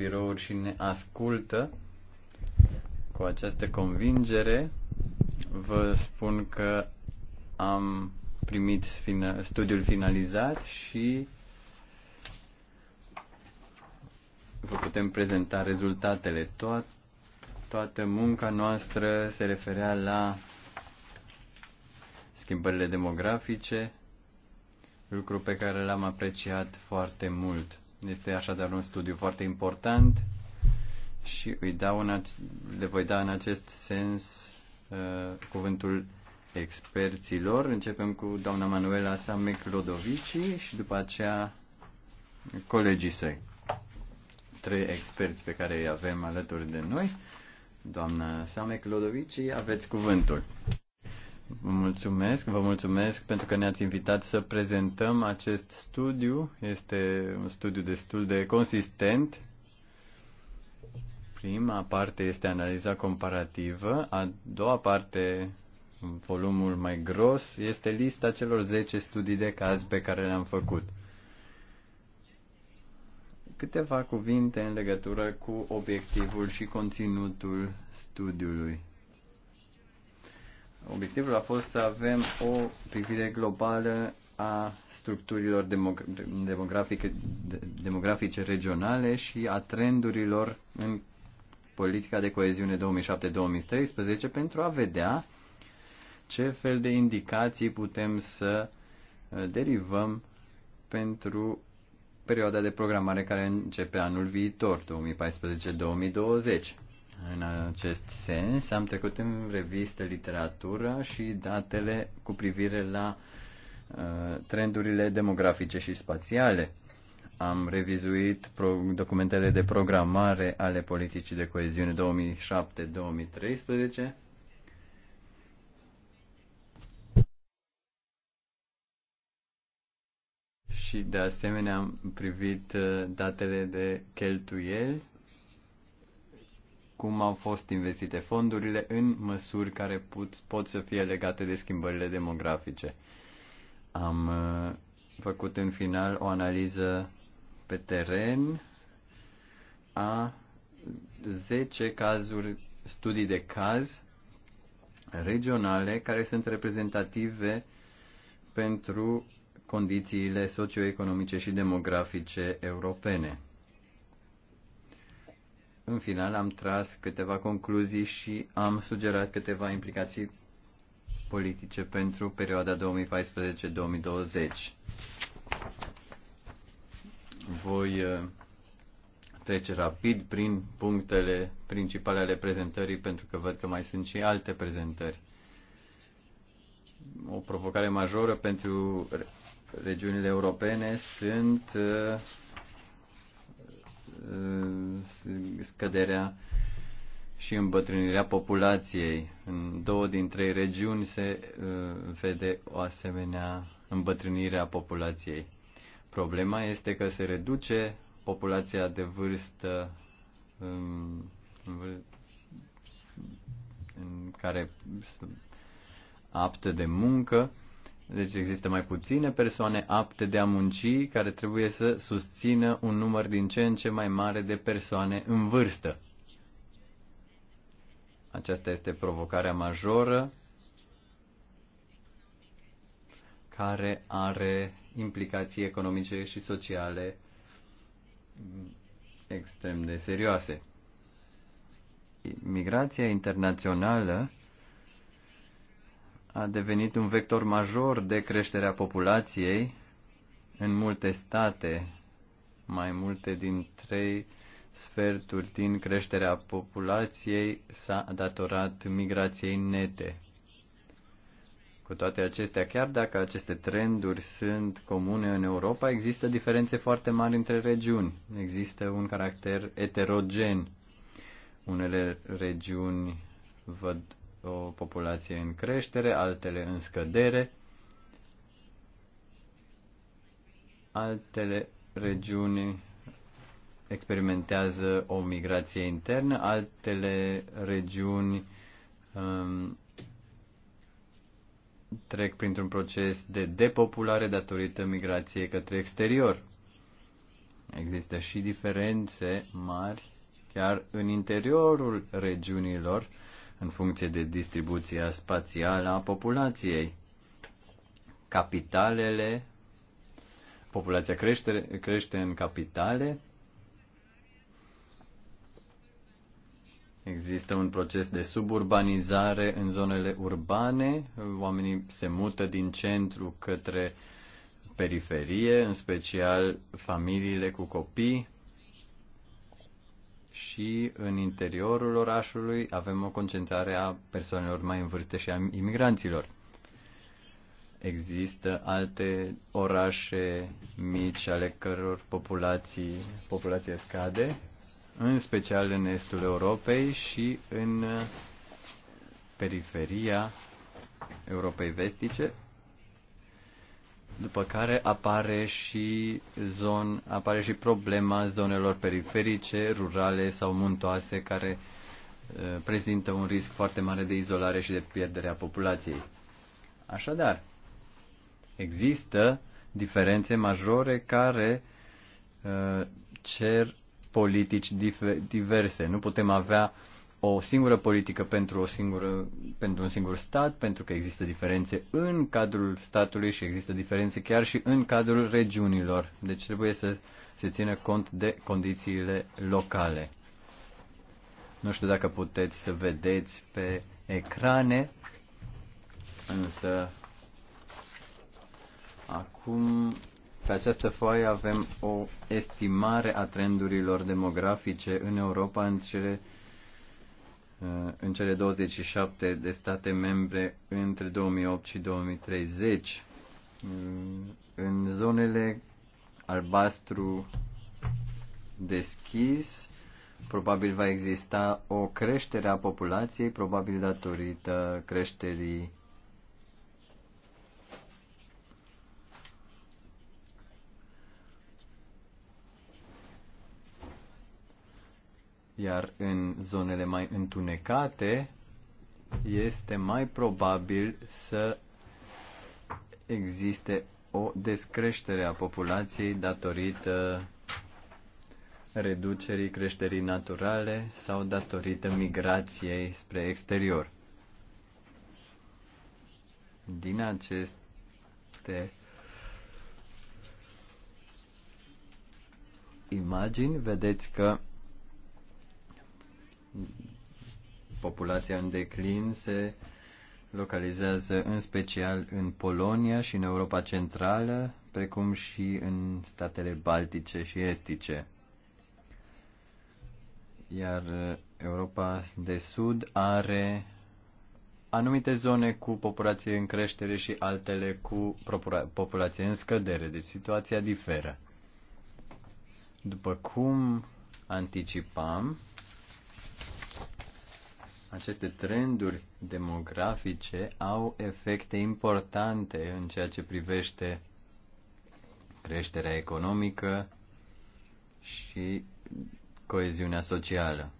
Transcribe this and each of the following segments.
birouri și ne ascultă. Cu această convingere vă spun că am primit studiul finalizat și vă putem prezenta rezultatele. Toat, toată munca noastră se referea la schimbările demografice, lucru pe care l-am apreciat foarte mult. Este așadar un studiu foarte important și îi dau în le voi da în acest sens uh, cuvântul experților. Începem cu doamna Manuela Samek Lodovici și după aceea colegii săi. Trei experți pe care îi avem alături de noi. Doamna Samek Lodovici, aveți cuvântul. Vă mulțumesc, vă mulțumesc pentru că ne-ați invitat să prezentăm acest studiu. Este un studiu destul de consistent. Prima parte este analiza comparativă, a doua parte, volumul mai gros, este lista celor 10 studii de caz pe care le-am făcut. Câteva cuvinte în legătură cu obiectivul și conținutul studiului Obiectivul a fost să avem o privire globală a structurilor demografice, demografice regionale și a trendurilor în politica de coeziune 2007-2013 pentru a vedea ce fel de indicații putem să uh, derivăm pentru perioada de programare care începe anul viitor, 2014-2020. În acest sens, am trecut în revistă literatura și datele cu privire la uh, trendurile demografice și spațiale. Am revizuit documentele de programare ale politicii de coeziune 2007-2013 și de asemenea am privit uh, datele de cheltuieli cum au fost investite fondurile în măsuri care pot, pot să fie legate de schimbările demografice. Am uh, făcut în final o analiză pe teren a 10 cazuri, studii de caz regionale care sunt reprezentative pentru condițiile socioeconomice și demografice europene. În final am tras câteva concluzii și am sugerat câteva implicații politice pentru perioada 2014-2020. Voi uh, trece rapid prin punctele principale ale prezentării, pentru că văd că mai sunt și alte prezentări. O provocare majoră pentru regiunile europene sunt uh, Uh, scăderea și îmbătrânirea populației. În două din trei regiuni se uh, vede o asemenea îmbătrânire a populației. Problema este că se reduce populația de vârstă um, în care aptă de muncă deci există mai puține persoane apte de a munci care trebuie să susțină un număr din ce în ce mai mare de persoane în vârstă. Aceasta este provocarea majoră care are implicații economice și sociale extrem de serioase. Migrația internațională a devenit un vector major de creștere a populației în multe state, mai multe din trei sferturi din creșterea populației s-a datorat migrației nete. Cu toate acestea, chiar dacă aceste trenduri sunt comune în Europa, există diferențe foarte mari între regiuni. Există un caracter eterogen. Unele regiuni văd o populație în creștere, altele în scădere, altele regiuni experimentează o migrație internă, altele regiuni um, trec printr-un proces de depopulare datorită migrației către exterior. Există și diferențe mari chiar în interiorul regiunilor în funcție de distribuția spațială a populației. Capitalele, populația crește, crește în capitale, Există un proces de suburbanizare în zonele urbane, oamenii se mută din centru către periferie, în special familiile cu copii, și în interiorul orașului avem o concentrare a persoanelor mai în vârstă și a imigranților. Există alte orașe mici ale căror populații, populația scade, în special în estul Europei și în periferia Europei vestice, după care apare și, zon, apare și problema zonelor periferice, rurale sau muntoase, care prezintă un risc foarte mare de izolare și de pierdere a populației. Așadar, există diferențe majore care cer politici diverse. Nu putem avea uh, o singură politică pentru, o singură, pentru un singur stat, pentru că există diferențe în cadrul statului și există diferențe chiar și în cadrul regiunilor. Deci trebuie să se țină cont de condițiile locale. Nu știu dacă puteți să vedeți pe ecrane, însă acum pe această foaie avem o estimare a trendurilor demografice în Europa în cele Eh, în cele 27 de state membre între 2008 și 2030. Eh, în zonele albastru deschis, probabil va exista o creștere a populației, probabil datorită creșterii iar în zonele mai întunecate este mai probabil să existe o descreștere a populației datorită reducerii creșterii naturale sau datorită migrației spre exterior. Din aceste imagini vedeți că populația în declin se localizează în special în Polonia și în Europa Centrală, precum și în statele baltice și estice. Iar uh, Europa de Sud are anumite zone cu populație în creștere și altele cu populație în scădere, deci situația diferă. După cum anticipam, aceste trenduri demografice au efecte importante în ceea ce privește creșterea economică și coeziunea socială.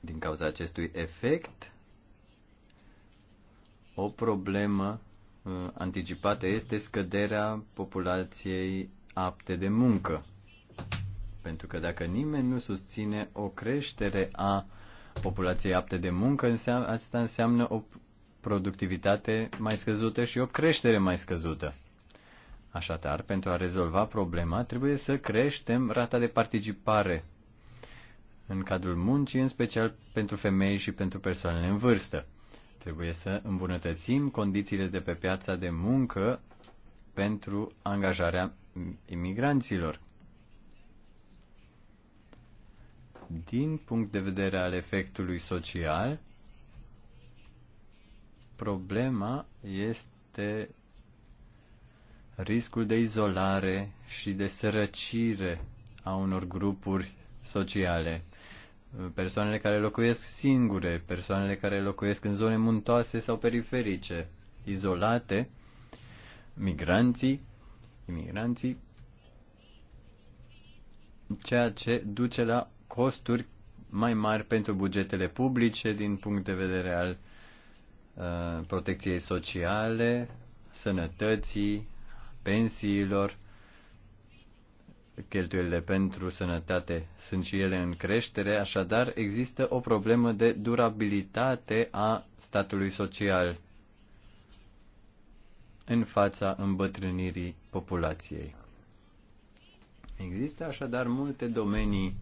Din cauza acestui efect, o problemă uh, anticipată este scăderea populației apte de muncă. Pentru că dacă nimeni nu susține o creștere a populației apte de muncă, înseamnă, asta înseamnă o productivitate mai scăzută și o creștere mai scăzută. Așadar, pentru a rezolva problema, trebuie să creștem rata de participare în cadrul muncii, în special pentru femei și pentru persoanele în vârstă. Trebuie să îmbunătățim condițiile de pe piața de muncă pentru angajarea imigranților. Din punct de vedere al efectului social, problema este riscul de izolare și de sărăcire a unor grupuri sociale. Persoanele care locuiesc singure, persoanele care locuiesc în zone muntoase sau periferice, izolate, migranții, imigranții, ceea ce duce la costuri mai mari pentru bugetele publice din punct de vedere al uh, protecției sociale, sănătății, pensiilor. Cheltuielile pentru sănătate sunt și ele în creștere, așadar există o problemă de durabilitate a statului social în fața îmbătrânirii populației. Există așadar multe domenii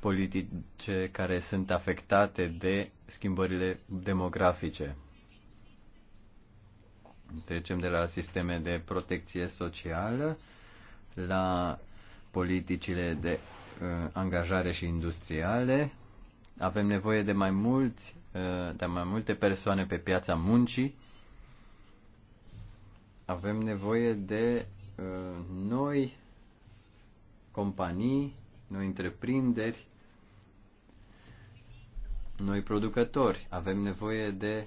politice care sunt afectate de schimbările demografice. Trecem de la sisteme de protecție socială la politicile de uh, angajare și industriale. Avem nevoie de mai mulți, uh, de mai multe persoane pe piața muncii. Avem nevoie de uh, noi companii noi întreprinderi, noi producători. Avem nevoie de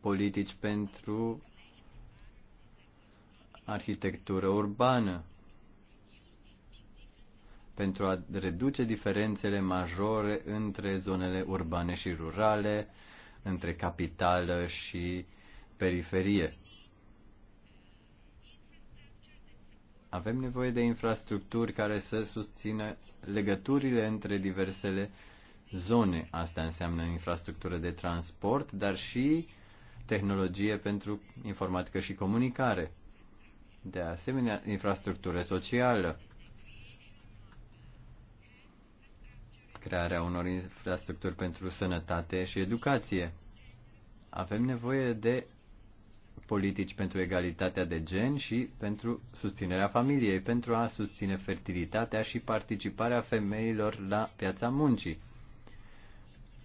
politici pentru arhitectură urbană, pentru a reduce diferențele majore între zonele urbane și rurale, între capitală și periferie. Avem nevoie de infrastructuri care să susțină legăturile între diversele zone. Asta înseamnă infrastructură de transport, dar și tehnologie pentru informatică și comunicare. De asemenea, infrastructură socială, crearea unor infrastructuri pentru sănătate și educație. Avem nevoie de politici pentru egalitatea de gen și pentru susținerea familiei, pentru a susține fertilitatea și participarea femeilor la piața muncii.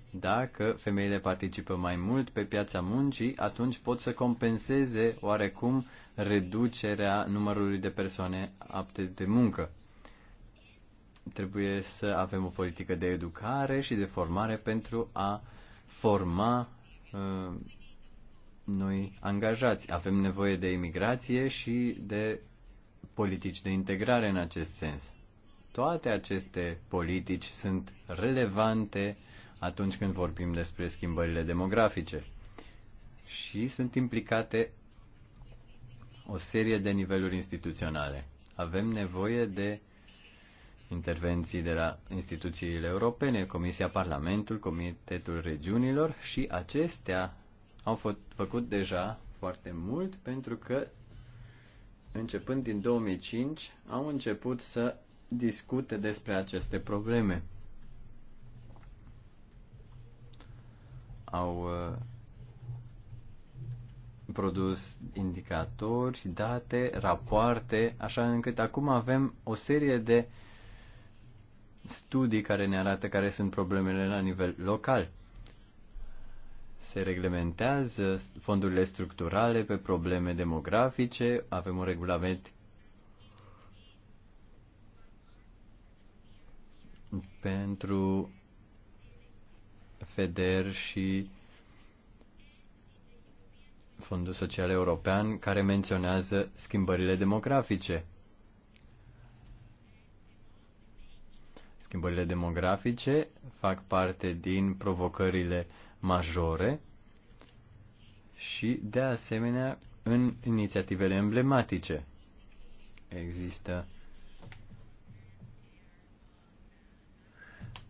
Dacă femeile participă mai mult pe piața muncii, atunci pot să compenseze oarecum reducerea numărului de persoane apte de muncă. Trebuie să avem o politică de educare și de formare pentru a forma uh, noi angajați. Avem nevoie de imigrație și de politici de integrare în acest sens. Toate aceste politici sunt relevante atunci când vorbim despre schimbările demografice și sunt implicate o serie de niveluri instituționale. Avem nevoie de intervenții de la instituțiile europene, Comisia Parlamentul, Comitetul Regiunilor și acestea au fă- făcut deja foarte mult pentru că începând din 2005 au început să discute despre aceste probleme. Au uh, produs indicatori, date, rapoarte, așa încât acum avem o serie de studii care ne arată care sunt problemele la nivel local se reglementează fondurile structurale pe probleme demografice, avem un regulament pentru FEDER și Fondul Social European care menționează schimbările demografice. Schimbările demografice fac parte din provocările majore și, de asemenea, în inițiativele emblematice. Există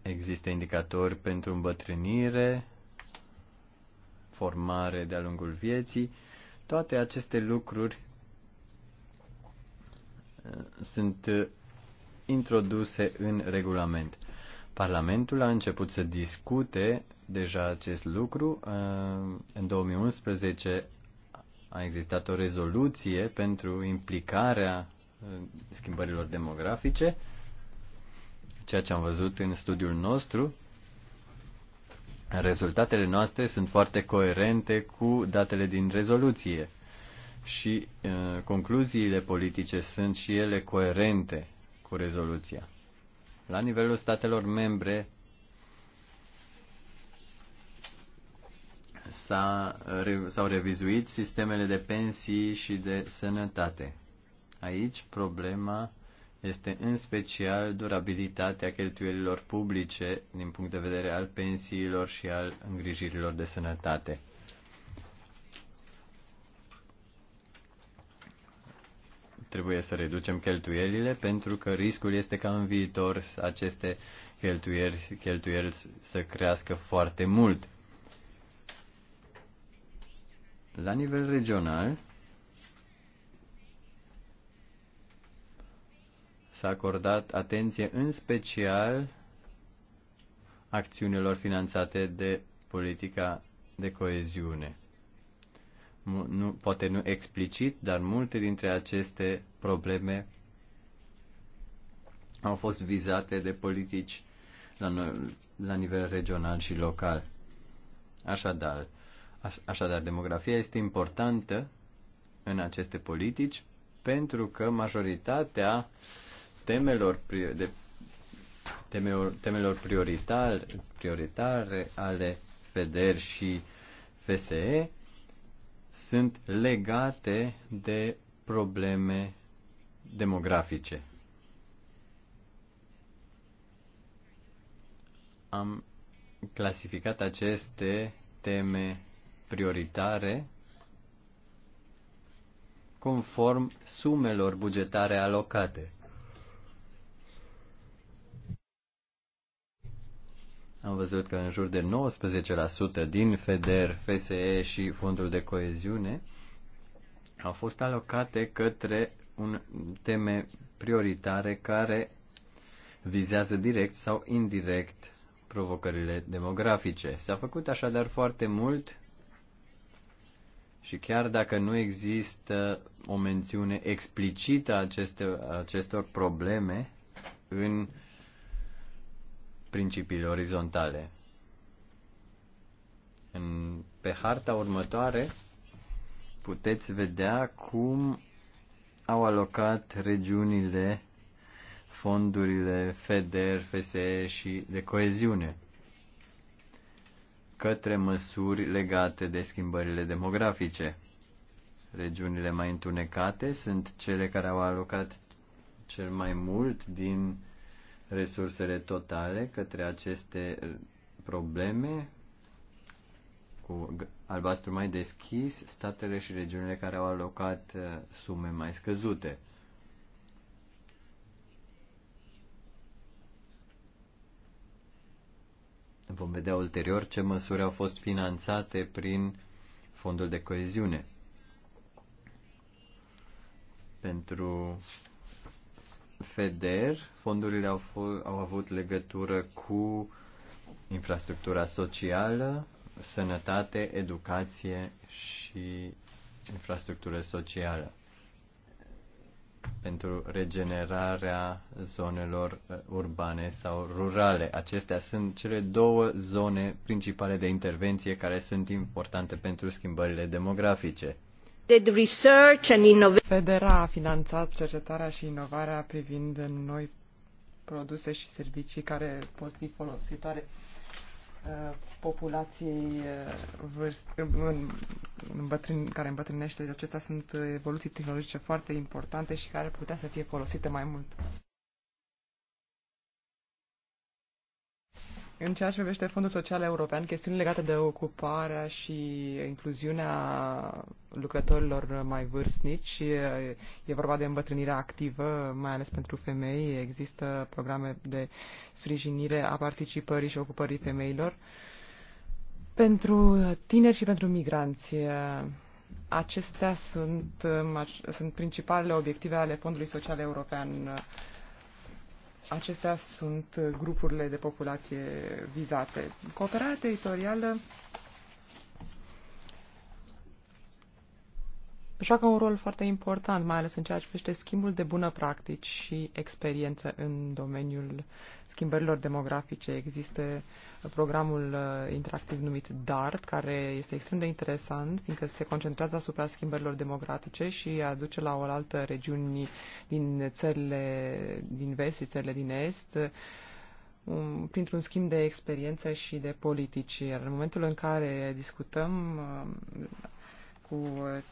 Există indicatori pentru îmbătrânire, formare de-a lungul vieții. Toate aceste lucruri uh, sunt uh, introduse în regulament. Parlamentul a început să discute deja acest lucru. Uh, în 2011 a existat o rezoluție pentru implicarea uh, schimbărilor demografice, ceea ce am văzut în studiul nostru. Rezultatele noastre sunt foarte coerente cu datele din rezoluție și uh, concluziile politice sunt și ele coerente cu rezoluția. La nivelul statelor membre, s-au revizuit sistemele de pensii și de sănătate. Aici problema este în special durabilitatea cheltuielilor publice din punct de vedere al pensiilor și al îngrijirilor de sănătate. Trebuie să reducem cheltuielile pentru că riscul este ca în viitor aceste cheltuieli, cheltuieli să crească foarte mult la nivel regional, s-a acordat atenție în special acțiunilor finanțate de politica de coeziune. Nu, poate nu explicit, dar multe dintre aceste probleme au fost vizate de politici la, la nivel regional și local. Așadar, Așadar, demografia este importantă în aceste politici pentru că majoritatea temelor, de, temelor, temelor prioritar, prioritare ale FEDER și FSE sunt legate de probleme demografice. Am clasificat aceste teme prioritare conform sumelor bugetare alocate. Am văzut că în jur de 19% din FEDER, FSE și Fondul de Coeziune au fost alocate către un teme prioritare care vizează direct sau indirect provocările demografice. S-a făcut așadar foarte mult și chiar dacă nu există o mențiune explicită a aceste, acestor probleme în principiile orizontale. În, pe harta următoare puteți vedea cum au alocat regiunile fondurile FEDER, FSE și de coeziune către măsuri legate de schimbările demografice. Regiunile mai întunecate sunt cele care au alocat cel mai mult din resursele totale către aceste probleme cu albastru mai deschis, statele și regiunile care au alocat uh, sume mai scăzute. Vom vedea ulterior ce măsuri au fost finanțate prin fondul de coeziune. Pentru FEDER, fondurile au, au avut legătură cu infrastructura socială, sănătate, educație și infrastructură socială pentru regenerarea zonelor uh, urbane sau rurale. Acestea sunt cele două zone principale de intervenție care sunt importante pentru schimbările demografice. Federa a finanțat cercetarea și inovarea privind noi produse și servicii care pot fi folositoare Uh, populației uh, îmbătrân, care îmbătrânește. Deci acestea sunt uh, evoluții tehnologice foarte importante și care ar putea să fie folosite mai mult. În ceea ce privește Fondul Social European, chestiuni legate de ocuparea și incluziunea lucrătorilor mai vârstnici, e vorba de îmbătrânirea activă, mai ales pentru femei. Există programe de sprijinire a participării și ocupării femeilor. Pentru tineri și pentru migranți, acestea sunt, sunt principalele obiective ale Fondului Social European Acestea sunt grupurile de populație vizate. Cooperarea teritorială joacă un rol foarte important, mai ales în ceea ce privește schimbul de bună practici și experiență în domeniul schimbărilor demografice. Există programul uh, interactiv numit DART, care este extrem de interesant, fiindcă se concentrează asupra schimbărilor demografice și aduce la oaltă regiuni din țările din vest și țările din est, um, printr-un schimb de experiență și de politici. Iar în momentul în care discutăm um, cu uh,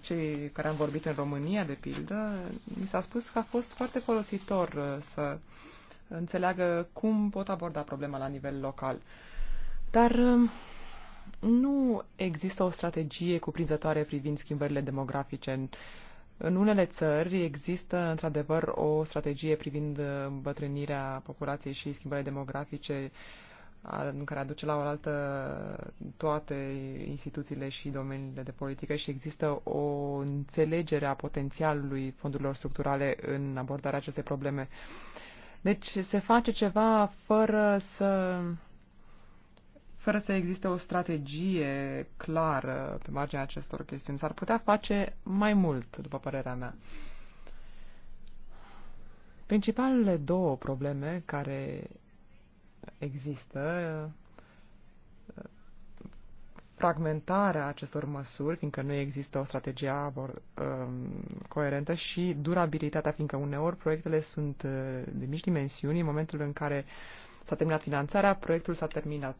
cei care am vorbit în România, de pildă, mi s-a spus că a fost foarte folositor uh, să înțeleagă cum pot aborda problema la nivel local. Dar um, nu există o strategie cuprinzătoare privind schimbările demografice. În unele țări există într-adevăr o strategie privind îmbătrânirea populației și schimbările demografice în care aduce la oaltă toate instituțiile și domeniile de politică și există o înțelegere a potențialului fondurilor structurale în abordarea acestei probleme. Uh, deci se face ceva fără să fără să existe o strategie clară pe marginea acestor chestiuni. S-ar putea face mai mult, după părerea mea. Principalele două probleme care există fragmentarea acestor măsuri, fiindcă nu există o strategie abor, um, coerentă și durabilitatea, fiindcă uneori proiectele sunt uh, de mici dimensiuni, în momentul în care s-a terminat finanțarea, proiectul s-a terminat,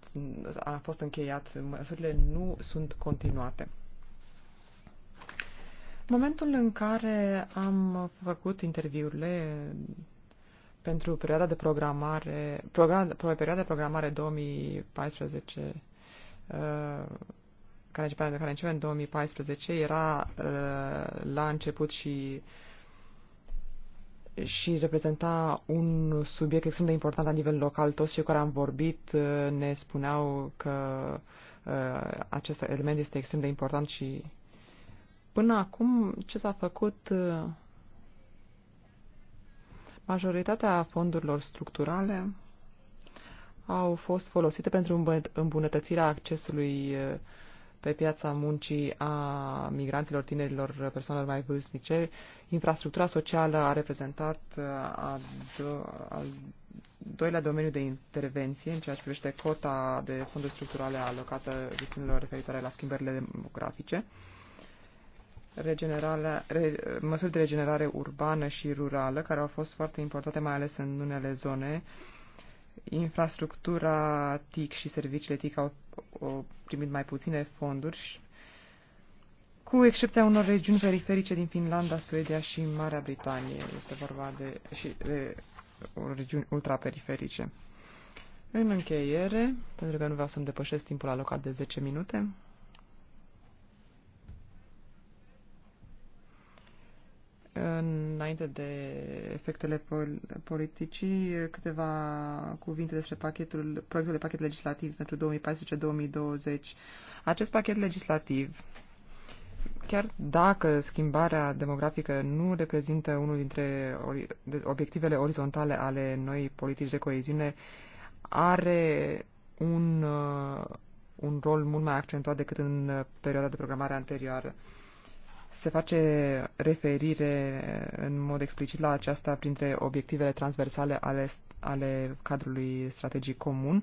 a fost încheiat, măsurile nu sunt continuate. Momentul în care am făcut interviurile pentru perioada de programare, program, perioada de programare 2014 Uh, care începea, care începea în 2014 era uh, la început și și reprezenta un subiect extrem de important la nivel local. Toți cei care am vorbit uh, ne spuneau că acest element este extrem de important și până acum ce s-a făcut majoritatea fondurilor structurale au fost folosite pentru îmbunătățirea accesului pe piața muncii a migranților, tinerilor, persoanelor mai vârstnice. Infrastructura socială a reprezentat a do- al doilea domeniu de intervenție în ceea ce privește cota de fonduri structurale alocată viziunilor referitoare la schimbările demografice. Regenerarea, re, măsuri de regenerare urbană și rurală, care au fost foarte importante, mai ales în unele zone uh, infrastructura TIC și serviciile TIC au, au primit mai puține fonduri, și, cu excepția unor regiuni periferice din Finlanda, Suedia și Marea Britanie. Este vorba de, și, de regiuni ultraperiferice. În încheiere, pentru că nu vreau să-mi depășesc timpul alocat de 10 minute, Înainte de efectele politicii, câteva cuvinte despre pachetul, proiectul de pachet legislativ pentru 2014-2020. Acest pachet legislativ, chiar dacă schimbarea demografică nu reprezintă unul dintre obiectivele orizontale ale noi politici de coeziune, are un, uh, un rol mult mai accentuat decât în uh, perioada de programare anterioară se face referire în mod explicit la aceasta printre obiectivele transversale ale, ale cadrului strategic comun.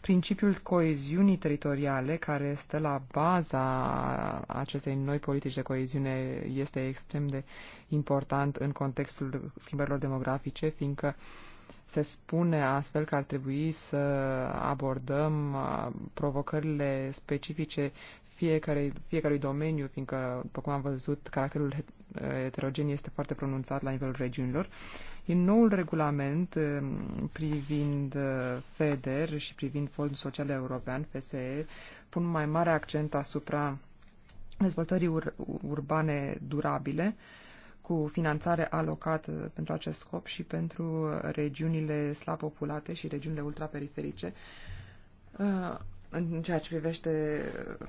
Principiul coeziunii teritoriale care stă la baza acestei noi politici de coeziune este extrem de important în contextul schimbărilor demografice, fiindcă se spune astfel că ar trebui să abordăm uh, provocările specifice fiecare, fiecărui domeniu, fiindcă, după cum am văzut, caracterul heterogen este foarte pronunțat la nivelul regiunilor. În noul regulament um, privind uh, FEDER și privind Fondul Social European, FSE, pun mai mare accent asupra dezvoltării ur- urbane durabile, cu finanțare alocată pentru acest scop și pentru regiunile slab populate și regiunile ultraperiferice, uh, în ceea ce privește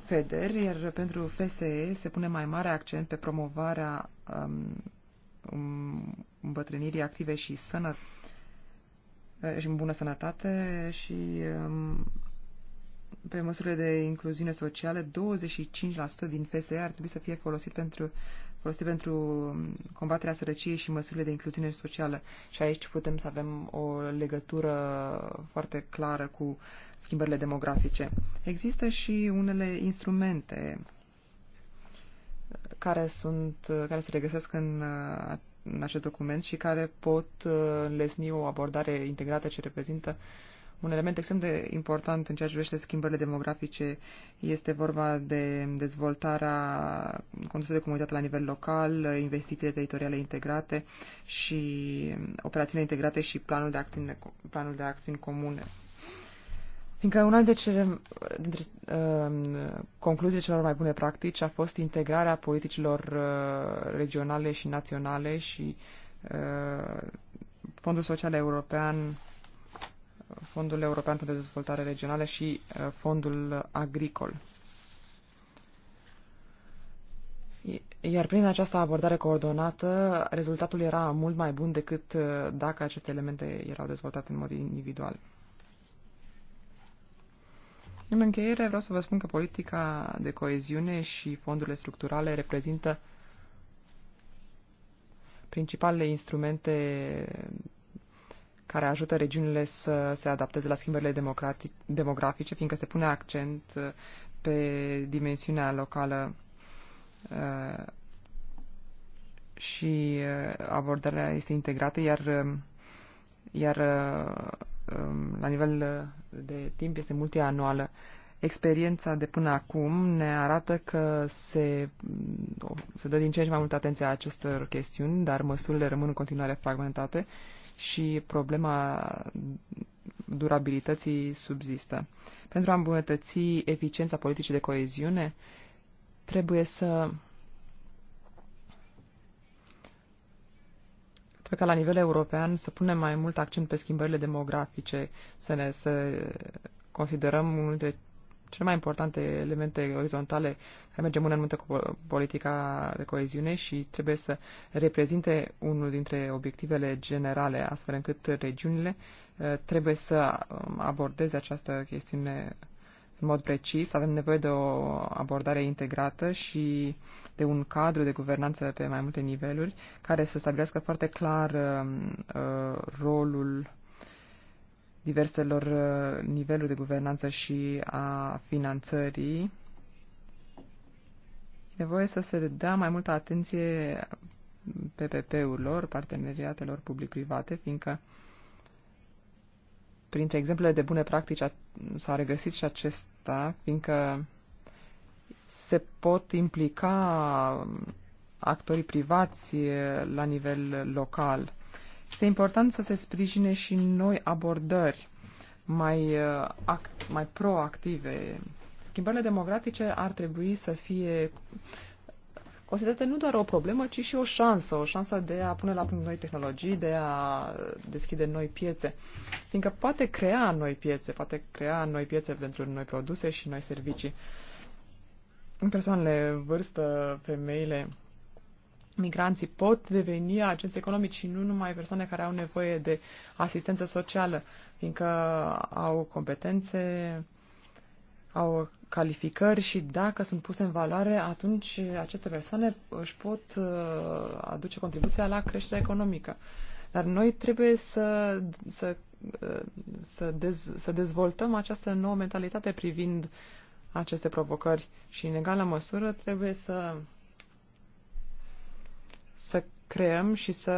FEDER, iar pentru FSE se pune mai mare accent pe promovarea um, um îmbătrânirii active și, sănă, uh, și în bună sănătate și um, pe măsurile de incluziune socială, 25% din FSE ar trebui să fie folosit pentru folosite pentru combaterea sărăciei și măsurile de incluziune socială. Și aici putem să avem o legătură foarte clară cu schimbările demografice. Există și unele instrumente care, sunt, care se regăsesc în, în acest document și care pot uh, lesni o abordare integrată ce reprezintă uh, un element extrem de important în ceea ce privește schimbările demografice este vorba de dezvoltarea condusă de comunitate la nivel local, investițiile teritoriale integrate și operațiunile integrate și planul de acțiuni, planul de acțiuni comune. Fiindcă una dintre, cele, dintre uh, um, concluziile celor mai bune practici a fost integrarea politicilor uh, regionale și naționale și uh, Fondul Social European Fondul European pentru Dezvoltare Regională și uh, Fondul Agricol. Iar prin această abordare coordonată, rezultatul era mult mai bun decât uh, dacă aceste elemente erau dezvoltate în mod individual. În încheiere vreau să vă spun că politica de coeziune și fondurile structurale reprezintă principalele instrumente care ajută regiunile să se adapteze la schimbările demografice, fiindcă se pune accent uh, pe dimensiunea locală uh, și uh, abordarea este integrată, iar, um, iar um, la nivel de timp este multianuală. Experiența de până acum ne arată că se, se dă din ce în ce mai multă atenție a acestor chestiuni, dar măsurile rămân în continuare fragmentate și problema durabilității subzistă. Pentru a îmbunătăți eficiența politicii de coeziune, trebuie să Trebuie ca la nivel european să punem mai mult accent pe schimbările demografice, să ne să considerăm unul dintre cele mai importante elemente orizontale care merge mână în mântă cu politica de coeziune și trebuie să reprezinte unul dintre obiectivele generale, astfel încât regiunile uh, trebuie să um, abordeze această chestiune în mod precis. Avem nevoie de o abordare integrată și de un cadru de guvernanță pe mai multe niveluri care să stabilească foarte clar um, uh, rolul diverselor uh, niveluri de guvernanță și a finanțării, e nevoie să se dea mai multă atenție PPP-urilor, parteneriatelor public-private, fiindcă printre exemplele de bune practici s-a regăsit și acesta, fiindcă se pot implica actorii privați uh, la nivel local este important să se sprijine și noi abordări mai, uh, act, mai proactive. Schimbările democratice ar trebui să fie considerate nu doar o problemă, ci și o șansă, o șansă de a pune la punct noi tehnologii, de a deschide noi piețe, fiindcă poate crea noi piețe, poate crea noi piețe pentru noi produse și noi servicii. Persoanele vârstă, femeile, migranții pot deveni agenți economici și nu numai persoane care au nevoie de asistență socială, fiindcă au competențe, au calificări și dacă sunt puse în valoare, atunci aceste persoane își pot uh, aduce contribuția la creșterea economică. Dar noi trebuie să, să, uh, să, dez, să dezvoltăm această nouă mentalitate privind aceste provocări și, în egală măsură, trebuie să să creăm și să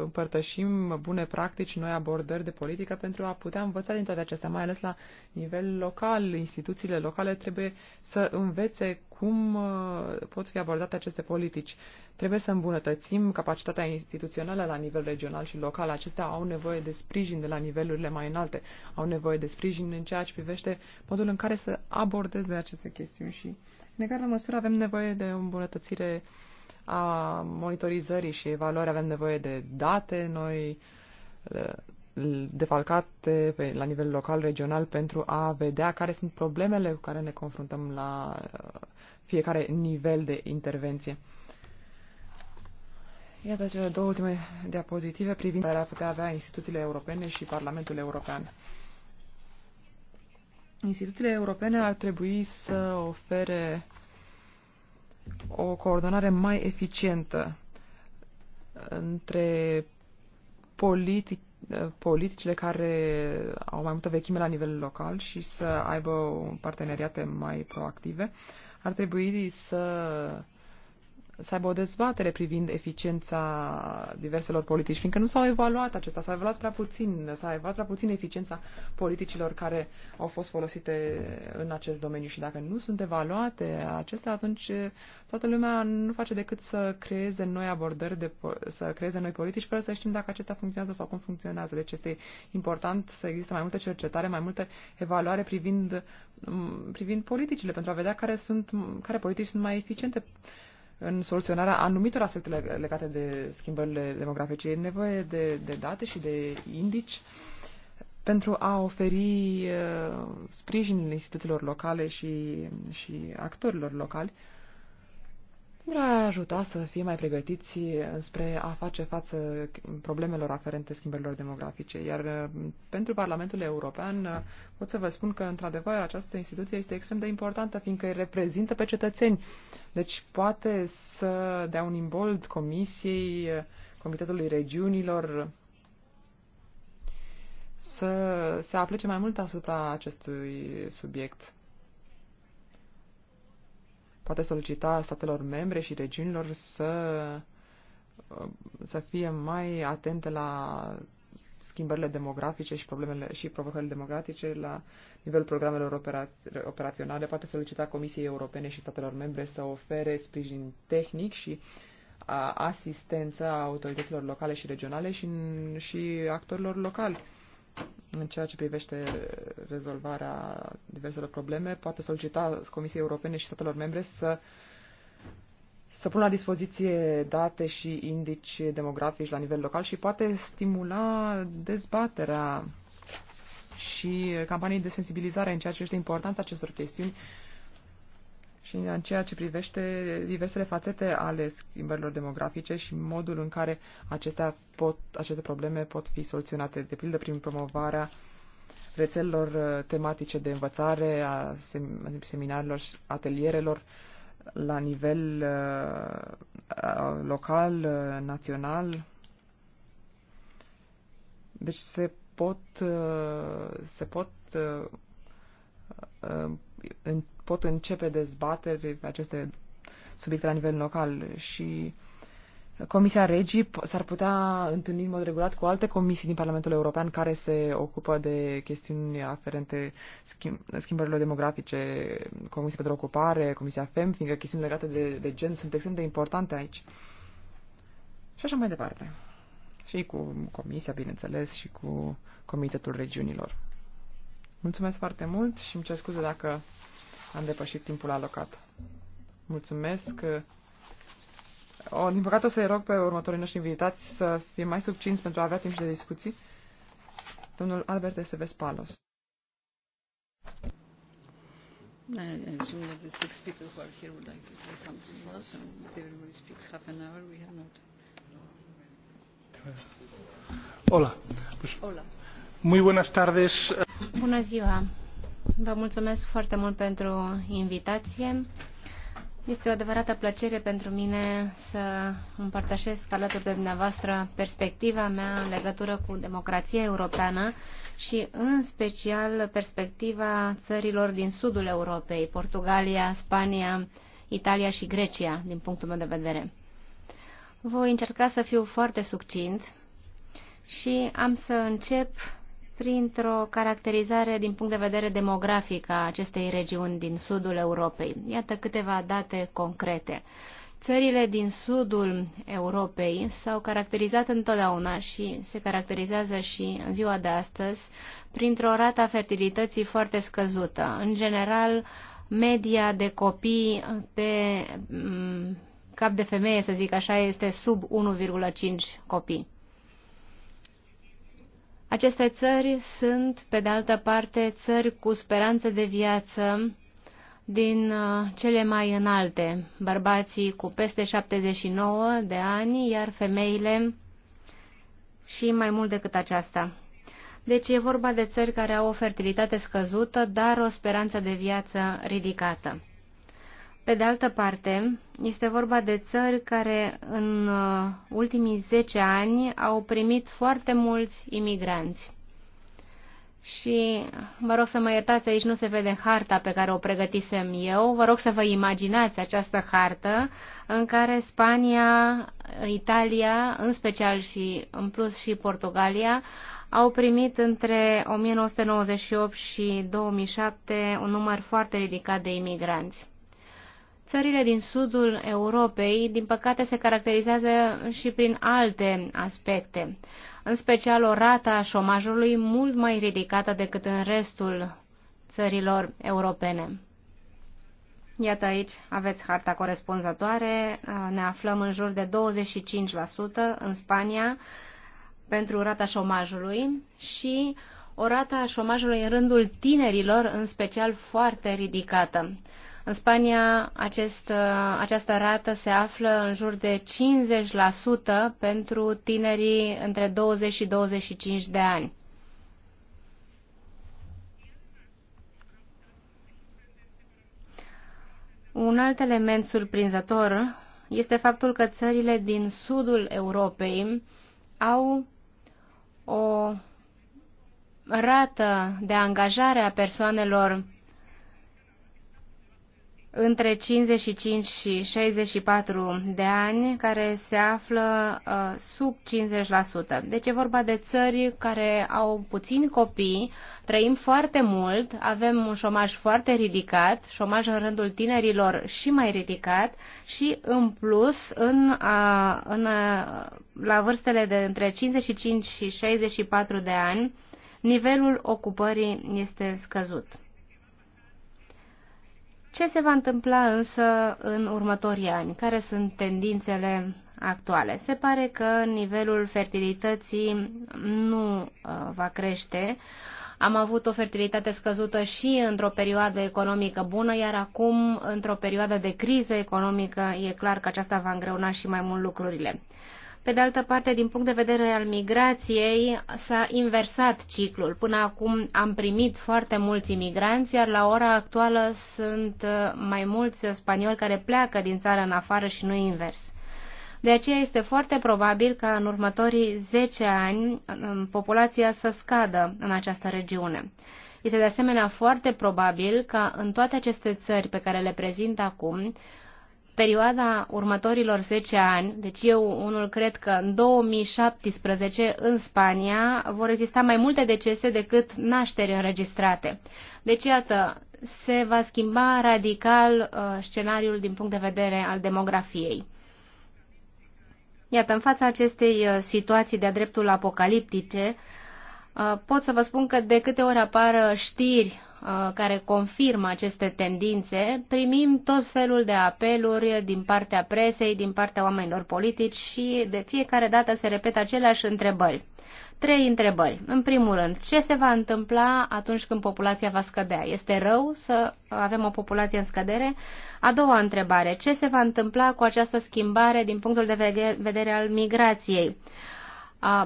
împărtășim bune practici, noi abordări de politică pentru a putea învăța din toate acestea, mai ales la nivel local. Instituțiile locale trebuie să învețe cum uh, pot fi abordate aceste politici. Trebuie să îmbunătățim capacitatea instituțională la nivel regional și local. Acestea au nevoie de sprijin de la nivelurile mai înalte, au nevoie de sprijin în ceea ce privește modul în care să abordeze aceste chestiuni și, în egală măsură, avem nevoie de o îmbunătățire a monitorizării și evaluării avem nevoie de date noi defalcate pe, la nivel local, regional, pentru a vedea care sunt problemele cu care ne confruntăm la uh, fiecare nivel de intervenție. Iată cele două ultime diapozitive privind care ar putea avea instituțiile europene și Parlamentul European. Instituțiile europene ar trebui să ofere o coordonare mai eficientă între politi politicile care au mai multă vechime la nivel local și să aibă parteneriate mai proactive, ar trebui să să aibă o dezbatere privind eficiența diverselor politici, fiindcă nu s-au evaluat acesta, s-a evaluat prea puțin, s-a evaluat prea puțin eficiența politicilor care au fost folosite în acest domeniu și dacă nu sunt evaluate acestea, atunci eh, toată lumea nu face decât să creeze noi abordări, de, să creeze noi politici fără să știm dacă acestea funcționează sau cum funcționează. Deci este important să existe mai multă cercetare, mai multă evaluare privind, mm, privind politicile pentru a vedea care, sunt, care politici sunt mai eficiente în soluționarea anumitor aspecte legate de schimbările demografice. E nevoie de, de date și de indici pentru a oferi uh, sprijin instituțiilor locale și, și actorilor locali uh, pentru a ajuta să fie mai pregătiți spre a face față problemelor aferente schimbărilor demografice. Iar uh, pentru Parlamentul European uh, pot să vă spun că, într-adevăr, această instituție este extrem de importantă, fiindcă îi reprezintă pe cetățeni. Deci poate să dea un imbold Comisiei, uh, Comitetului Regiunilor, să se aplece mai mult asupra acestui subiect poate solicita statelor membre și regiunilor să, să fie mai atente la schimbările demografice și problemele și provocările demografice la nivelul programelor operaț operaționale, poate solicita Comisiei Europene și statelor membre să ofere sprijin tehnic și a, asistență a autorităților locale și regionale și, și actorilor locali în ceea ce privește rezolvarea diverselor probleme, poate solicita Comisiei Europene și statelor membre să să pună la dispoziție date și indici demografici la nivel local și poate stimula dezbaterea și campanii de sensibilizare în ceea ce este importanța acestor chestiuni și în ceea ce privește diversele fațete ale schimbărilor demografice și modul în care acestea pot, aceste probleme pot fi soluționate, de pildă prin promovarea rețelelor uh, tematice de învățare, a seminarilor, atelierelor la nivel uh, local, uh, național. Deci se pot, se pot în pot începe dezbateri pe aceste subiecte la nivel local și Comisia Regii s-ar putea întâlni în mod regulat cu alte comisii din Parlamentul European care se ocupă de chestiuni aferente schimb, schimbărilor demografice, Comisia pentru Ocupare, Comisia FEM, fiindcă chestiuni legate de, de gen sunt extrem de importante aici. Și așa mai departe. Și cu Comisia, bineînțeles, și cu Comitetul Regiunilor. Mulțumesc foarte mult și îmi cer scuze dacă am depășit timpul alocat. Mulțumesc. O, din păcate o să-i rog pe următorii noștri invitați să fie mai subcinți pentru a avea timp și de discuții. Domnul Albert S. Palos. And soon the six people who are here would like to say something else, and everybody speaks half an hour, we have Hola. Hola. Muy buenas tardes. Buenas tardes. Vă mulțumesc foarte mult pentru invitație. Este o adevărată plăcere pentru mine să împărtășesc alături de dumneavoastră perspectiva mea în legătură cu democrația europeană și în special perspectiva țărilor din sudul Europei, Portugalia, Spania, Italia și Grecia, din punctul meu de vedere. Voi încerca să fiu foarte succint și am să încep printr-o caracterizare din punct de vedere demografic a acestei regiuni din sudul Europei. Iată câteva date concrete. Țările din sudul Europei s-au caracterizat întotdeauna și se caracterizează și în ziua de astăzi printr-o rată a fertilității foarte scăzută. În general, media de copii pe mm, cap de femeie, să zic așa, este sub 1,5 copii. Aceste țări sunt, pe de altă parte, țări cu speranță de viață din uh, cele mai înalte, bărbații cu peste 79 de ani, iar femeile și mai mult decât aceasta. Deci e vorba de țări care au o fertilitate scăzută, dar o speranță de viață ridicată. Pe de altă parte, este vorba de țări care în uh, ultimii 10 ani au primit foarte mulți imigranți. Și vă rog să mă iertați, aici nu se vede harta pe care o pregătisem eu. Vă rog să vă imaginați această hartă în care Spania, Italia, în special și în plus și Portugalia, au primit între 1998 și 2007 un număr foarte ridicat de imigranți. Țările din sudul Europei, din păcate, se caracterizează și prin alte aspecte, în special o rată a șomajului mult mai ridicată decât în restul țărilor europene. Iată aici aveți harta corespunzătoare, ne aflăm în jur de 25% în Spania pentru rata șomajului și o rata a șomajului în rândul tinerilor, în special foarte ridicată. În Spania acest, această rată se află în jur de 50% pentru tinerii între 20 și 25 de ani. Un alt element surprinzător este faptul că țările din sudul Europei au o rată de angajare a persoanelor între 55 și 64 de ani care se află uh, sub 50%. Deci e vorba de țări care au puțini copii, trăim foarte mult, avem un șomaj foarte ridicat, șomaj în rândul tinerilor și mai ridicat și în plus în, a, uh, în a, uh, la vârstele de între 55 și 64 de ani nivelul ocupării este scăzut. Ce se va întâmpla însă în următorii ani? Care sunt tendințele actuale? Se pare că nivelul fertilității nu uh, va crește. Am avut o fertilitate scăzută și într-o perioadă economică bună, iar acum, într-o perioadă de criză economică, e clar că aceasta va îngreuna și mai mult lucrurile. Pe de altă parte, din punct de vedere al migrației, s-a inversat ciclul. Până acum am primit foarte mulți imigranți, iar la ora actuală sunt uh, mai mulți spanioli care pleacă din țară în afară și nu invers. De aceea este foarte probabil ca în următorii 10 ani populația să scadă în această regiune. este de asemenea foarte probabil ca în toate aceste țări pe care le prezint acum, perioada următorilor 10 ani, deci eu unul cred că în 2017 în Spania vor exista mai multe decese decât nașteri înregistrate. Deci iată, se va schimba radical uh, scenariul din punct de vedere al demografiei. Iată, în fața acestei uh, situații de-a dreptul apocaliptice, uh, pot să vă spun că de câte ori apar uh, știri Uh, care confirmă aceste tendințe, primim tot felul de apeluri din partea presei, din partea oamenilor politici și de fiecare dată se repetă aceleași întrebări. Trei întrebări. În primul rând, ce se va întâmpla atunci când populația va scădea? Este rău să avem o populație în scădere? A doua întrebare, ce se va întâmpla cu această schimbare din punctul de vedere al migrației?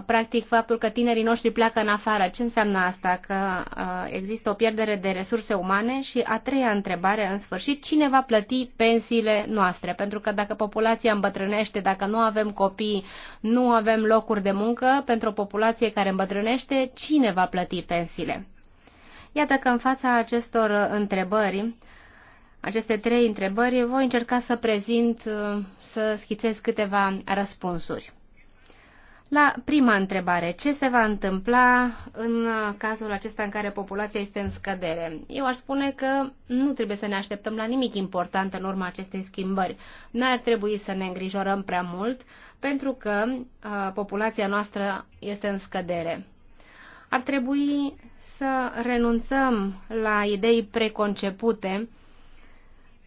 practic faptul că tinerii noștri pleacă în afară. Ce înseamnă asta? Că există o pierdere de resurse umane și a treia întrebare, în sfârșit, cine va plăti pensiile noastre? Pentru că dacă populația îmbătrânește, dacă nu avem copii, nu avem locuri de muncă, pentru o populație care îmbătrânește, cine va plăti pensiile? Iată că în fața acestor întrebări, aceste trei întrebări, voi încerca să prezint, să schițez câteva răspunsuri. La prima întrebare, ce se va întâmpla în cazul acesta în care populația este în scădere? Eu aș spune că nu trebuie să ne așteptăm la nimic important în urma acestei schimbări. Nu ar trebui să ne îngrijorăm prea mult, pentru că a, populația noastră este în scădere. Ar trebui să renunțăm la idei preconcepute,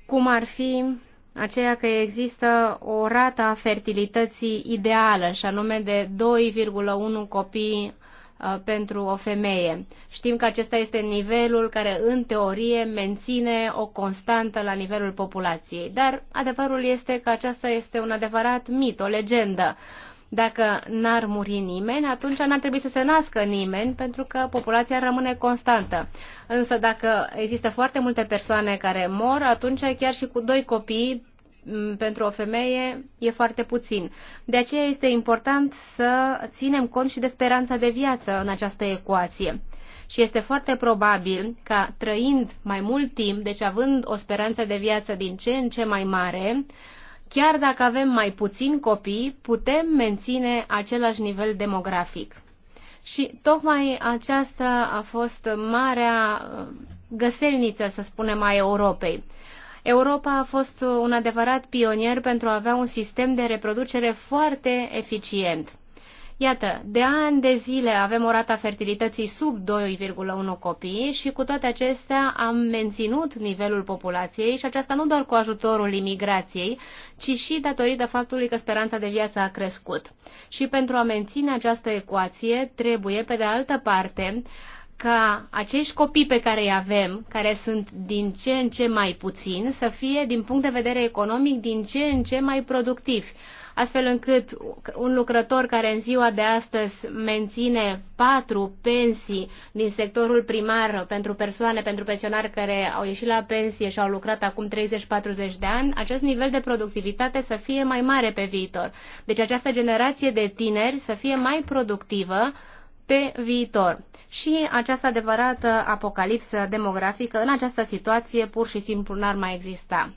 cum ar fi aceea că există o rată a fertilității ideală, și anume de 2,1 copii uh, pentru o femeie. Știm că acesta este nivelul care, în teorie, menține o constantă la nivelul populației. Dar adevărul este că aceasta este un adevărat mit, o legendă. Dacă n-ar muri nimeni, atunci n-ar trebui să se nască nimeni, pentru că populația rămâne constantă. Însă dacă există foarte multe persoane care mor, atunci chiar și cu doi copii pentru o femeie e foarte puțin. De aceea este important să ținem cont și de speranța de viață în această ecuație. Și este foarte probabil că trăind mai mult timp, deci având o speranță de viață din ce în ce mai mare, Chiar dacă avem mai puțini copii, putem menține același nivel demografic. Și tocmai aceasta a fost marea uh, găselniță, să spunem, a Europei. Europa a fost un adevărat pionier pentru a avea un sistem de reproducere foarte eficient. Iată, de ani de zile avem o rată a fertilității sub 2,1 copii și cu toate acestea am menținut nivelul populației și aceasta nu doar cu ajutorul imigrației, ci și datorită faptului că speranța de viață a crescut. Și pentru a menține această ecuație trebuie, pe de altă parte, ca acești copii pe care îi avem, care sunt din ce în ce mai puțini, să fie, din punct de vedere economic, din ce în ce mai productivi astfel încât un lucrător care în ziua de astăzi menține patru pensii din sectorul primar pentru persoane, pentru pensionari care au ieșit la pensie și au lucrat acum 30-40 de ani, acest nivel de productivitate să fie mai mare pe viitor. Deci această generație de tineri să fie mai productivă pe viitor. Și această adevărată apocalipsă demografică în această situație pur și simplu n-ar mai exista.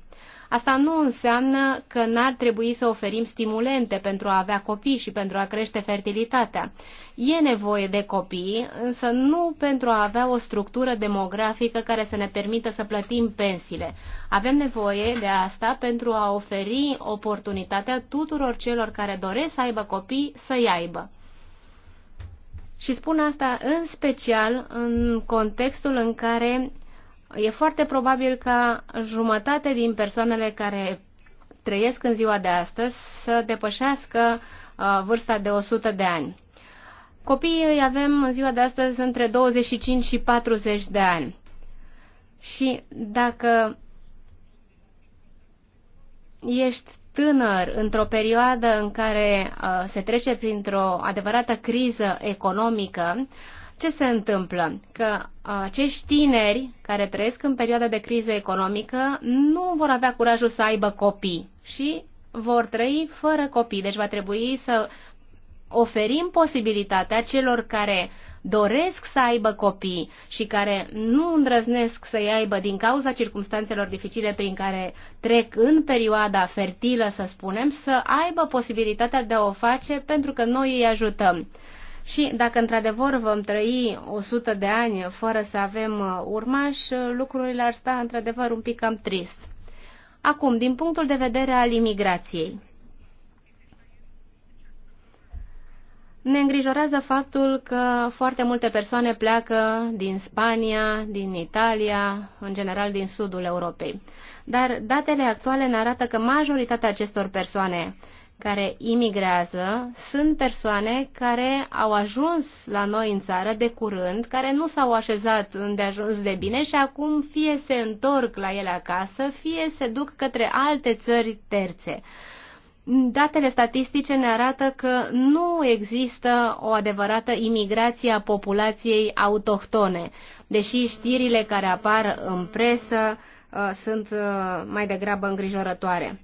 Asta nu înseamnă că n-ar trebui să oferim stimulente pentru a avea copii și pentru a crește fertilitatea. E nevoie de copii, însă nu pentru a avea o structură demografică care să ne permită să plătim pensiile. Avem nevoie de asta pentru a oferi oportunitatea tuturor celor care doresc să aibă copii să-i aibă. Și spun asta în special în contextul în care e foarte probabil ca jumătate din persoanele care trăiesc în ziua de astăzi să depășească uh, vârsta de 100 de ani. Copiii îi avem în ziua de astăzi între 25 și 40 de ani. Și dacă ești tânăr într-o perioadă în care uh, se trece printr-o adevărată criză economică, uh, ce se întâmplă? Că acești tineri care trăiesc în perioada de criză economică nu vor avea curajul să aibă copii și vor trăi fără copii. Deci va trebui să oferim posibilitatea celor care doresc să aibă copii și care nu îndrăznesc să-i aibă din cauza circumstanțelor dificile prin care trec în perioada fertilă, să spunem, să aibă posibilitatea de a o face pentru că noi îi ajutăm. Și dacă într-adevăr vom trăi 100 de ani fără să avem uh, urmași, uh, lucrurile ar sta într-adevăr un pic cam trist. Acum, din punctul de vedere al imigrației. Ne îngrijorează faptul că foarte multe persoane pleacă din Spania, din Italia, în general din sudul Europei. Dar datele actuale ne arată că majoritatea acestor persoane care imigrează sunt persoane care au ajuns la noi în țară de curând, care nu s-au așezat unde ajuns de bine și acum fie se întorc la ele acasă, fie se duc către alte țări terțe. Datele statistice ne arată că nu există o adevărată imigrație a populației autohtone, deși știrile care apar în presă uh, sunt uh, mai degrabă îngrijorătoare.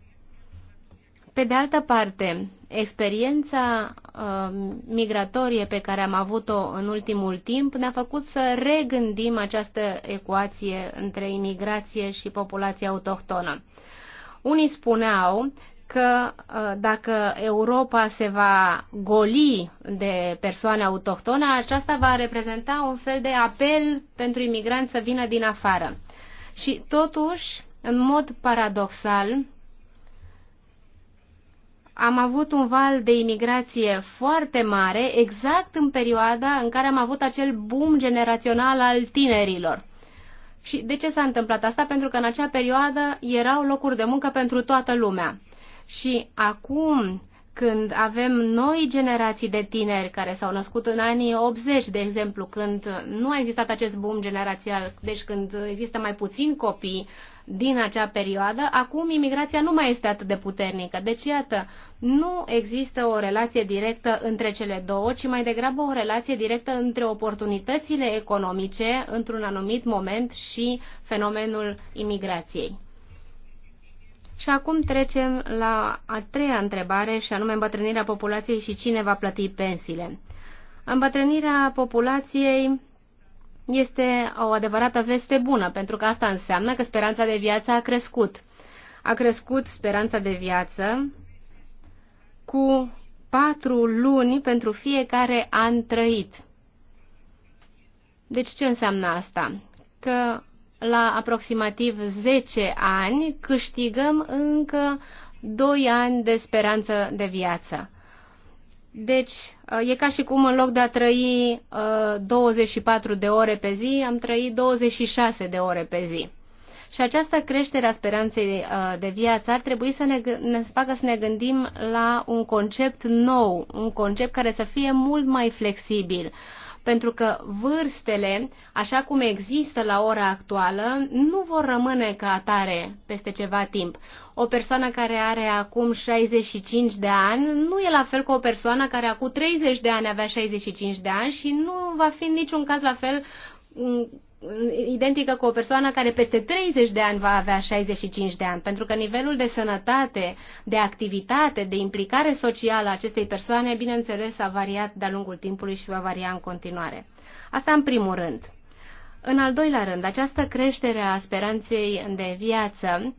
Pe de altă parte, experiența uh, migratorie pe care am avut-o în ultimul timp ne-a făcut să regândim această ecuație între imigrație și populația autohtonă. Unii spuneau că uh, dacă Europa se va goli de persoane autohtone, aceasta va reprezenta un fel de apel pentru imigranți să vină din afară. Și totuși, în mod paradoxal, am avut un val de imigrație foarte mare, exact în perioada în care am avut acel boom generațional al tinerilor. Și de ce s-a întâmplat asta? Pentru că în acea perioadă erau locuri de muncă pentru toată lumea. Și acum, când avem noi generații de tineri care s-au născut în anii 80, de exemplu, când nu a existat acest boom generațial, deci când există mai puțini copii din acea perioadă, acum imigrația nu mai este atât de puternică. Deci, iată, nu există o relație directă între cele două, ci mai degrabă o relație directă între oportunitățile economice într-un anumit moment și fenomenul imigrației. Și acum trecem la a treia întrebare, și anume îmbătrânirea populației și cine va plăti pensiile. Îmbătrânirea populației este o adevărată veste bună, pentru că asta înseamnă că speranța de viață a crescut. A crescut speranța de viață cu patru luni pentru fiecare an trăit. Deci ce înseamnă asta? Că la aproximativ 10 ani câștigăm încă 2 ani de speranță de viață. Deci, uh, e ca și cum în loc de a trăi 24 uh, de ore pe zi, am trăit 26 de ore pe zi. Și această creștere a speranței uh, de viață ar trebui să ne, ne facă să ne gândim la un concept nou, un concept care să fie mult mai flexibil, pentru că vârstele, așa cum există la ora actuală, nu vor rămâne ca atare peste ceva timp. O persoană care are acum 65 de ani nu e la fel cu o persoană care acum 30 de ani avea 65 de ani și nu va fi în niciun caz la fel identică cu o persoană care peste 30 de ani va avea 65 de ani, pentru că nivelul de sănătate, de activitate, de implicare socială a acestei persoane, bineînțeles, a variat de-a lungul timpului și va varia în continuare. Asta în primul rând. În al doilea rând, această creștere a speranței de viață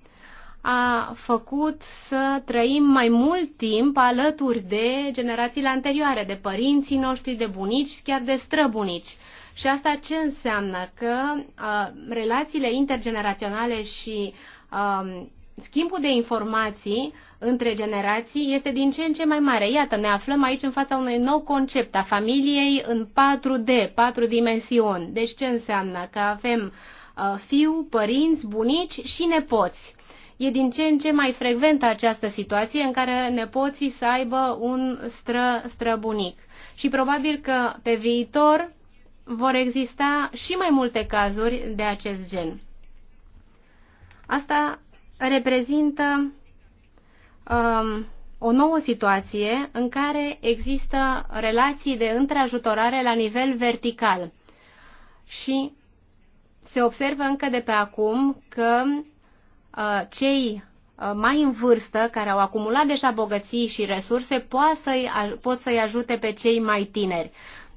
a făcut să trăim mai mult timp alături de generațiile anterioare, de părinții noștri, de bunici, chiar de străbunici. Și asta ce înseamnă? Că uh, relațiile intergeneraționale și uh, schimbul de informații între generații este din ce în ce mai mare. Iată, ne aflăm aici în fața unui nou concept a familiei în 4D, 4 dimensiuni. Deci ce înseamnă? Că avem uh, fiu, părinți, bunici și nepoți. E din ce în ce mai frecventă această situație în care nepoții să aibă un stră, străbunic. Și probabil că pe viitor vor exista și mai multe cazuri de acest gen. Asta reprezintă um, o nouă situație în care există relații de întreajutorare la nivel vertical. Și se observă încă de pe acum că uh, cei uh, mai în vârstă, care au acumulat deja bogății și resurse, pot să-i, pot să-i ajute pe cei mai tineri.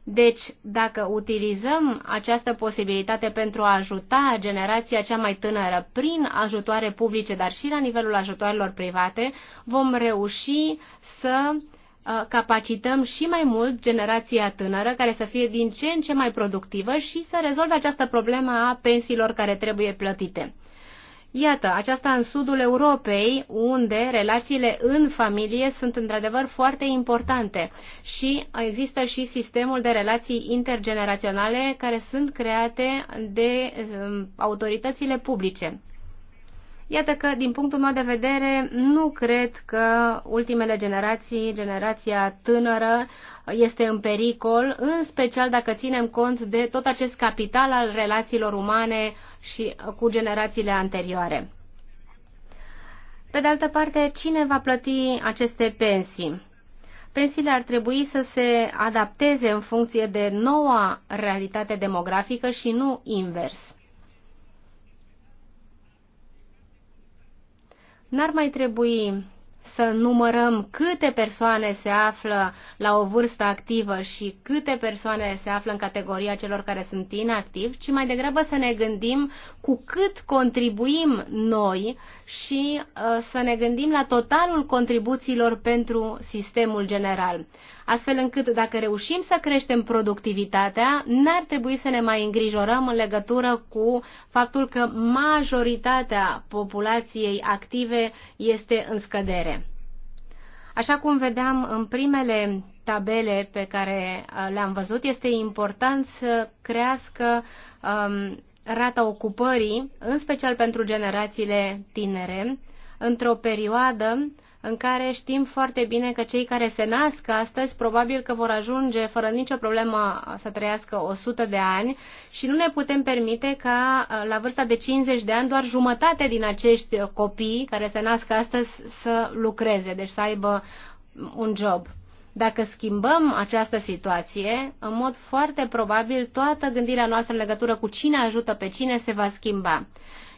Deci, dacă utilizăm această posibilitate pentru a ajuta generația cea mai tânără prin ajutoare publice, dar și la nivelul ajutoarelor private, vom reuși să uh, capacităm și mai mult generația tânără care să fie din ce în ce mai productivă și să rezolve această problemă a pensiilor care trebuie plătite. Iată, aceasta în sudul Europei, unde relațiile în familie sunt într-adevăr foarte importante și există și sistemul de relații intergeneraționale care sunt create de um, autoritățile publice. Iată că, din punctul meu de vedere, nu cred că ultimele generații, generația tânără, este în pericol, în special dacă ținem cont de tot acest capital al relațiilor umane, și cu generațiile anterioare. Pe de altă parte, cine va plăti aceste pensii? Pensiile ar trebui să se adapteze în funcție de noua realitate demografică și nu invers. N-ar mai trebui să numărăm câte persoane se află la o vârstă activă și câte persoane se află în categoria celor care sunt inactivi, ci mai degrabă să ne gândim cu cât contribuim noi și uh, să ne gândim la totalul contribuțiilor pentru sistemul general. Astfel încât dacă reușim să creștem productivitatea, n-ar trebui să ne mai îngrijorăm în legătură cu faptul că majoritatea populației active este în scădere. Așa cum vedeam în primele tabele pe care uh, le-am văzut, este important să crească um, rata ocupării, în special pentru generațiile tinere, într-o perioadă în care știm foarte bine că cei care se nasc astăzi probabil că vor ajunge fără nicio problemă să trăiască 100 de ani și nu ne putem permite ca uh, la vârsta de 50 de ani doar jumătate din acești copii care se nasc astăzi să lucreze, deci să aibă un job. Dacă schimbăm această situație, în mod foarte probabil toată gândirea noastră în legătură cu cine ajută pe cine se va schimba.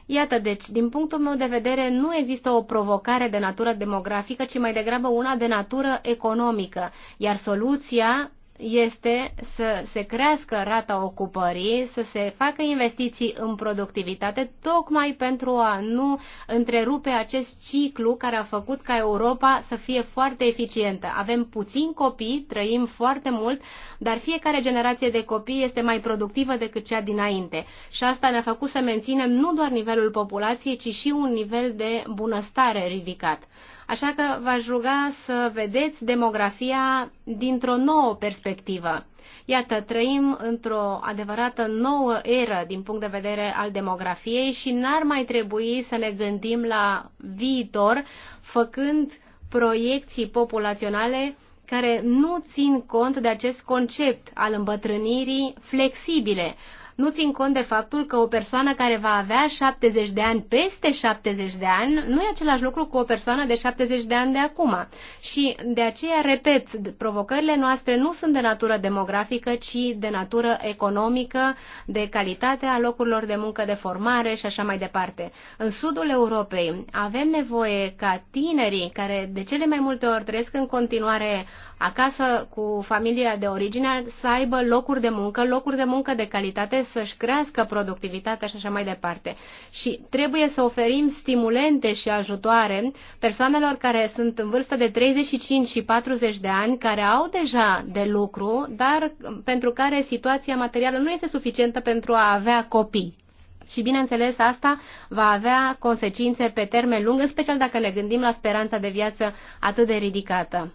Iată, deci, din punctul meu de vedere, nu există o provocare de natură demografică, ci mai degrabă una de natură economică, iar soluția este să se crească rata ocupării, să se facă investiții în productivitate, tocmai pentru a nu întrerupe acest ciclu care a făcut ca Europa să fie foarte eficientă. Avem puțini copii, trăim foarte mult, dar fiecare generație de copii este mai productivă decât cea dinainte. Și asta ne-a făcut să menținem nu doar nivelul populației, ci și un nivel de bunăstare ridicat. Așa că v-aș ruga să vedeți demografia dintr-o nouă perspectivă. Iată, trăim într-o adevărată nouă eră din punct de vedere al demografiei și n-ar mai trebui să ne gândim la viitor făcând proiecții populaționale care nu țin cont de acest concept al îmbătrânirii flexibile, nu țin cont de faptul că o persoană care va avea 70 de ani, peste 70 de ani, nu e același lucru cu o persoană de 70 de ani de acum. Și de aceea, repet, provocările noastre nu sunt de natură demografică, ci de natură economică, de calitatea locurilor de muncă, de formare și așa mai departe. În sudul Europei avem nevoie ca tinerii, care de cele mai multe ori trăiesc în continuare acasă cu familia de origine, să aibă locuri de muncă, locuri de muncă de calitate, să-și crească productivitatea și așa mai departe. Și trebuie să oferim stimulente și ajutoare persoanelor care sunt în vârstă de 35 și 40 de ani, care au deja de lucru, dar pentru care situația materială nu este suficientă pentru a avea copii. Și bineînțeles, asta va avea consecințe pe termen lung, în special dacă ne gândim la speranța de viață atât de ridicată.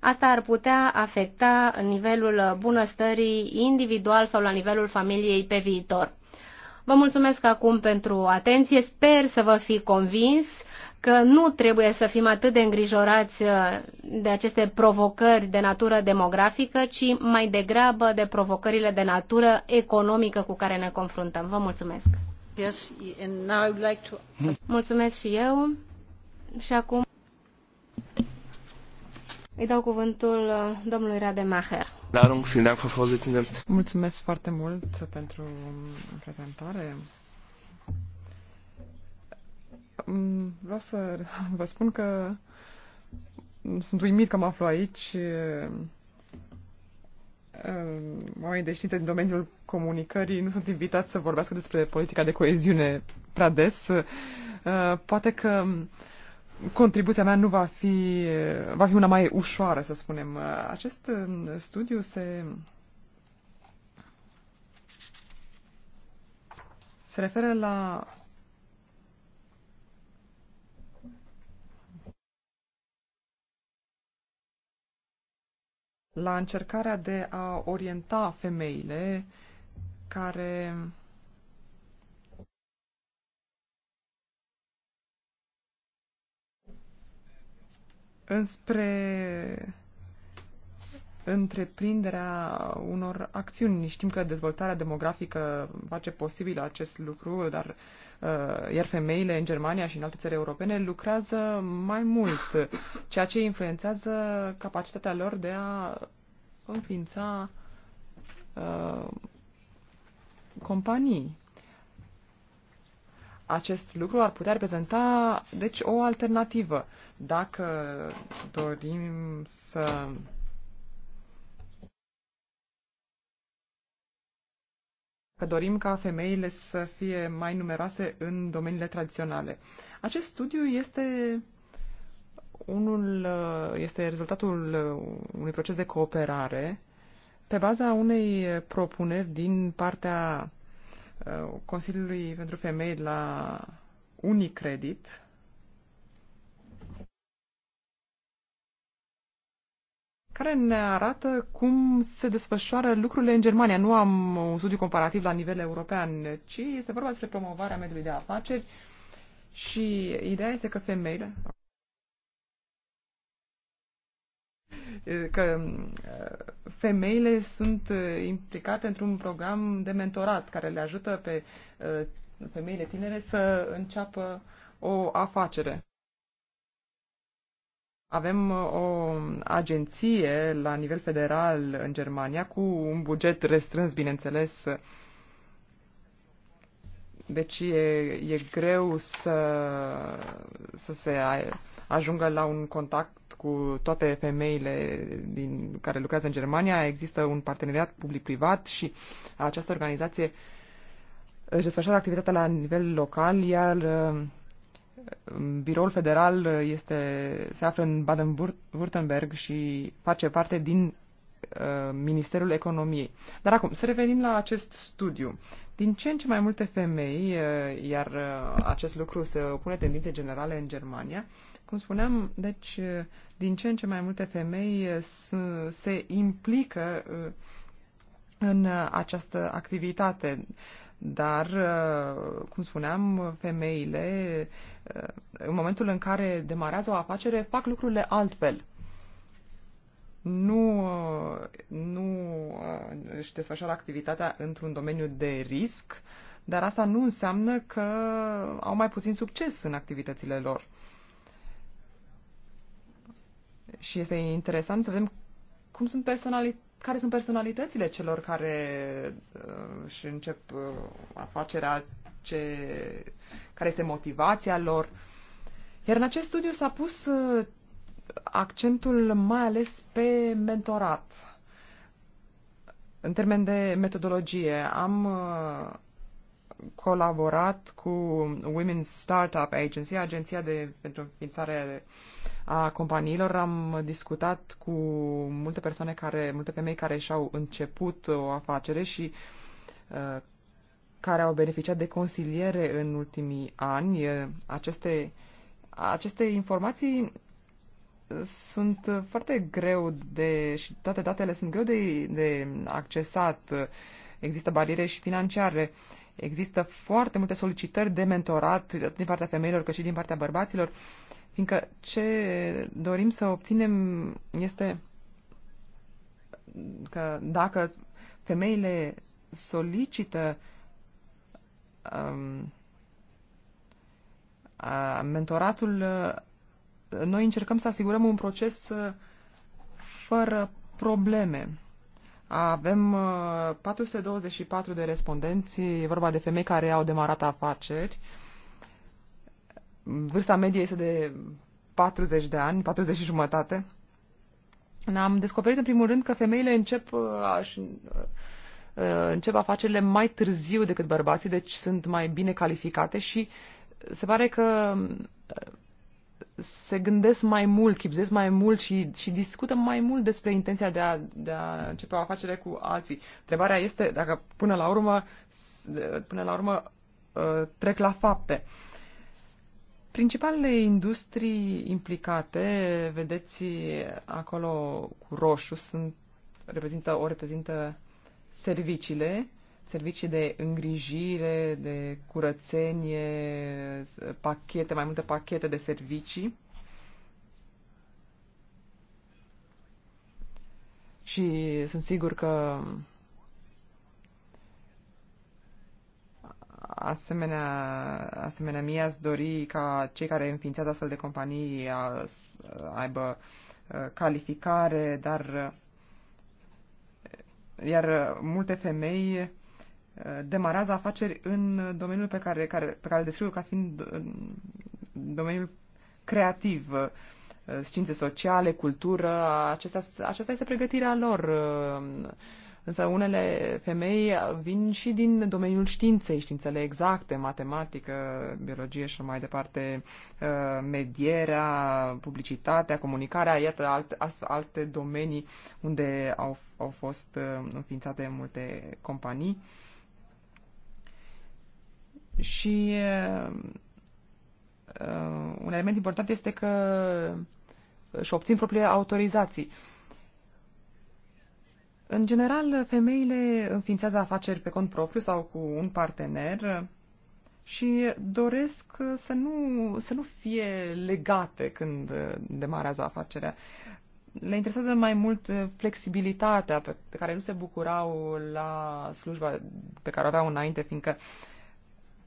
Asta ar putea afecta nivelul bunăstării individual sau la nivelul familiei pe viitor. Vă mulțumesc acum pentru atenție. Sper să vă fi convins că nu trebuie să fim atât de îngrijorați uh, de aceste provocări de natură demografică, ci mai degrabă de provocările de natură economică cu care ne confruntăm. Vă mulțumesc! Yes, and now I would like to... Mulțumesc și eu. Și acum... Îi dau cuvântul uh, domnului Rademacher. Da, Mulțumesc foarte mult pentru prezentare. Mm, vreau să vă spun că sunt uimit că mă aflu aici uh, uh, oamenii de știință din domeniul comunicării nu sunt invitați să vorbească despre politica de coeziune prea des. Poate că contribuția mea nu va fi, eh, va fi una mai ușoară, să spunem. Eh, acest eh, studiu se, se referă la la încercarea de a orienta femeile care înspre întreprinderea unor acțiuni. Știm că dezvoltarea demografică face posibil acest lucru, dar uh, iar femeile în Germania și în alte țări europene lucrează mai mult, ceea ce influențează capacitatea lor de a înființa uh, companii acest lucru ar putea reprezenta, deci, o alternativă. Dacă dorim să că dorim ca femeile să fie mai numeroase în domeniile tradiționale. Acest studiu este unul este rezultatul unui proces de cooperare pe baza unei propuneri din partea Uh, Consiliului pentru Femei la Unicredit. care ne arată cum se desfășoară lucrurile în Germania. Nu am un studiu comparativ la nivel european, ci este vorba despre promovarea mediului de afaceri și ideea este că femeile, că femeile sunt implicate într-un program de mentorat care le ajută pe femeile tinere să înceapă o afacere. Avem o agenție la nivel federal în Germania cu un buget restrâns, bineînțeles. Deci e, e greu să, să se ajungă la un contact cu toate femeile din, care lucrează în Germania. Există un parteneriat public-privat și această organizație își desfășoară activitatea la nivel local, iar uh, biroul federal este, se află în Baden-Württemberg și face parte din uh, Ministerul Economiei. Dar acum, să revenim la acest studiu. Din ce în ce mai multe femei, uh, iar acest lucru se opune tendințe generale în Germania, cum spuneam, deci din ce în ce mai multe femei eh, se implică eh, în această activitate. Dar, eh, cum spuneam, femeile, în momentul în care demarează o afacere, fac lucrurile altfel. Nu, nu își desfășoară activitatea într-un domeniu de risc, dar asta nu înseamnă că au mai puțin succes în activitățile lor și este interesant să vedem cum sunt personali, care sunt personalitățile celor care uh, își încep uh, afacerea, ce, care este motivația lor. Iar în acest studiu s-a pus uh, accentul mai ales pe mentorat. În termen de metodologie, am uh, colaborat cu Women's Startup Agency, agenția de, pentru înființare uh, a companiilor. Am discutat cu multe persoane care, multe femei care și-au început o afacere și uh, care au beneficiat de consiliere în ultimii ani. Aceste, aceste informații sunt foarte greu de, și toate datele sunt greu de, de accesat. Există bariere și financiare. Există foarte multe solicitări de mentorat, atât din partea femeilor cât și din partea bărbaților. Uh, fiindcă ce dorim să obținem este că dacă femeile solicită um, a, mentoratul, noi încercăm să asigurăm un proces uh, fără probleme. Avem 424 uh, de respondenți, e vorba de femei care au demarat afaceri, vârsta medie este de 40 de ani, 40 și jumătate, am descoperit în primul rând că femeile încep, uh, aș, uh, uh, încep afacerile mai târziu decât bărbații, deci sunt mai bine calificate și se pare că se gândesc mai mult, chipzesc mai mult și, și discută mai mult despre intenția de a, de a începe o afacere cu alții. Întrebarea este dacă până la urmă, până la urmă trec la fapte. Uh, Principalele industrii implicate, vedeți acolo cu roșu, sunt, reprezintă, o reprezintă serviciile, servicii de îngrijire, de curățenie, pachete, mai multe pachete de servicii. Și sunt sigur că Asemenea, asemenea mie ați dori ca cei care înființează astfel de companii a, uh, uh, aibă uh, calificare, dar iar multe femei demarează afaceri în domeniul pe care, care, pe care îl descriu ca fiind domeniul creativ, științe sociale, cultură, acestea, aceasta este pregătirea lor Însă unele femei vin și din domeniul științei, științele exacte, matematică, biologie și mai departe, uh, medierea, publicitatea, comunicarea, iată alte, alte domenii unde au, au fost uh, înființate multe companii. Și uh, un element important este că și obțin propriile autorizații. Uh, în general, femeile înființează afaceri pe cont propriu sau cu un partener și doresc să nu, să nu fie legate când demarează afacerea. Le interesează mai mult flexibilitatea pe care nu se bucurau la slujba pe care o aveau înainte, fiindcă,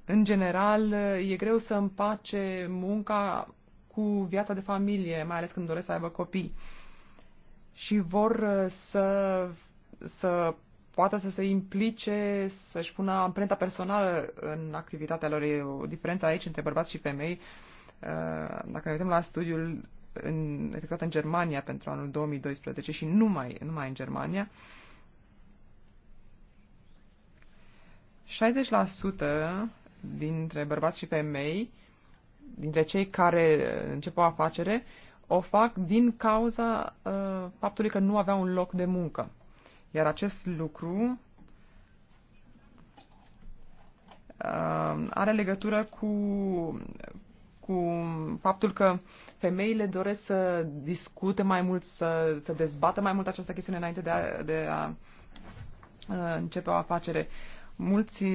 în general, e greu să împace munca cu viața de familie, mai ales când doresc să aibă copii și vor să să poată să se implice, să-și pună amprenta personală în activitatea lor. E o diferență aici între bărbați și femei. Uh, dacă ne uităm la studiul în, efectuat în Germania pentru anul 2012 și numai, numai în Germania, 60% dintre bărbați și femei, dintre cei care încep o afacere, o fac din cauza uh, faptului că nu aveau un loc de muncă. Iar acest lucru uh, are legătură cu, cu faptul că femeile doresc să discute mai mult, să, să dezbată mai mult această chestiune înainte de a, de a uh, începe o afacere. Mulți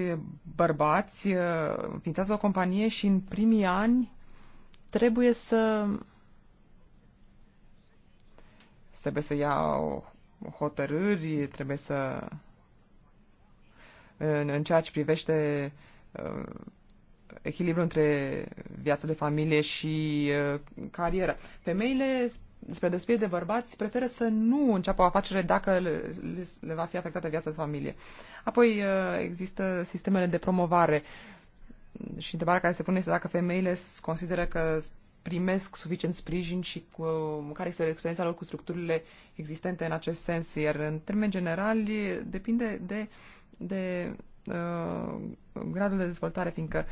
bărbați uh, înființează o companie și în primii ani trebuie să trebuie să ia hotărâri, trebuie să în, în ceea ce privește uh, echilibrul între viața de familie și uh, carieră. Femeile, spre despre de bărbați, preferă să nu înceapă o afacere dacă le, le, le va fi afectată viața de familie. Apoi uh, există sistemele de promovare și întrebarea care se pune este dacă femeile consideră că primesc suficient sprijin și cu, uh, care este experiența lor cu structurile existente în acest sens. Iar în termeni generali depinde de, de uh, gradul de dezvoltare, fiindcă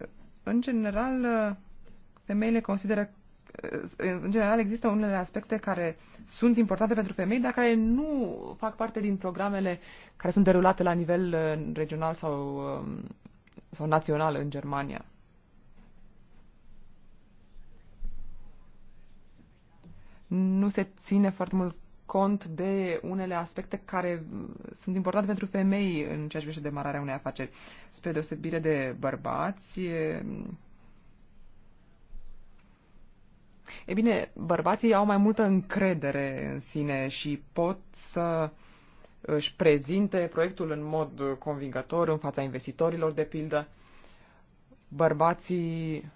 uh, în general uh, femeile consideră în general există unele aspecte care sunt importante pentru femei, dar care nu fac parte din programele care sunt derulate la nivel regional sau, um, sau național în Germania. nu se ține foarte mult cont de unele aspecte care sunt importante pentru femei în ceea ce privește demararea unei afaceri. Spre deosebire de bărbați, E bine, bărbații au mai multă încredere în sine și pot să își prezinte proiectul în mod convingător în fața investitorilor, de pildă. Bărbații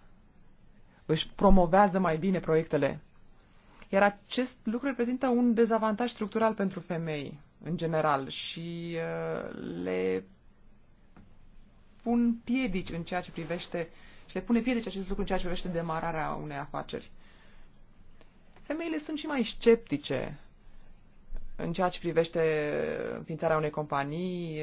își promovează mai bine proiectele iar acest lucru reprezintă un dezavantaj structural pentru femei, în general, și uh, le pun piedici în ceea ce privește și le pune piedici acest lucru în ceea ce privește demararea unei afaceri. Femeile sunt și mai sceptice în ceea ce privește înființarea unei companii,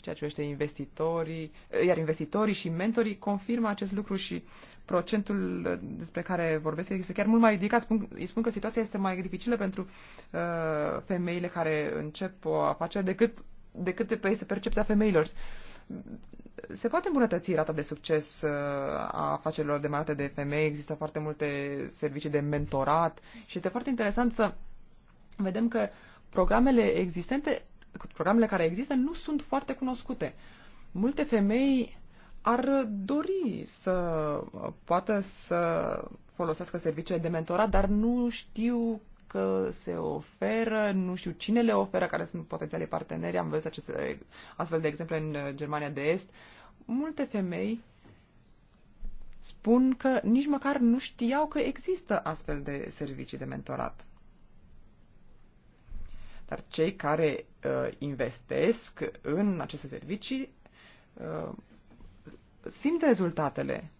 ceea ce privește investitorii, iar investitorii și mentorii confirmă acest lucru și procentul despre care vorbesc este chiar mult mai ridicat. Spun, îi spun că situația este mai dificilă pentru uh, femeile care încep o afacere decât, decât este percepția femeilor. Se poate îmbunătăți rata de succes uh, a afacerilor demarate de femei, există foarte multe servicii de mentorat și este foarte interesant să vedem că programele existente, programele care există, nu sunt foarte cunoscute. Multe femei ar dori să poată să folosească serviciile de mentorat, dar nu știu că se oferă, nu știu cine le oferă, care sunt potențialii parteneri. Am văzut aceste astfel de exemple în uh, Germania de Est. Multe femei spun că nici măcar nu știau că există astfel de servicii de mentorat. Dar cei care uh, investesc în aceste servicii uh, simt rezultatele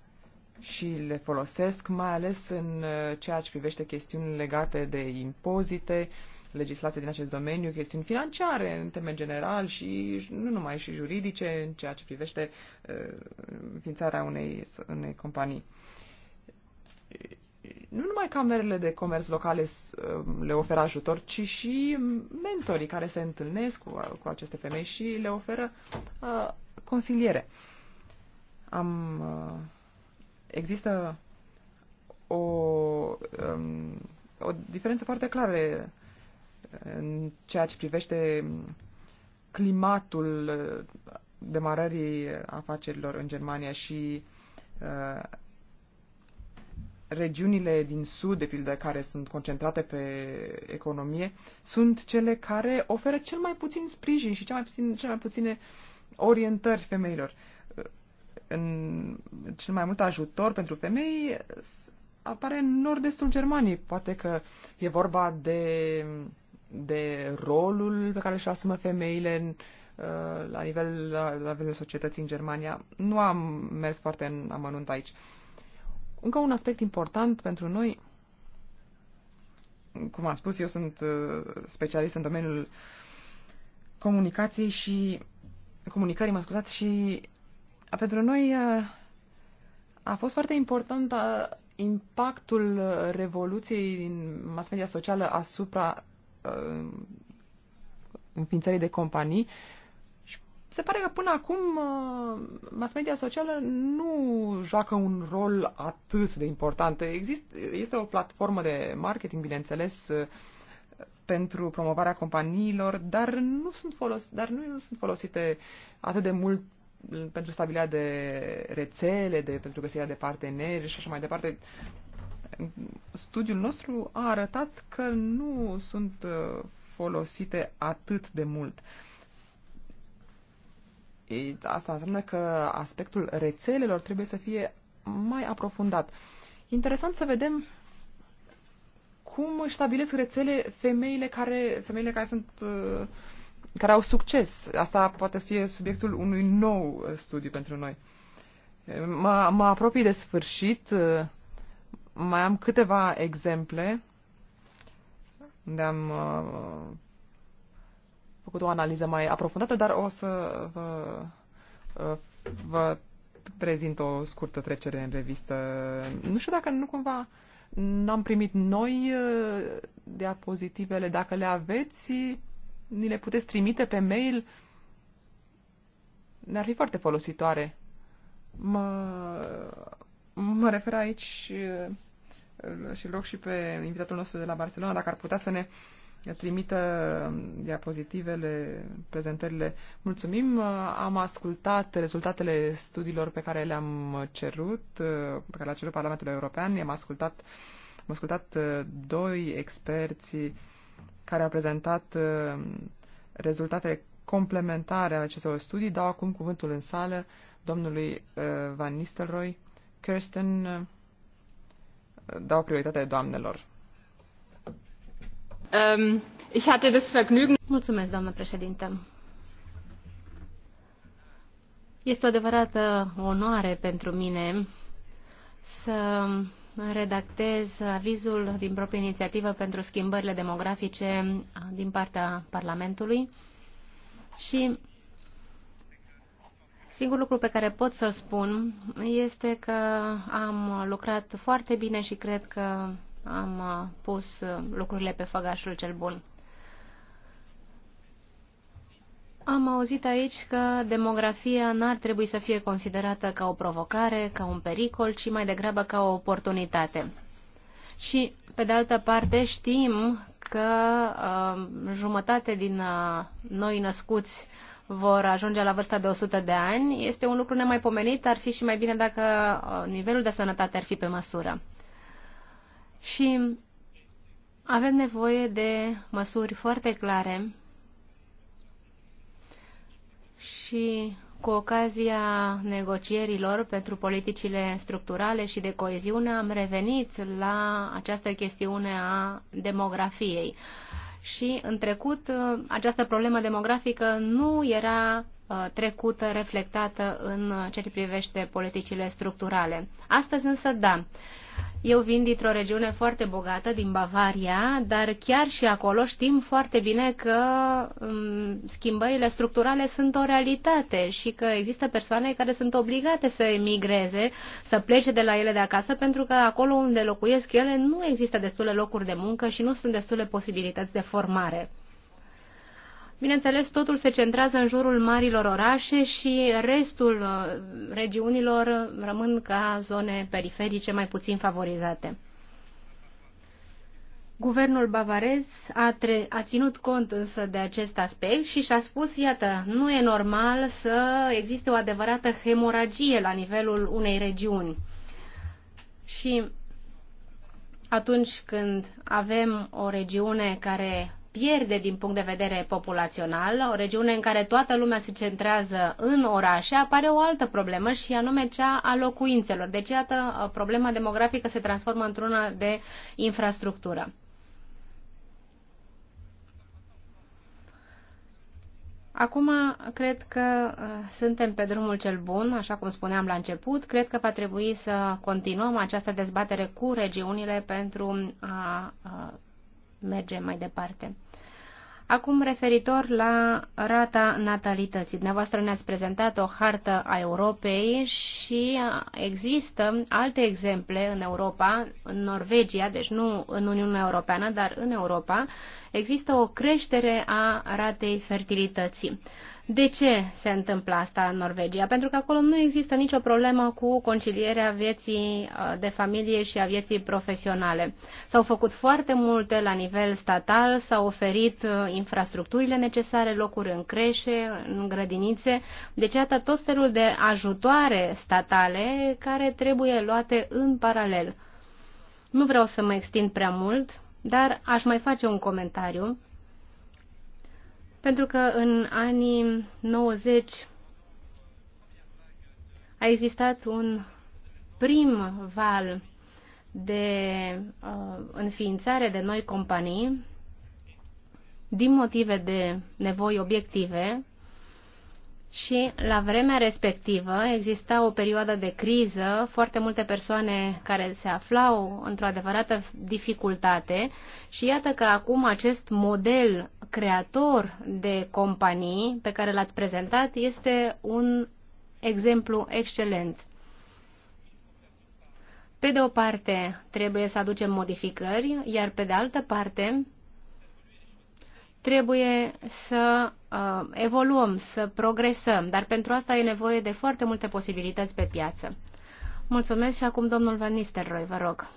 și le folosesc mai ales în uh, ceea ce privește chestiuni legate de impozite, legislație din acest domeniu, chestiuni financiare în teme general și nu numai și juridice în ceea ce privește uh, înființarea unei, unei companii nu numai camerele de comerț locale um, le oferă ajutor, ci și mentorii care se întâlnesc cu, uh, cu aceste femei și le oferă uh, consiliere. Am, uh, există o, um, o diferență foarte clară uh, în ceea ce privește climatul uh, demarării afacerilor în Germania și uh, regiunile din sud, de pildă, care sunt concentrate pe economie, sunt cele care oferă cel mai puțin sprijin și cel mai, puțin, cel mai puține orientări femeilor. În cel mai mult ajutor pentru femei apare în nord-estul Germaniei. Poate că e vorba de, de rolul pe care își asumă femeile în, uh, la nivel la, la nivelul societății în Germania. Nu am mers foarte în amănunt aici. Uh, încă un aspect important pentru noi, cum am spus, eu sunt uh, specialist în domeniul comunicației și comunicării, mă scuzați, și uh, pentru noi uh, a fost foarte important impactul revoluției din mass media socială asupra înființării de companii se pare că până acum uh, mass media socială nu joacă un rol atât de important. Exist, este o platformă de marketing, bineînțeles, uh, pentru promovarea companiilor, dar nu sunt, folos, dar nu sunt folosite atât de mult pentru stabilirea de rețele, de, pentru găsirea de parteneri și așa mai departe. Studiul nostru a arătat că nu sunt uh, folosite atât de mult. Uh, asta înseamnă că aspectul rețelelor trebuie să fie mai aprofundat. Interesant să vedem cum își stabilesc rețele femeile care, femeile care sunt uh, care au succes. Asta poate fi subiectul unui nou uh, studiu pentru noi. Mă, mă apropii de sfârșit. Mai am câteva exemple unde am uh, făcut o analiză mai aprofundată, dar o să vă, uh, vă prezint o scurtă trecere în revistă. Nu știu dacă nu cumva n-am primit noi uh, diapozitivele. Dacă le aveți, ni le puteți trimite pe mail. Ne-ar fi foarte folositoare. Mă, mă refer aici uh, și loc și pe invitatul nostru de la Barcelona dacă ar putea să ne uh, trimită diapozitivele, prezentările. Mulțumim, am ascultat rezultatele studiilor pe care le-am cerut, pe care le-a cerut Parlamentul European, am ascultat, am ascultat uh, doi experți care au prezentat uh, rezultate complementare ale acestor studii. Dau acum cuvântul în sală domnului uh, Van Nistelrooy, Kirsten, dau prioritate doamnelor. Um, ich hatte das Vergnügen. Mulțumesc, doamnă președintă. Este o adevărată onoare pentru mine să redactez avizul din proprie inițiativă pentru schimbările demografice din partea Parlamentului și singurul lucru pe care pot să-l spun este că am lucrat foarte bine și cred că am uh, pus uh, lucrurile pe făgașul cel bun. Am auzit aici că demografia n-ar trebui să fie considerată ca o provocare, ca un pericol, ci mai degrabă ca o oportunitate. Și, pe de altă parte, știm că uh, jumătate din uh, noi născuți vor ajunge la vârsta de 100 de ani. Este un lucru nemaipomenit, ar fi și mai bine dacă uh, nivelul de sănătate ar fi pe măsură. Și avem nevoie de măsuri foarte clare și cu ocazia negocierilor pentru politicile structurale și de coeziune am revenit la această chestiune a demografiei. Și în trecut această problemă demografică nu era uh, trecută, reflectată în ceea ce privește politicile structurale. Astăzi însă da. Eu vin dintr-o regiune foarte bogată, din Bavaria, dar chiar și acolo știm foarte bine că um, schimbările structurale sunt o realitate și că există persoane care sunt obligate să emigreze, să plece de la ele de acasă, pentru că acolo unde locuiesc ele nu există destule locuri de muncă și nu sunt destule posibilități de formare. Bineînțeles, totul se centrează în jurul marilor orașe și restul uh, regiunilor rămân ca zone periferice mai puțin favorizate. Guvernul bavarez a, tre- a ținut cont însă de acest aspect și și-a spus, iată, nu e normal să existe o adevărată hemoragie la nivelul unei regiuni. Și atunci când avem o regiune care pierde din punct de vedere populațional, o regiune în care toată lumea se centrează în orașe, apare o altă problemă și anume cea a locuințelor. Deci, iată, problema demografică se transformă într-una de infrastructură. Acum cred că uh, suntem pe drumul cel bun, așa cum spuneam la început. Cred că va trebui să continuăm această dezbatere cu regiunile pentru a merge mai departe. Acum, referitor la rata natalității. Dumneavoastră ne-ați prezentat o hartă a Europei și există alte exemple în Europa, în Norvegia, deci nu în Uniunea Europeană, dar în Europa, există o creștere a ratei fertilității. De ce se întâmplă asta în Norvegia? Pentru că acolo nu există nicio problemă cu concilierea vieții uh, de familie și a vieții profesionale. S-au făcut foarte multe la nivel statal, s-au oferit uh, infrastructurile necesare, locuri în creșe, în grădinițe, deci iată tot felul de ajutoare statale care trebuie luate în paralel. Nu vreau să mă extind prea mult, dar aș mai face un comentariu pentru că în anii 90 a existat un prim val de uh, înființare de noi companii din motive de nevoi obiective și la vremea respectivă exista o perioadă de criză, foarte multe persoane care se aflau într-o adevărată dificultate și iată că acum acest model creator de companii pe care l-ați prezentat este un exemplu excelent. Pe de o parte, trebuie să aducem modificări, iar pe de altă parte, trebuie să uh, evoluăm, să progresăm, dar pentru asta e nevoie de foarte multe posibilități pe piață. Mulțumesc și acum domnul Van Nistelrooy, vă rog.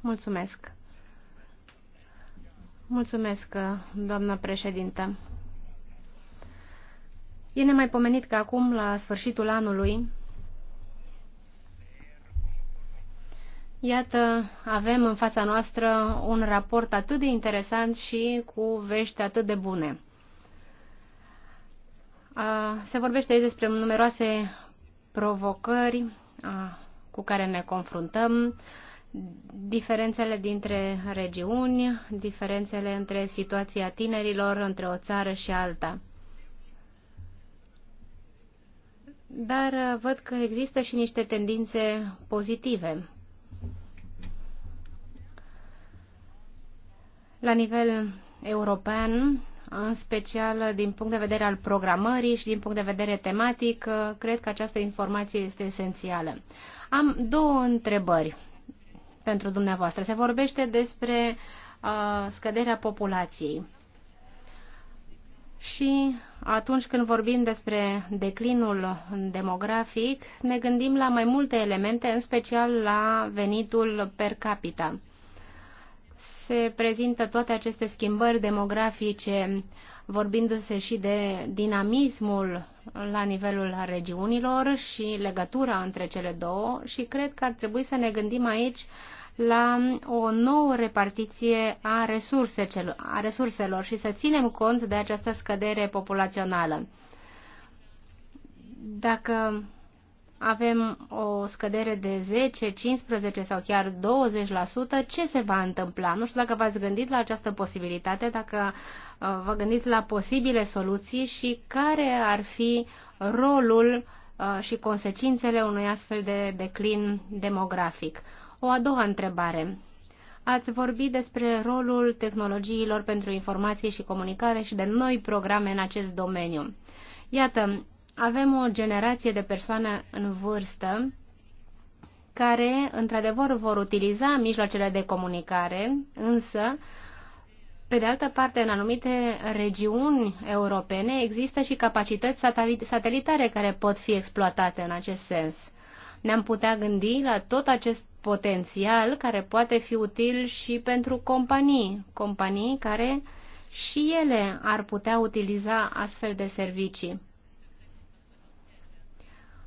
Mulțumesc. Mulțumesc, doamnă președintă. E nemaipomenit că acum, la sfârșitul anului, Iată, avem în fața noastră un raport atât de interesant și cu vești atât de bune. Se vorbește aici despre numeroase provocări cu care ne confruntăm, diferențele dintre regiuni, diferențele între situația tinerilor între o țară și alta. Dar uh, văd că există și niște tendințe pozitive. La nivel european, în special din punct de vedere al programării și din punct de vedere tematic, uh, cred că această informație este esențială. Am două întrebări pentru dumneavoastră. Se vorbește despre uh, scăderea populației. Și atunci când vorbim despre declinul demografic, ne gândim la mai multe elemente, în special la venitul per capita. Se prezintă toate aceste schimbări demografice uh, vorbindu-se și de dinamismul la nivelul regiunilor și legătura între cele două și cred că ar trebui să ne gândim aici la o nouă repartiție a, resurselor, a resurselor și să ținem cont de această scădere populațională. Dacă avem o scădere de 10, 15 sau chiar 20%, ce se va întâmpla? Nu știu dacă v-ați gândit la această posibilitate, dacă uh, vă gândiți la posibile soluții și care ar fi rolul uh, și consecințele unui astfel de declin demografic. O a doua întrebare. Ați vorbit despre rolul tehnologiilor pentru informație și comunicare și de noi programe în acest domeniu. Iată, avem o generație de persoane în vârstă care, într-adevăr, vor utiliza mijloacele de comunicare, însă, pe de altă parte, în anumite regiuni europene există și capacități satelitare care pot fi exploatate în acest sens. Ne-am putea gândi la tot acest potențial care poate fi util și pentru companii, companii care și ele ar putea utiliza astfel de servicii.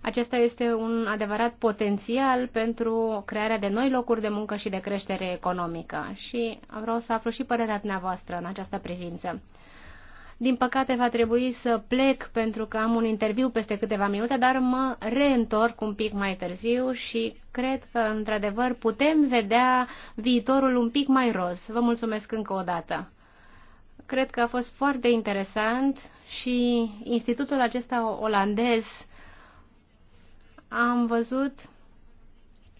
Acesta este un adevărat potențial pentru crearea de noi locuri de muncă și de creștere economică și vreau să aflu și părerea dumneavoastră în această privință. Din păcate va trebui să plec pentru că am un interviu peste câteva minute, dar mă reîntorc un pic mai târziu și cred că, într-adevăr, putem vedea viitorul un pic mai roz. Vă mulțumesc încă o dată. Cred că a fost foarte interesant și institutul acesta olandez am văzut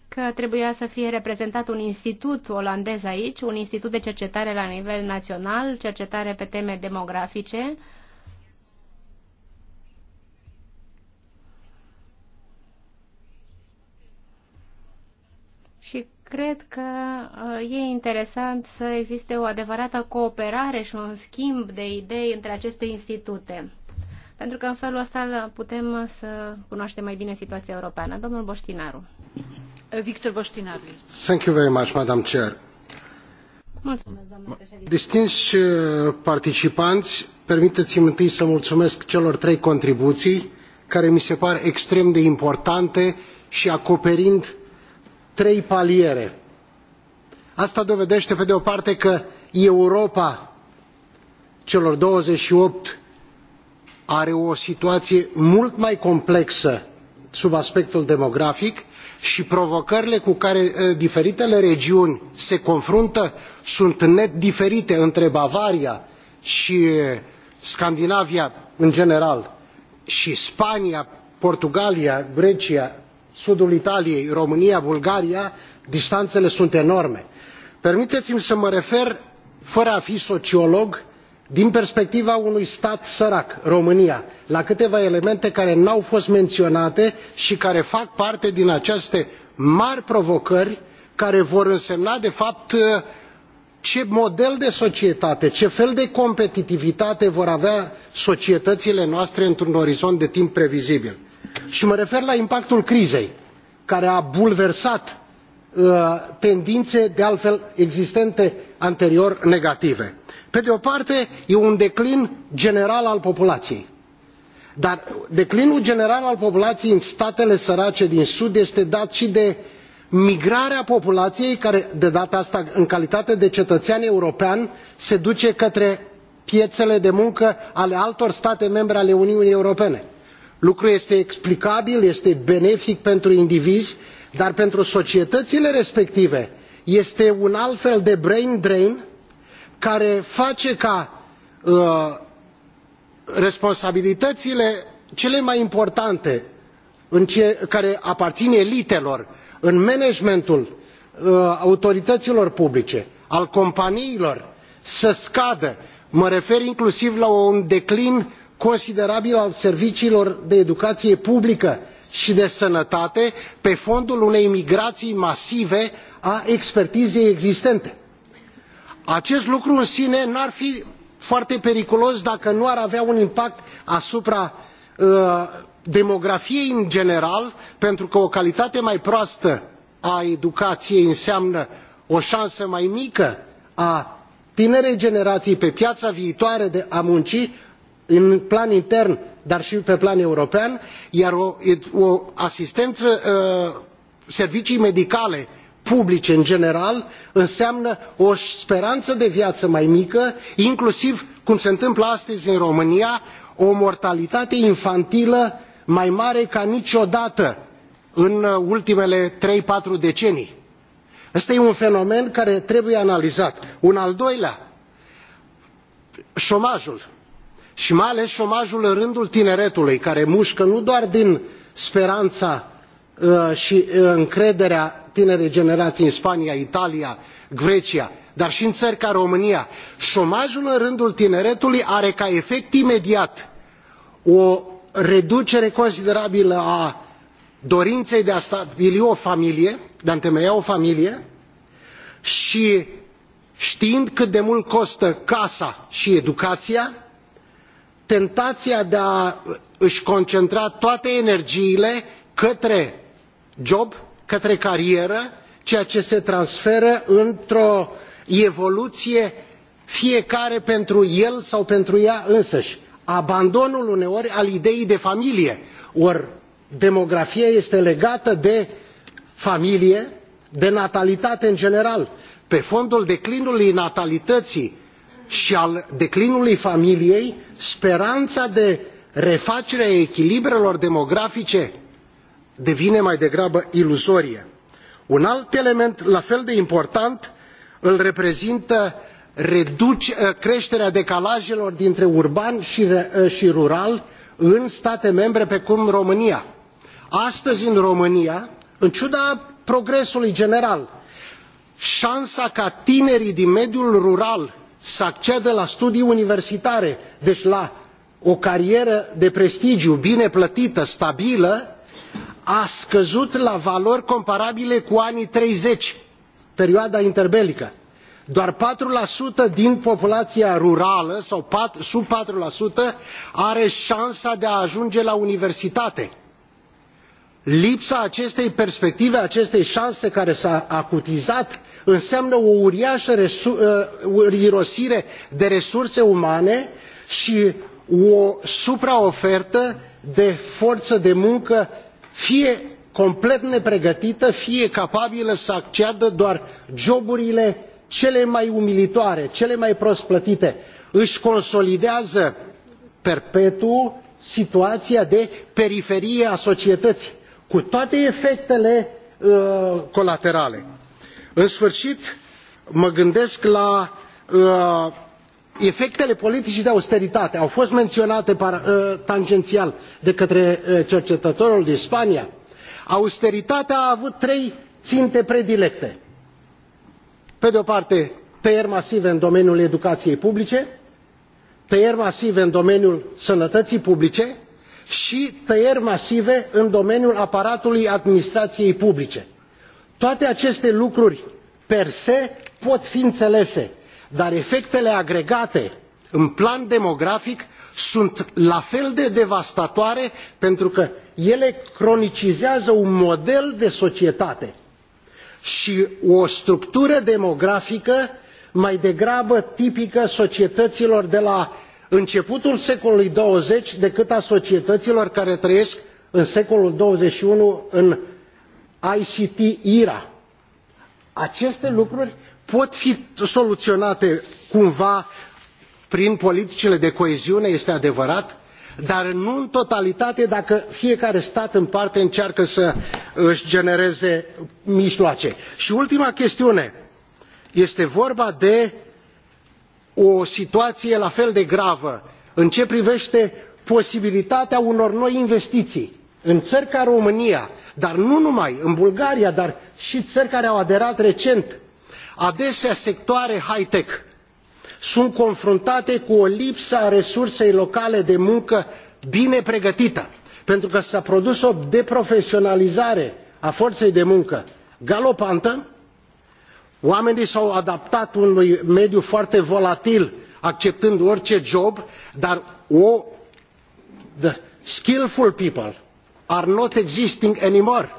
că trebuia să fie reprezentat un institut olandez aici, un institut de cercetare la nivel național, cercetare pe teme demografice. Și cred că uh, e interesant să existe o adevărată cooperare și un schimb de idei între aceste institute pentru că în felul ăsta putem să cunoaștem mai bine situația europeană. Domnul Boștinaru. Victor Boștinaru. Thank you very much, Madam Chair. Mulțumesc, Distinși uh, participanți, permiteți-mi întâi să mulțumesc celor trei contribuții care mi se par extrem de importante și acoperind trei paliere. Asta dovedește, pe de o parte, că Europa celor 28 are o situație mult mai complexă sub aspectul demografic și provocările cu care diferitele regiuni se confruntă sunt net diferite între bavaria și scandinavia în general și spania portugalia grecia sudul italiei românia bulgaria distanțele sunt enorme. permiteți mi să mă refer fără a fi sociolog din perspectiva unui stat sărac românia la câteva elemente care nu au fost menționate și care fac parte din aceste mari provocări care vor însemna de fapt ce model de societate ce fel de competitivitate vor avea societățile noastre într un orizont de timp previzibil și mă refer la impactul crizei care a bulversat uh, tendințe de altfel existente anterior negative pe de o parte e un declin general al populației dar declinul general al populației în statele sărace din sud este dat și de migrarea populației care de data asta în calitate de cetățean european se duce către piețele de muncă ale altor state membre ale uniunii europene. lucru este explicabil este benefic pentru indivizi dar pentru societățile respective este un alt fel de brain drain care face ca uh, responsabilitățile cele mai importante care aparțin elitelor în managementul uh, autorităților publice al companiilor să scadă mă refer inclusiv la un declin considerabil al serviciilor de educație publică și de sănătate pe fondul unei migrații masive a expertizei existente acest lucru în sine nu ar fi foarte periculos dacă nu ar avea un impact asupra uh, demografiei în general pentru că o calitate mai proastă a educației înseamnă o șansă mai mică a tinerei generații pe piața viitoare a muncii în plan intern dar și pe plan european iar o, o asistență uh, servicii medicale publice în general înseamnă o speranță de viață mai mică inclusiv cum se întâmplă astăzi în românia o mortalitate infantilă mai mare ca niciodată în uh, ultimele trei patru decenii. ăsta e un fenomen care trebuie analizat. un al doilea șomajul și mai ales șomajul în rândul tineretului care mușcă nu doar din speranța uh, și uh, încrederea tinere generații în spania italia grecia dar și în țări ca românia șomajul în rândul tineretului are ca efect imediat o reducere considerabilă a dorinței de a stabili o familie de a întemeia o familie și știind cât de mult costă casa și educația tentația de a își concentra toate energiile către job către carieră ceea ce se transferă într o evoluție fiecare pentru el sau pentru ea însăși abandonul uneori al ideii de familie ori demografia este legată de familie de natalitate în general pe fondul declinului natalității și al declinului familiei speranța de refacere a echilibrelor demografice devine mai degrabă iluzorie. un alt element la fel de important îl reprezintă ă, creșterea decalajelor dintre urban ă, și, rural în state membre precum românia. astăzi în românia în ciuda progresului general șansa ca tinerii din mediul rural să acceadă la studii universitare deci la o carieră de prestigiu bine plătită stabilă a scăzut la valori comparabile cu anii 30, perioada interbelică. Doar patru din populația rurală sau sub patru are șansa de a ajunge la universitate. Lipsa acestei perspective, acestei șanse care s-a acutizat, înseamnă o uriașă uh, irosire de resurse umane și o supraofertă de forță de muncă fie complet nepregătită fie capabilă să acceadă doar joburile cele mai umilitoare cele mai prost plătite își consolidează perpetuu situația de periferie a societății cu toate efectele uh, colaterale. în sfârșit mă gândesc la uh, efectele politicii de austeritate au fost menționate uh, tangențial de către uh, cercetătorul din spania austeritatea a avut trei ținte predilecte pe de o parte tăieri masive în domeniul educației publice tăieri masive în domeniul sănătății publice și tăieri masive în domeniul aparatului administrației publice. toate aceste lucruri per se pot fi înțelese dar efectele agregate în plan demografic sunt la fel de devastatoare pentru că ele cronicizează un model de societate și o structură demografică mai degrabă tipică societăților de la începutul secolului xx decât a societăților care trăiesc în secolul xxi în ict era. aceste lucruri pot fi soluționate cumva prin politicile de coeziune este adevărat dar nu în totalitate dacă fiecare stat în parte încearcă să își genereze mijloace. și ultima chestiune este vorba de o situație la fel de gravă în ceea ce privește posibilitatea unor noi investiții în țări ca românia dar nu numai în bulgaria dar și țări care au aderat recent adesea sectoare high tech sunt confruntate cu o lipsă a resursei locale de muncă bine pregătită pentru că s a produs o deprofesionalizare a forței de muncă galopantă oamenii s au adaptat unui mediu foarte volatil acceptând orice job dar o the skillful people are not existing anymore.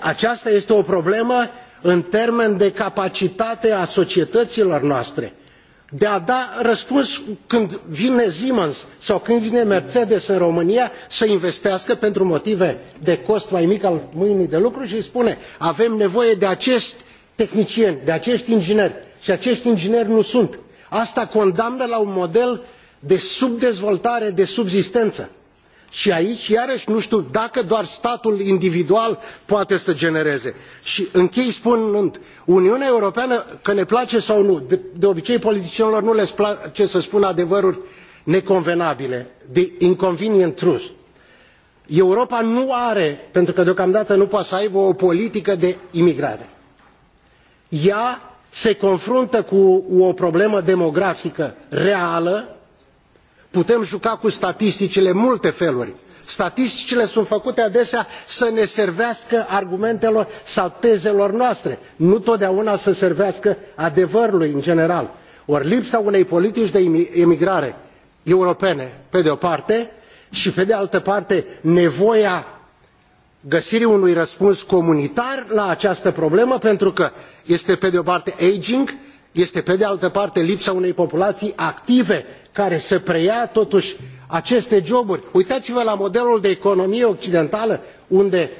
aceasta este o problemă în termen de capacitate a societăților noastre de a da răspuns când vine Siemens sau când vine Mercedes în România să investească pentru motive de cost mai mic al mâinii de lucru și îi spune avem nevoie de acești tehnicieni, de acești ingineri și acești ingineri nu sunt. Asta condamnă la un model de subdezvoltare, de subzistență și aici iarăși nu știu dacă doar statul individual poate să genereze. și închei spunând uniunea europeană că ne place sau nu de obicei politicienilor nu le place să spună adevăruri neconvenabile the inconvenient truth europa nu are pentru că deocamdată nu poate să aibă o politică de imigrare. ea se confruntă cu o problemă demografică reală putem juca cu statisticile în multe feluri statisticile sunt făcute adesea să ne servească argumentelor sau tezelor noastre nu totdeauna să servească adevărului în general ori lipsa unei politici de emigrare europene pe de o parte și pe de altă parte nevoia găsirii unui răspuns comunitar la această problemă pentru că este pe de o parte aging este pe de altă parte lipsa unei populații active care să preia totuși aceste joburi. uitați vă la modelul de economie occidentală unde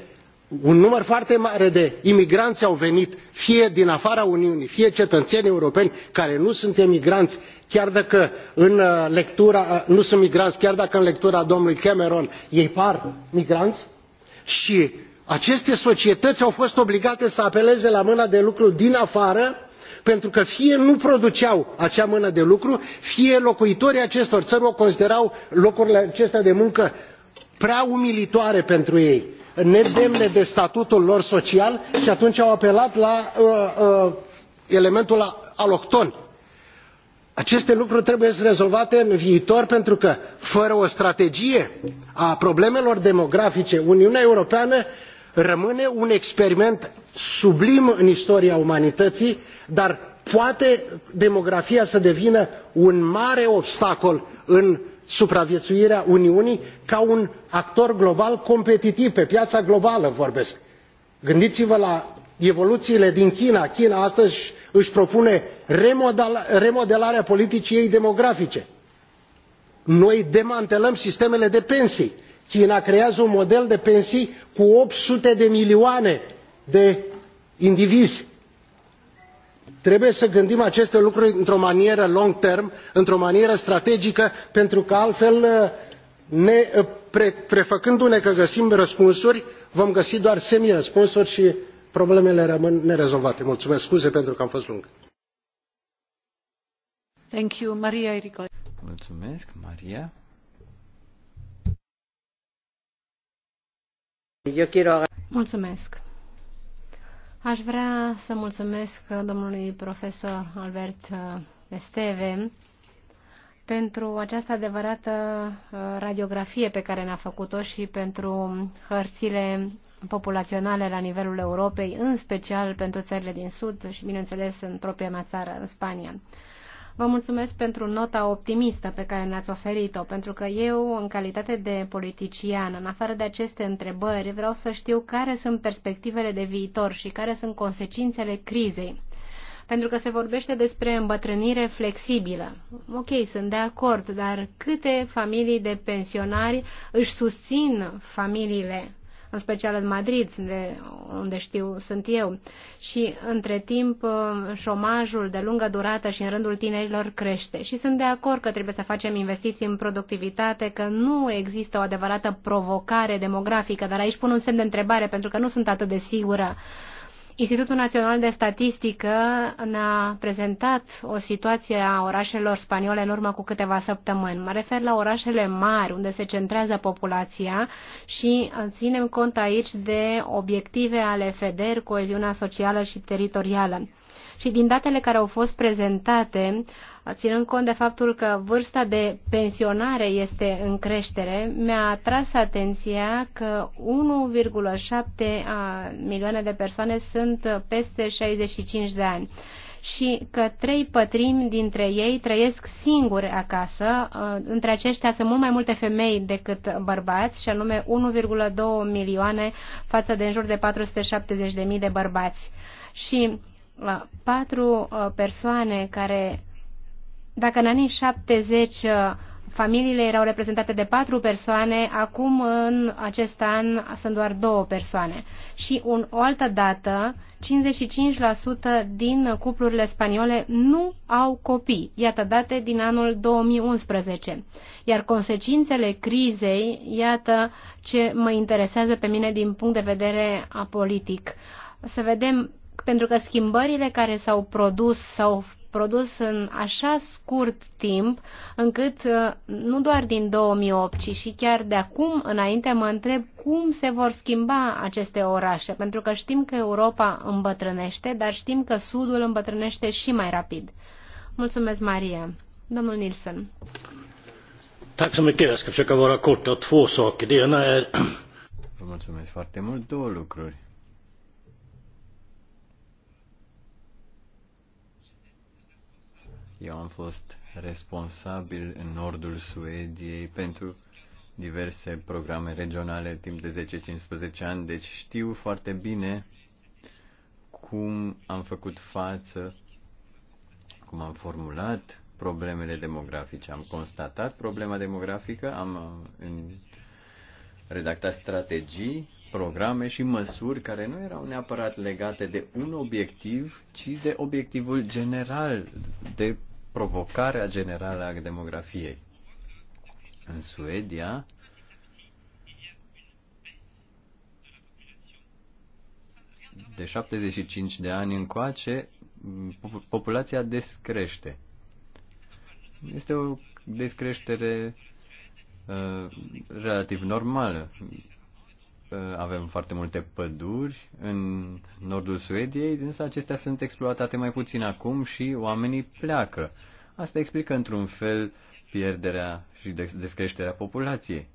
un număr foarte mare de imigranți au venit fie din afara uniunii fie cetățeni europeni care nu sunt imigranți. chiar dacă în uh, lectura, uh, nu sunt migranți chiar dacă în lectura domnului cameron ei par migranți și aceste societăți au fost obligate să apeleze la mâna de lucru din afară pentru că fie nu produceau acea mână de lucru fie locuitorii acestor țări considerau locurile acestea de muncă prea umilitoare pentru ei nedemne de statutul lor social și atunci au apelat la uh, uh, elementul alocton. aceste lucruri trebuie rezolvate în viitor pentru că fără o strategie a problemelor demografice uniunea europeană rămâne un experiment sublim în istoria umanității dar poate demografia să devină un mare obstacol în supraviețuirea uniunii ca un actor global competitiv pe piața globală vorbesc. gândiți vă la evoluțiile din china china astăzi își propune remodelarea politicii ei demografice noi demantelăm sistemele de pensii china creează un model de pensii cu opt sute de milioane de indivizi trebuie să gândim aceste lucruri într o manieră long term într o manieră strategică pentru că altfel prefăcându uh, ne uh, că găsim răspunsuri vom găsi doar semi răspunsuri și problemele rămân nerezolvate. mulțumesc scuze pentru că am fost lung. Mulțumesc, Maria. Mulțumesc. Aș vrea să mulțumesc domnului profesor Albert uh, Esteve pentru această adevărată uh, radiografie pe care ne-a făcut-o și pentru hărțile populaționale la nivelul Europei, în special pentru țările din Sud și, bineînțeles, în propria mea țară, în Spania. Vă mulțumesc pentru nota optimistă pe care ne-ați oferit-o, pentru că eu, în calitate de politician, în afară de aceste întrebări, vreau să știu care sunt perspectivele de viitor și care sunt consecințele crizei. Pentru că se vorbește despre îmbătrânire flexibilă. Ok, sunt de acord, dar câte familii de pensionari își susțin familiile în special în Madrid, de unde știu sunt eu. Și între timp șomajul de lungă durată și în rândul tinerilor crește. Și sunt de acord că trebuie să facem investiții în productivitate, că nu există o adevărată provocare demografică, dar aici pun un semn de întrebare pentru că nu sunt atât de sigură uh, Institutul Național de Statistică ne-a prezentat o situație a orașelor spaniole în urmă cu câteva săptămâni. Mă refer la orașele mari, unde se centrează populația și uh, ținem cont aici de obiective ale FEDER, coeziunea socială și teritorială. Și din datele care au fost prezentate, ținând cont de faptul că vârsta de pensionare este în creștere, mi-a atras atenția că 1,7 milioane de persoane sunt peste 65 de ani și că trei pătrimi dintre ei trăiesc singuri acasă. Între aceștia sunt mult mai multe femei decât bărbați, și anume 1,2 milioane față de în jur de 470.000 de bărbați. Și uh, patru uh, persoane care dacă în anii 70 uh, familiile erau reprezentate de patru persoane, acum în acest an sunt doar două persoane. Și un, o altă dată, 55% din cuplurile spaniole nu au copii. Iată date din anul 2011. Iar consecințele crizei, iată ce mă interesează pe mine din punct de vedere politic. Să vedem pentru că schimbările care s-au produs s-au produs în așa scurt timp, încât uh, nu doar din 2008, ci și chiar de acum înainte mă întreb cum se vor schimba aceste orașe, pentru că știm că Europa îmbătrânește, dar știm că Sudul îmbătrânește și mai rapid. Mulțumesc, Maria. Domnul Nilsson. Tack så mycket. Jag ska försöka vara kort. Jag har två saker. Det ena är... Vă mulțumesc foarte mult. Două lucruri. Eu am fost responsabil în nordul Suediei pentru diverse programe regionale timp de 10-15 ani, deci știu foarte bine cum am făcut față, cum am formulat problemele demografice. Am constatat problema demografică, am uh, redactat strategii, programe și măsuri care nu erau neapărat legate de un obiectiv, ci de obiectivul general de provocarea generală a demografiei. În Suedia, de 75 de ani încoace, populația descrește. Este o descreștere uh, relativ normală. Uh, avem foarte multe păduri în nordul Suediei, însă acestea sunt exploatate mai puțin acum și oamenii pleacă. Asta explică într-un fel pierderea și descreșterea populației.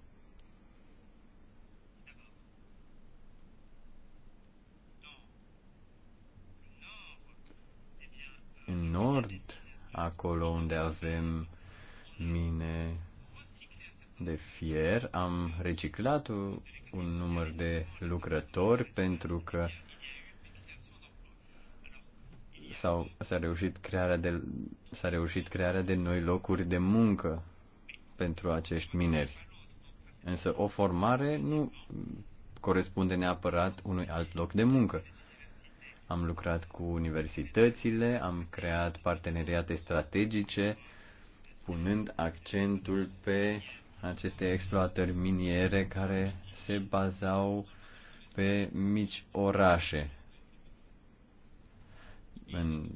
În nord, acolo unde avem mine de fier, am reciclat un număr de lucrători pentru că sau s-a reușit crearea de s-a reușit crearea de noi locuri de muncă pentru acești mineri. Însă o formare nu corespunde neapărat unui alt loc de muncă. Am lucrat cu universitățile, am creat parteneriate strategice, punând accentul pe aceste exploatări miniere care se bazau pe mici orașe. În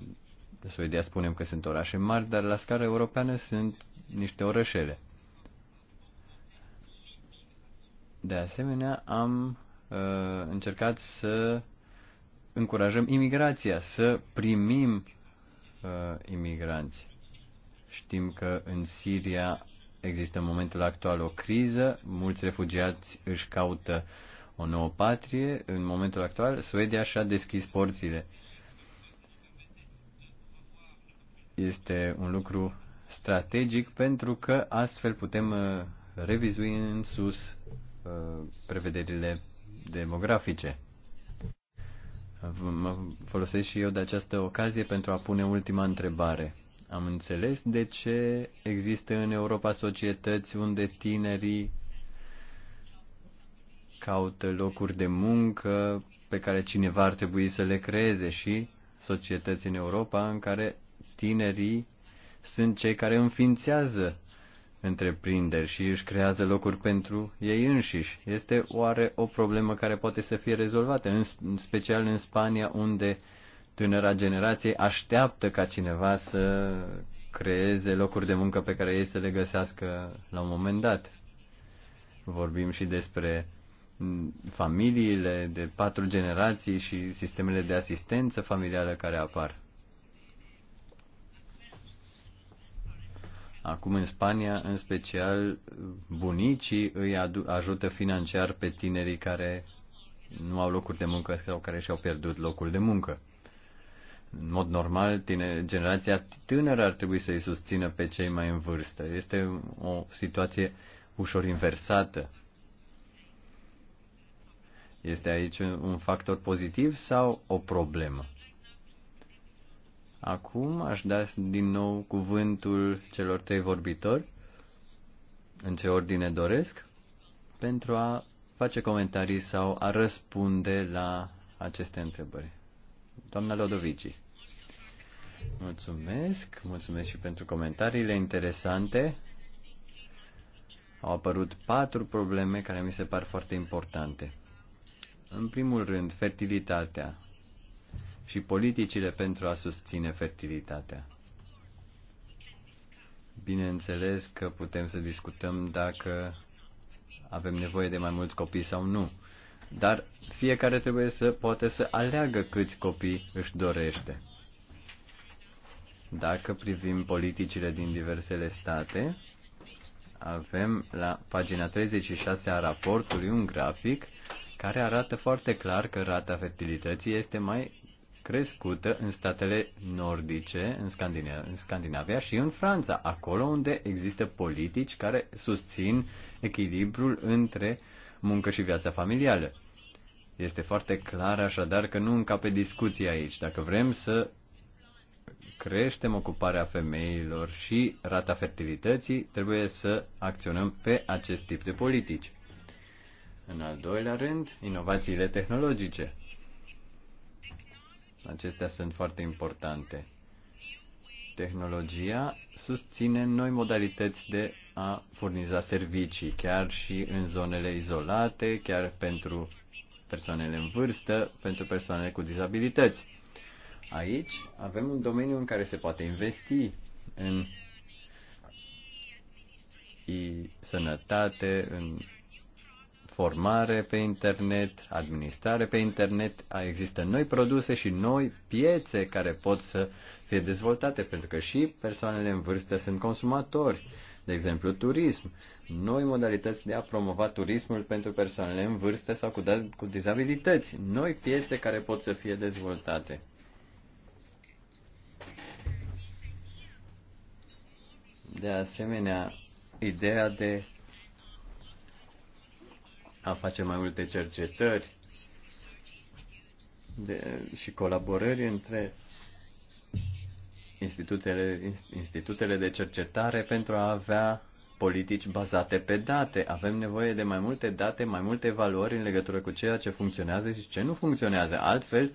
Suedia spunem că sunt orașe mari, dar la scară europeană sunt niște orășele. De asemenea, am uh, încercat să încurajăm imigrația, să primim uh, imigranți. Știm că în Siria Există în momentul actual o criză, mulți refugiați își caută o nouă patrie. În momentul actual, Suedia și-a deschis porțile. Este un lucru strategic pentru că astfel putem uh, revizui în sus uh, prevederile demografice. Mă folosesc și eu de această ocazie pentru a pune ultima întrebare. Am înțeles de ce există în Europa societăți unde tinerii caută locuri de muncă pe care cineva ar trebui să le creeze și societăți în Europa în care tinerii sunt cei care înființează întreprinderi și își creează locuri pentru ei înșiși. Este oare o problemă care poate să fie rezolvată, în special în Spania, unde uh, Tânăra generație așteaptă ca cineva să creeze locuri de muncă pe care ei să le găsească la un moment dat. Vorbim și despre familiile de patru generații și sistemele de asistență familială care apar. Acum în Spania, în special, bunicii îi ajută financiar pe tinerii care nu au locuri de muncă sau care și-au pierdut locul de muncă. În mod normal, tine, generația tânără ar trebui să-i susțină pe cei mai în vârstă. Este o situație ușor inversată. Este aici un factor pozitiv sau o problemă? Acum aș da din nou cuvântul celor trei vorbitori, în ce ordine doresc, pentru a face comentarii sau a răspunde la aceste întrebări. Doamna Lodovici. Mulțumesc, mulțumesc și pentru comentariile interesante. Au apărut patru probleme care mi se par foarte importante. În primul rând, fertilitatea și politicile pentru a susține fertilitatea. Bineînțeles că putem să discutăm dacă avem nevoie de mai mulți copii sau nu, dar fiecare trebuie să poate să aleagă câți copii își dorește. Dacă privim politicile din diversele state, avem la pagina 36 a raportului un grafic care arată foarte clar că rata fertilității este mai crescută în statele nordice, în, Scandina- în Scandinavia și în Franța, acolo unde există politici care susțin echilibrul între muncă și viața familială. Este foarte clar așadar că nu încape discuția aici. Dacă vrem să creștem ocuparea femeilor și rata fertilității, trebuie să acționăm pe acest tip de politici. În al doilea rând, inovațiile tehnologice. Acestea sunt foarte importante tehnologia susține noi modalități de a furniza servicii, chiar și în zonele izolate, chiar pentru persoanele în vârstă, pentru persoanele cu dizabilități. Aici avem un domeniu în care se poate investi în sănătate, în formare pe internet, administrare pe internet, există noi produse și noi piețe care pot să fie dezvoltate, pentru că și persoanele în vârstă sunt consumatori, de exemplu turism, noi modalități de a promova turismul pentru persoanele în vârstă sau cu, da- cu dizabilități, noi piețe care pot să fie dezvoltate. De asemenea, ideea de a face mai multe cercetări de, și colaborări între institutele, institutele de cercetare pentru a avea politici bazate pe date. Avem nevoie de mai multe date, mai multe valori în legătură cu ceea ce funcționează și ce nu funcționează. Altfel,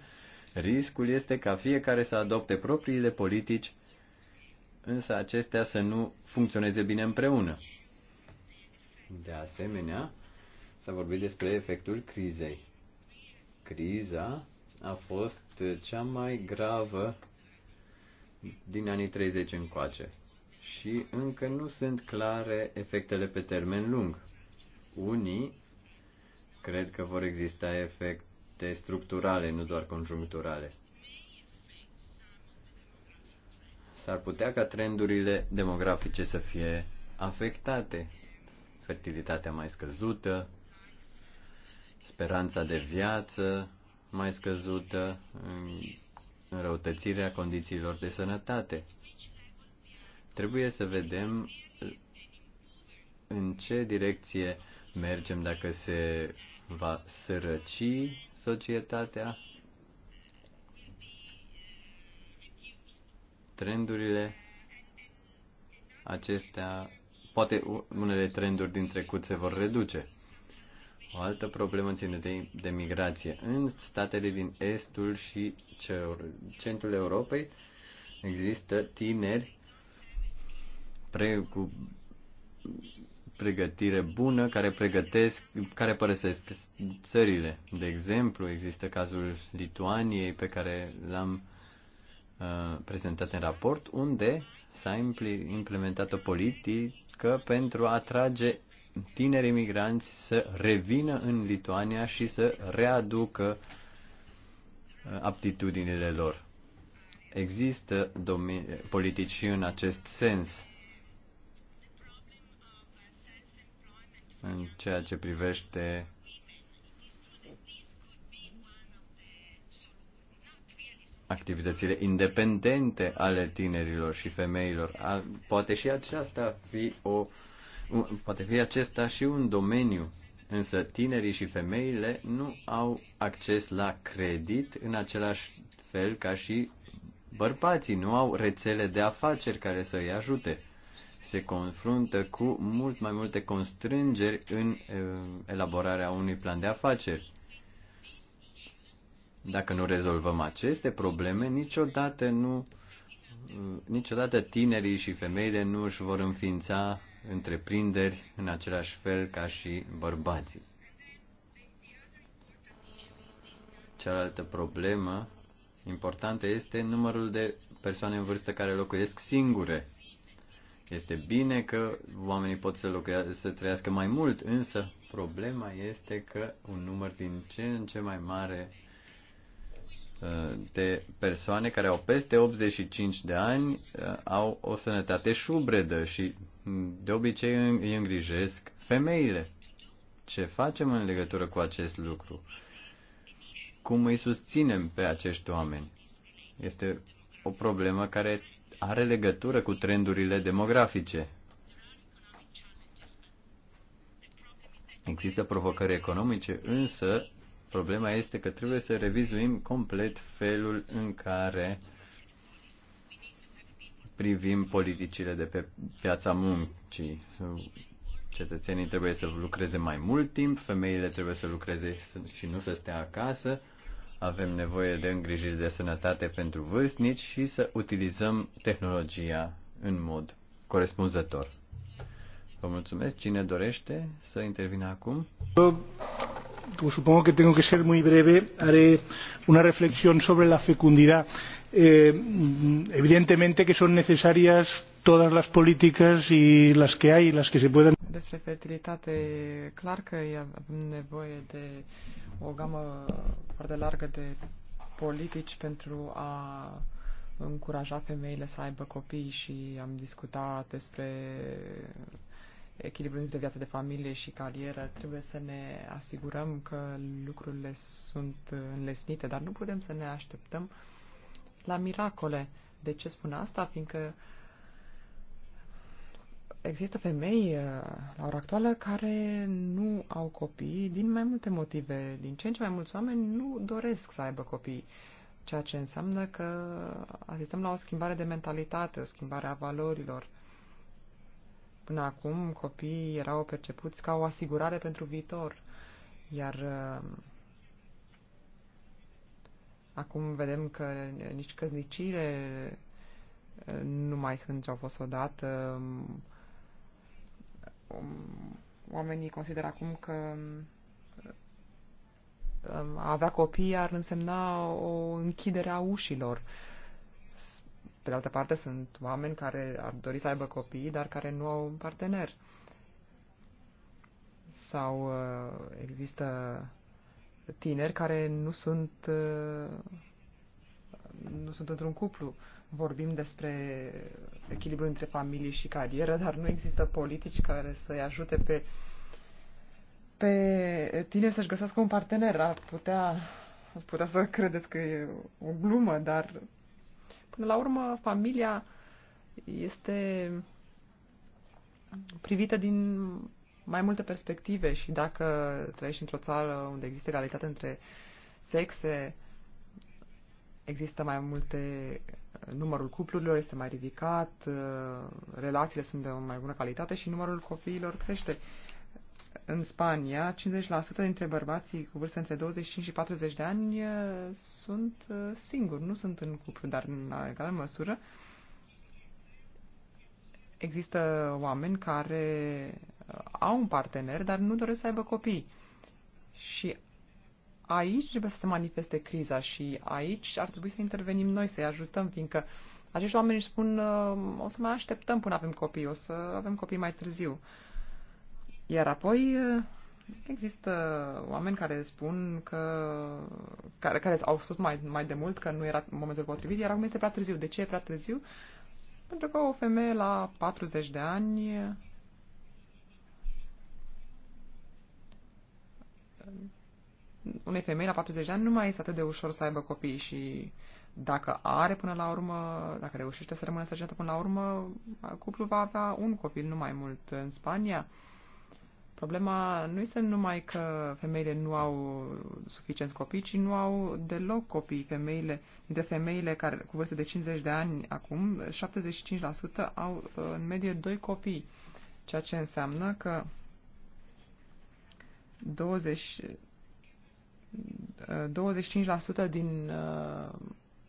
riscul este ca fiecare să adopte propriile politici, însă acestea să nu funcționeze bine împreună. De asemenea, S-a vorbit despre efectul crizei. Criza a fost cea mai gravă din anii 30 încoace și încă nu sunt clare efectele pe termen lung. Unii cred că vor exista efecte structurale, nu doar conjuncturale. S-ar putea ca trendurile demografice să fie afectate. Fertilitatea mai scăzută, speranța de viață mai scăzută, înrăutățirea condițiilor de sănătate. Trebuie să vedem în ce direcție mergem, dacă se va sărăci societatea, trendurile acestea, poate unele trenduri din trecut se vor reduce. O altă problemă ține de, de migrație. În statele din estul și centrul Europei există tineri pre, cu pregătire bună care pregătesc, care părăsesc țările. De exemplu, există cazul Lituaniei pe care l-am uh, prezentat în raport, unde s-a implementat o politică pentru a atrage tineri migranți să revină în Lituania și să readucă uh, aptitudinile lor. Există politici în acest sens. În ceea ce privește activitățile independente ale tinerilor și femeilor. Poate și aceasta fi o uh, poate fi acesta și un domeniu, însă tinerii și femeile nu au acces la credit în același fel ca și bărbații, nu au rețele de afaceri care să îi ajute. Se confruntă cu mult mai multe constrângeri în elaborarea unui plan de afaceri. Dacă nu rezolvăm aceste probleme, niciodată nu niciodată tinerii și femeile nu își vor înființa întreprinderi în același fel ca și bărbații. Cealaltă problemă importantă este numărul de persoane în vârstă care locuiesc singure. Este bine că oamenii pot să, locuia, să trăiască mai mult, însă problema este că un număr din ce în ce mai mare uh, de persoane care au peste 85 de ani uh, au o sănătate șubredă și de obicei îi îngrijesc femeile. Ce facem în legătură cu acest lucru? Cum îi susținem pe acești oameni? Este o problemă care are legătură cu trendurile demografice. Există provocări economice, însă problema este că trebuie să revizuim complet felul în care uh, privim politicile de pe piața muncii. Cetățenii trebuie să lucreze mai mult timp, femeile trebuie să lucreze și nu să stea acasă, avem nevoie de îngrijiri de sănătate pentru vârstnici și să utilizăm tehnologia în mod corespunzător. Vă mulțumesc. Cine dorește să intervină acum? supongo că tengo que ser muy breve. Haré una reflexión sobre la fecundidad Eh, evidentemente que son necesarias todas las políticas y las que hay, las que se puedan. Despre fertilitate, clar că avem nevoie de o gamă foarte largă de politici pentru a încuraja femeile să aibă copii și am discutat despre echilibrul între viața de familie și carieră. Trebuie să ne asigurăm că lucrurile sunt înlesnite, dar nu putem să ne așteptăm uh, la miracole. De ce spun asta? Fiindcă există femei uh, la ora actuală care nu au copii din mai multe motive. Din ce în ce mai mulți oameni nu doresc să aibă copii, ceea ce înseamnă că asistăm la o schimbare de mentalitate, o schimbare a valorilor. Până acum, copiii erau percepuți ca o asigurare pentru viitor, iar uh, Acum vedem că nici căsnicile eh, nu mai sunt ce au fost odată. Um, oamenii consideră acum că eh, um, a avea copii ar însemna o închidere a ușilor. Pe de altă parte, sunt oameni care ar dori să aibă copii, dar care nu au un partener. Sau eh, există tineri care nu sunt, uh, nu sunt într-un cuplu. Vorbim despre echilibru între familie și carieră, dar nu există politici care să-i ajute pe, pe tineri să-și găsească un partener. Ar putea, ați putea să credeți că e o glumă, dar până la urmă familia este privită din mai multe perspective și dacă trăiești într-o țară unde există egalitate între sexe, există mai multe, numărul cuplurilor este mai ridicat, uh, relațiile sunt de o mai bună calitate și numărul copiilor crește. În Spania, 50% dintre bărbații cu vârste între 25 și 40 de ani uh, sunt uh, singuri, nu sunt în cuplu, dar în egală măsură există oameni care au un partener, dar nu doresc să aibă copii. Și aici trebuie să se manifeste criza și aici ar trebui să intervenim noi, să-i ajutăm, fiindcă acești oameni își spun o să mai așteptăm până avem copii, o să avem copii mai târziu. Iar apoi există oameni care spun că, care, care au spus mai, mai de mult că nu era momentul potrivit, iar acum este prea târziu. De ce e prea târziu? Pentru că o femeie la 40 de ani unei femei la 40 de ani nu mai este atât de ușor să aibă copii și dacă are până la urmă, dacă reușește să rămână sărgentă până la urmă, cuplul va avea un copil, nu mai mult. În Spania, problema nu este numai că femeile nu au suficienți copii, ci nu au deloc copii. Femeile, dintre femeile care cu vârste de 50 de ani acum, 75% au în medie 2 copii, ceea ce înseamnă că 20, 25% uh, din uh,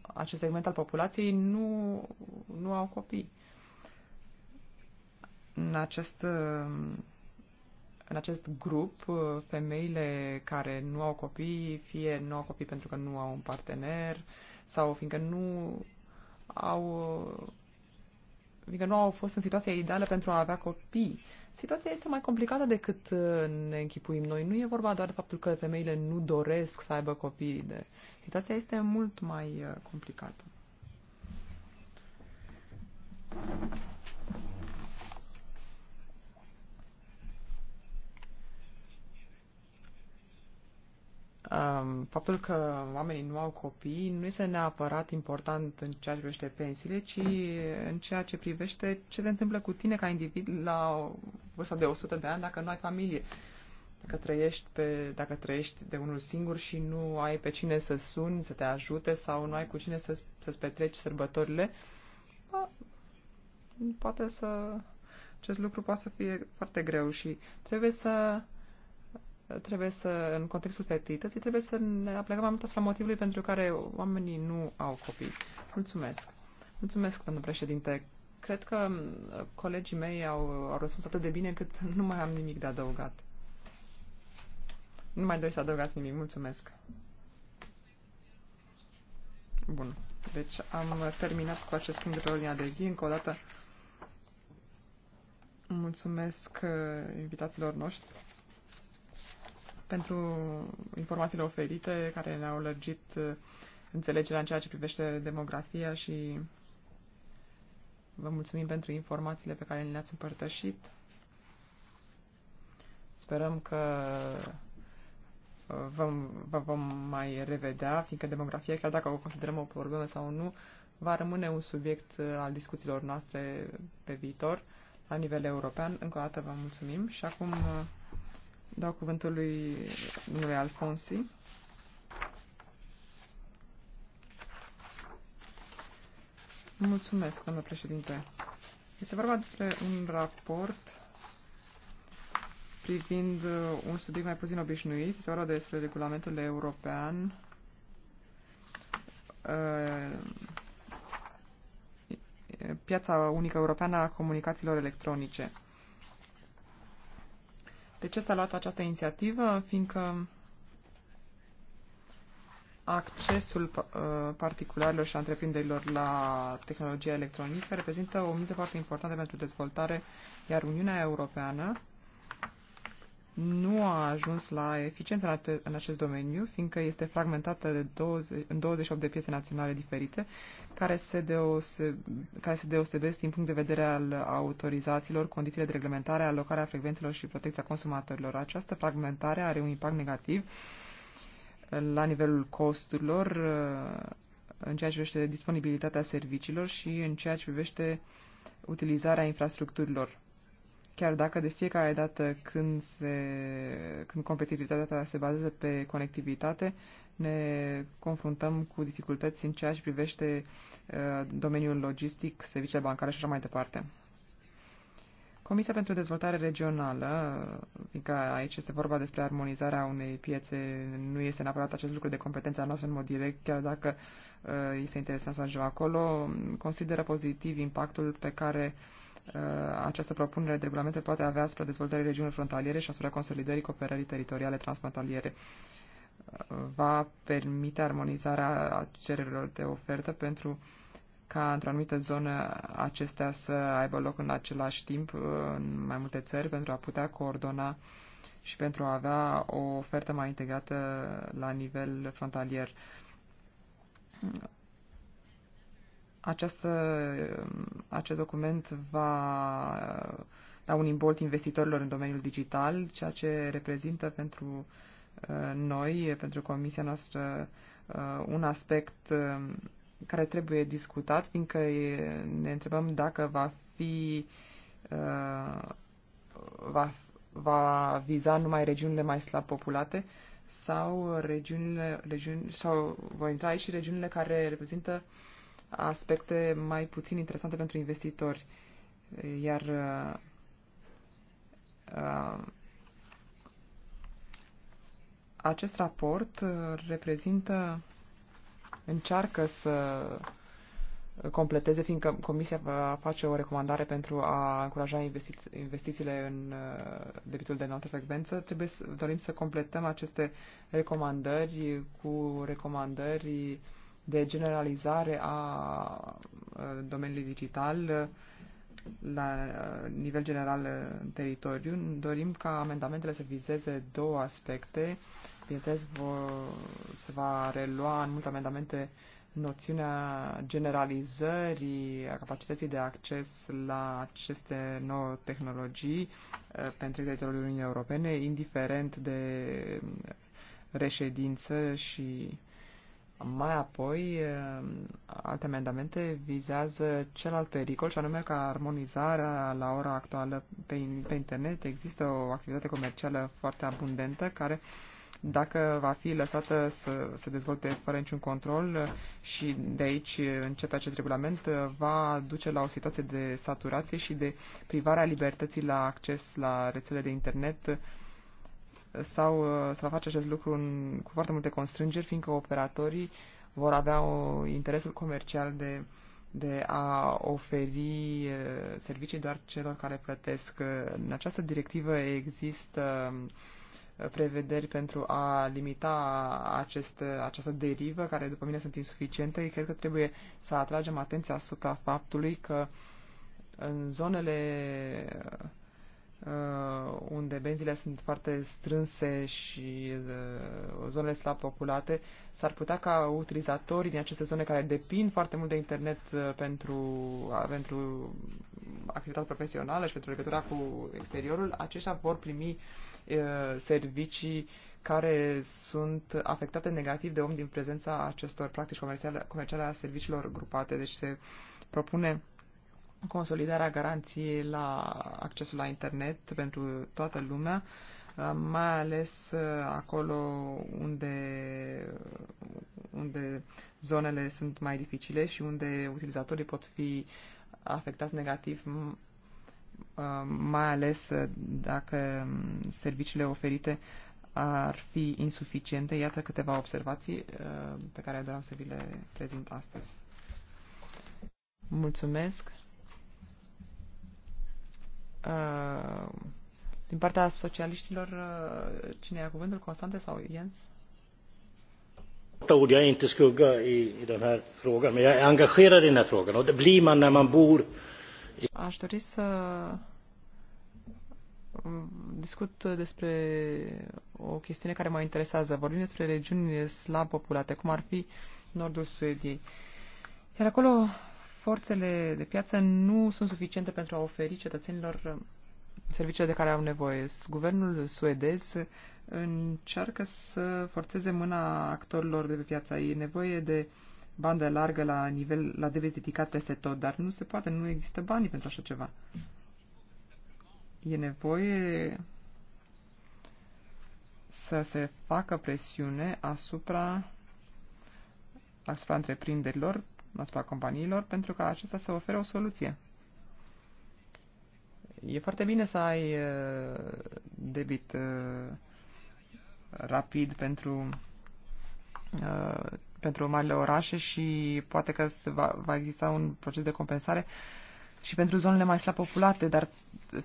acest segment al populației nu, nu au copii. În acest, uh, în acest grup, uh, femeile care nu au copii, fie nu au copii pentru că nu au un partener sau fiindcă nu au fiindcă nu au fost în situația ideală pentru a avea copii. Uh, Situația este mai complicată decât uh, ne închipuim noi. Nu e vorba doar de faptul că femeile nu doresc să aibă copii. De... Situația este mult mai uh, complicată. Um, faptul că oamenii nu au copii nu este neapărat important în ceea ce privește pensiile, ci în ceea ce privește ce se întâmplă cu tine ca individ la vârsta de 100 de ani dacă nu ai familie. Dacă trăiești, pe, dacă trăiești de unul singur și nu ai pe cine să suni, să te ajute sau nu ai cu cine să, să-ți petreci sărbătorile, poate să... Acest lucru poate să fie foarte greu și trebuie să trebuie să, în contextul fertilității, trebuie să ne aplicăm mai mult asupra motivului pentru care oamenii nu au copii. Mulțumesc. Mulțumesc, domnul președinte. Cred că colegii mei au, au răspuns atât de bine cât nu mai am nimic de adăugat. Nu mai doriți să adăugați nimic. Mulțumesc. Bun. Deci am terminat cu acest punct de pe ordinea de zi. Încă o dată mulțumesc uh, invitațiilor noștri pentru informațiile oferite care ne-au lărgit uh, înțelegerea în ceea ce privește demografia și vă mulțumim pentru informațiile pe care le-ați împărtășit. Sperăm că uh, vă, vă vom mai revedea, fiindcă demografia, chiar dacă o considerăm o problemă sau nu, va rămâne un subiect uh, al discuțiilor noastre pe viitor la nivel european. Încă o dată vă mulțumim și acum Dau cuvântul lui domnului Alfonsi. Mulțumesc, domnule președinte. Este vorba despre un raport privind uh, un subiect mai puțin obișnuit. Este vorba despre regulamentul european uh, piața unică europeană a comunicațiilor electronice. De ce s-a luat această inițiativă? Fiindcă accesul uh, particularilor și întreprinderilor la tehnologia electronică reprezintă o miză foarte importantă pentru dezvoltare, iar Uniunea Europeană nu a ajuns la eficiență în, acest domeniu, fiindcă este fragmentată de 20, în 28 de piețe naționale diferite, care se, deose- care se deosebesc din punct de vedere al autorizațiilor, condițiile de reglementare, alocarea frecvențelor și protecția consumatorilor. Această fragmentare are un impact negativ uh, la nivelul costurilor, uh, în ceea ce privește disponibilitatea serviciilor și în ceea ce privește utilizarea infrastructurilor. Chiar dacă de fiecare dată când, se, când competitivitatea se bazează pe conectivitate, ne confruntăm cu dificultăți în ceea ce privește uh, domeniul logistic, serviciile bancare și așa mai departe. Comisia pentru Dezvoltare Regională, fiindcă aici este vorba despre armonizarea unei piețe, nu este neapărat acest lucru de competența noastră în mod direct, chiar dacă uh, este interesant să ajungem acolo, consideră pozitiv impactul pe care uh, Uh, această propunere de regulament poate avea asupra dezvoltării regiunilor frontaliere și asupra consolidării cooperării teritoriale transfrontaliere. Uh, va permite armonizarea cererilor de ofertă pentru ca într-o anumită zonă acestea să aibă loc în același timp uh, în mai multe țări pentru a putea coordona și pentru a avea o ofertă mai integrată la nivel frontalier această, acest document va da un imbolt investitorilor în domeniul digital, ceea ce reprezintă pentru uh, noi, pentru comisia noastră, uh, un aspect uh, care trebuie discutat, fiindcă ne întrebăm dacă va fi va, va viza numai regiunile mai slab populate sau regiunile, regiuni, sau vor intra aici și regiunile care reprezintă uh, aspecte mai puțin interesante pentru investitori. Iar uh, uh acest raport uh, reprezintă, încearcă să completeze, fiindcă Comisia va face o recomandare pentru a încuraja investi- investițiile în uh, debitul de înaltă frecvență. Trebuie să dorim să completăm aceste recomandări cu recomandări uh, de generalizare a domeniului digital la nivel general în teritoriu. Dorim ca amendamentele să vizeze două aspecte. Bineînțeles, se va relua în multe amendamente noțiunea generalizării a capacității de acces la aceste nouă tehnologii pentru teritoriul Uniunii Europene, indiferent de reședință și mai apoi, ehm, alte amendamente vizează celălalt pericol, și anume ca armonizarea la ora actuală pe, pe internet. Există o activitate comercială foarte abundentă care dacă va fi lăsată să se dezvolte fără niciun control și de aici începe acest regulament, va duce la o situație de saturație și de privarea libertății la acces la rețele de internet uh, sau uh, se va face acest lucru în, cu foarte multe constrângeri, fiindcă operatorii vor avea o, interesul comercial de, de a oferi uh, servicii doar celor care plătesc. Uh, în această directivă există um, prevederi pentru a limita acest, această derivă, care după mine sunt insuficiente. Cred că trebuie să atragem atenția asupra faptului că în zonele Uh, unde benzile sunt foarte strânse și uh, zonele slab populate, s-ar putea ca utilizatorii din aceste zone care depind foarte mult de internet uh, pentru, pentru activitatea profesională și pentru legătura cu exteriorul, aceștia vor primi servicii care sunt afectate negativ de om din prezența acestor practici comerciale, comerciale a serviciilor grupate. Deci se propune uh, consolidarea garanției la accesul la internet pentru toată lumea, uh, mai ales uh, acolo unde, unde zonele sunt mai dificile și unde utilizatorii pot fi afectați negativ, uh, mai ales dacă um, serviciile oferite ar fi insuficiente. Iată câteva observații pe care doream să vi le prezint astăzi. Mulțumesc! Uh, din partea socialiștilor, uh, cine ia cuvântul, Constante sau Jens? ord, jag är inte skugga i, i den här frågan, men jag är engagerad i den här frågan och det blir man när man bor i... Aș dori să mm, discut despre o chestiune care mă interesează. Vorbim despre regiunile slab populate, cum ar fi nordul Suediei. Iar acolo forțele de piață nu sunt suficiente pentru a oferi cetățenilor uh, serviciile de care au nevoie. Guvernul suedez uh, încearcă să forțeze mâna actorilor de pe piața. E nevoie de bandă largă la nivel, la debit dedicat peste tot, dar nu se poate, nu există banii pentru așa ceva. E nevoie să se facă presiune asupra asupra întreprinderilor asupra companiilor pentru ca acesta să ofere o soluție. E foarte bine să ai uh, debit uh, rapid pentru, uh, pentru marile orașe și poate că va, exista un proces de compensare și pentru zonele mai slab populate, dar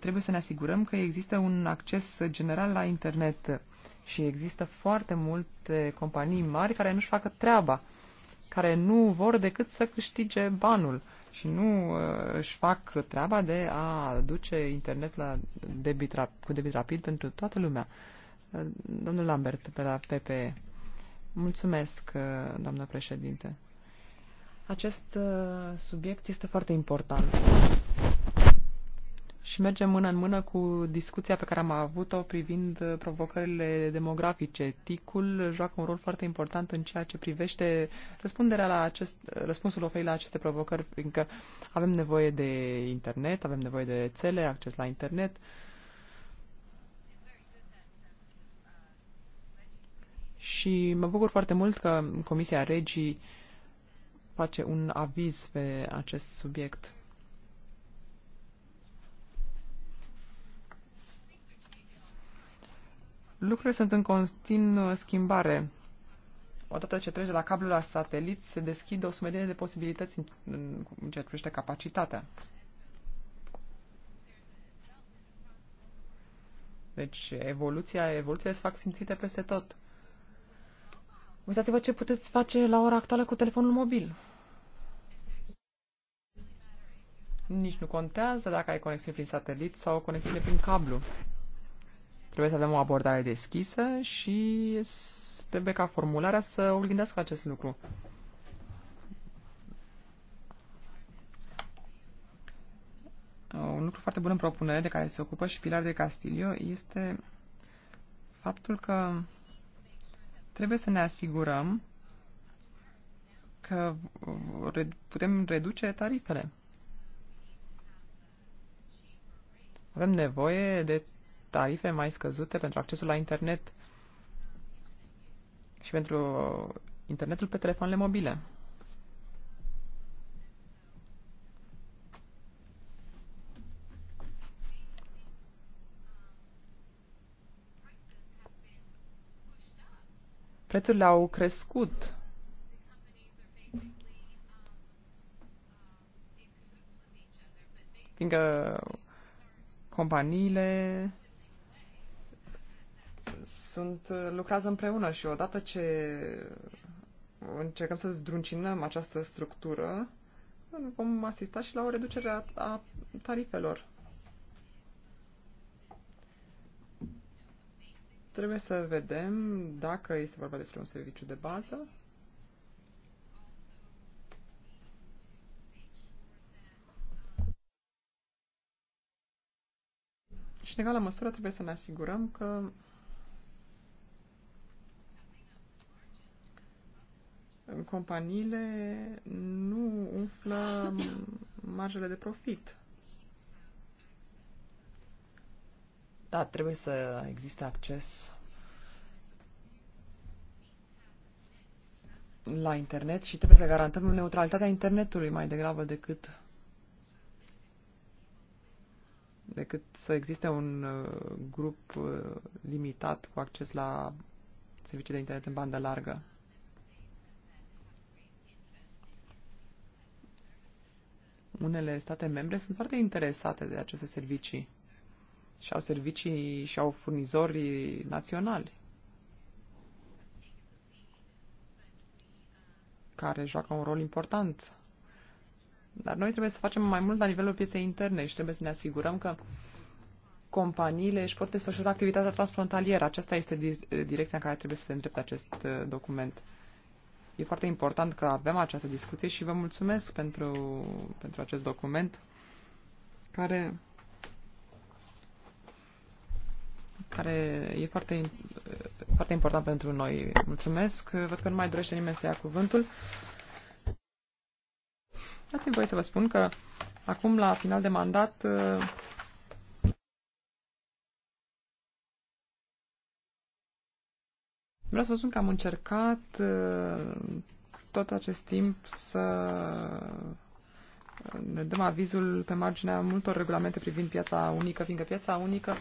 trebuie să ne asigurăm că există un acces general la internet și există foarte multe companii mari care nu-și facă treaba. Uh, care nu vor decât să câștige banul și nu uh, își fac treaba de a duce internet la debit, cu debit rapid pentru toată lumea. Uh, domnul Lambert, pe la PPE. Mulțumesc, uh, doamnă președinte. Acest subiect este foarte important și merge mână în mână cu discuția pe care am avut-o privind uh, provocările demografice. Ticul joacă un rol foarte important în ceea ce privește răspunderea la acest, uh, răspunsul oferit la aceste provocări, fiindcă avem nevoie de internet, avem nevoie de rețele, acces la internet. Și mă bucur foarte mult că Comisia Regii face un aviz pe acest subiect. Lucrurile sunt în continuă uh, schimbare. Odată ce treci de la cablu la satelit, se deschide o sumedenie de posibilități în, în ceea ce privește capacitatea. Deci evoluția, evoluția se fac simțite peste tot. Uitați-vă ce puteți face la ora actuală cu telefonul mobil. Nici nu contează dacă ai conexiune prin satelit sau o conexiune prin cablu trebuie să avem o abordare deschisă și trebuie ca formularea să oglindească acest lucru. Un lucru foarte bun în propunere de care se ocupă și Pilar de Castilio este faptul că trebuie să ne asigurăm că putem reduce tarifele. Avem nevoie de tarife mai scăzute pentru accesul la internet și pentru internetul pe telefoanele mobile. Prețurile au crescut. Fiindcă companiile sunt, lucrează împreună și odată ce încercăm să zdruncinăm această structură, vom asista și la o reducere a, a tarifelor. Trebuie să vedem dacă este vorba despre un serviciu de bază Și, în egală măsură, trebuie să ne asigurăm că companiile nu umflă marjele de profit. Da, trebuie să existe acces la internet și trebuie să garantăm neutralitatea internetului mai degrabă decât decât să existe un uh, grup uh, limitat cu acces la servicii de internet în bandă largă. unele state membre sunt foarte interesate de aceste servicii și au servicii și au furnizori naționali care joacă un rol important. Dar noi trebuie să facem mai mult la nivelul pieței interne și trebuie să ne asigurăm că companiile își pot desfășura activitatea transfrontalieră. Aceasta este direcția în care trebuie să se îndrepte acest uh, document. E foarte important că avem această discuție și vă mulțumesc pentru, pentru acest document care care e foarte, foarte important pentru noi. Mulțumesc. Văd că nu mai dorește nimeni să ia cuvântul. Dați-mi voie să vă spun că acum, la final de mandat, Vreau să vă spun că am încercat uh, tot acest timp să uh, ne dăm avizul pe marginea multor regulamente privind piața unică, fiindcă piața unică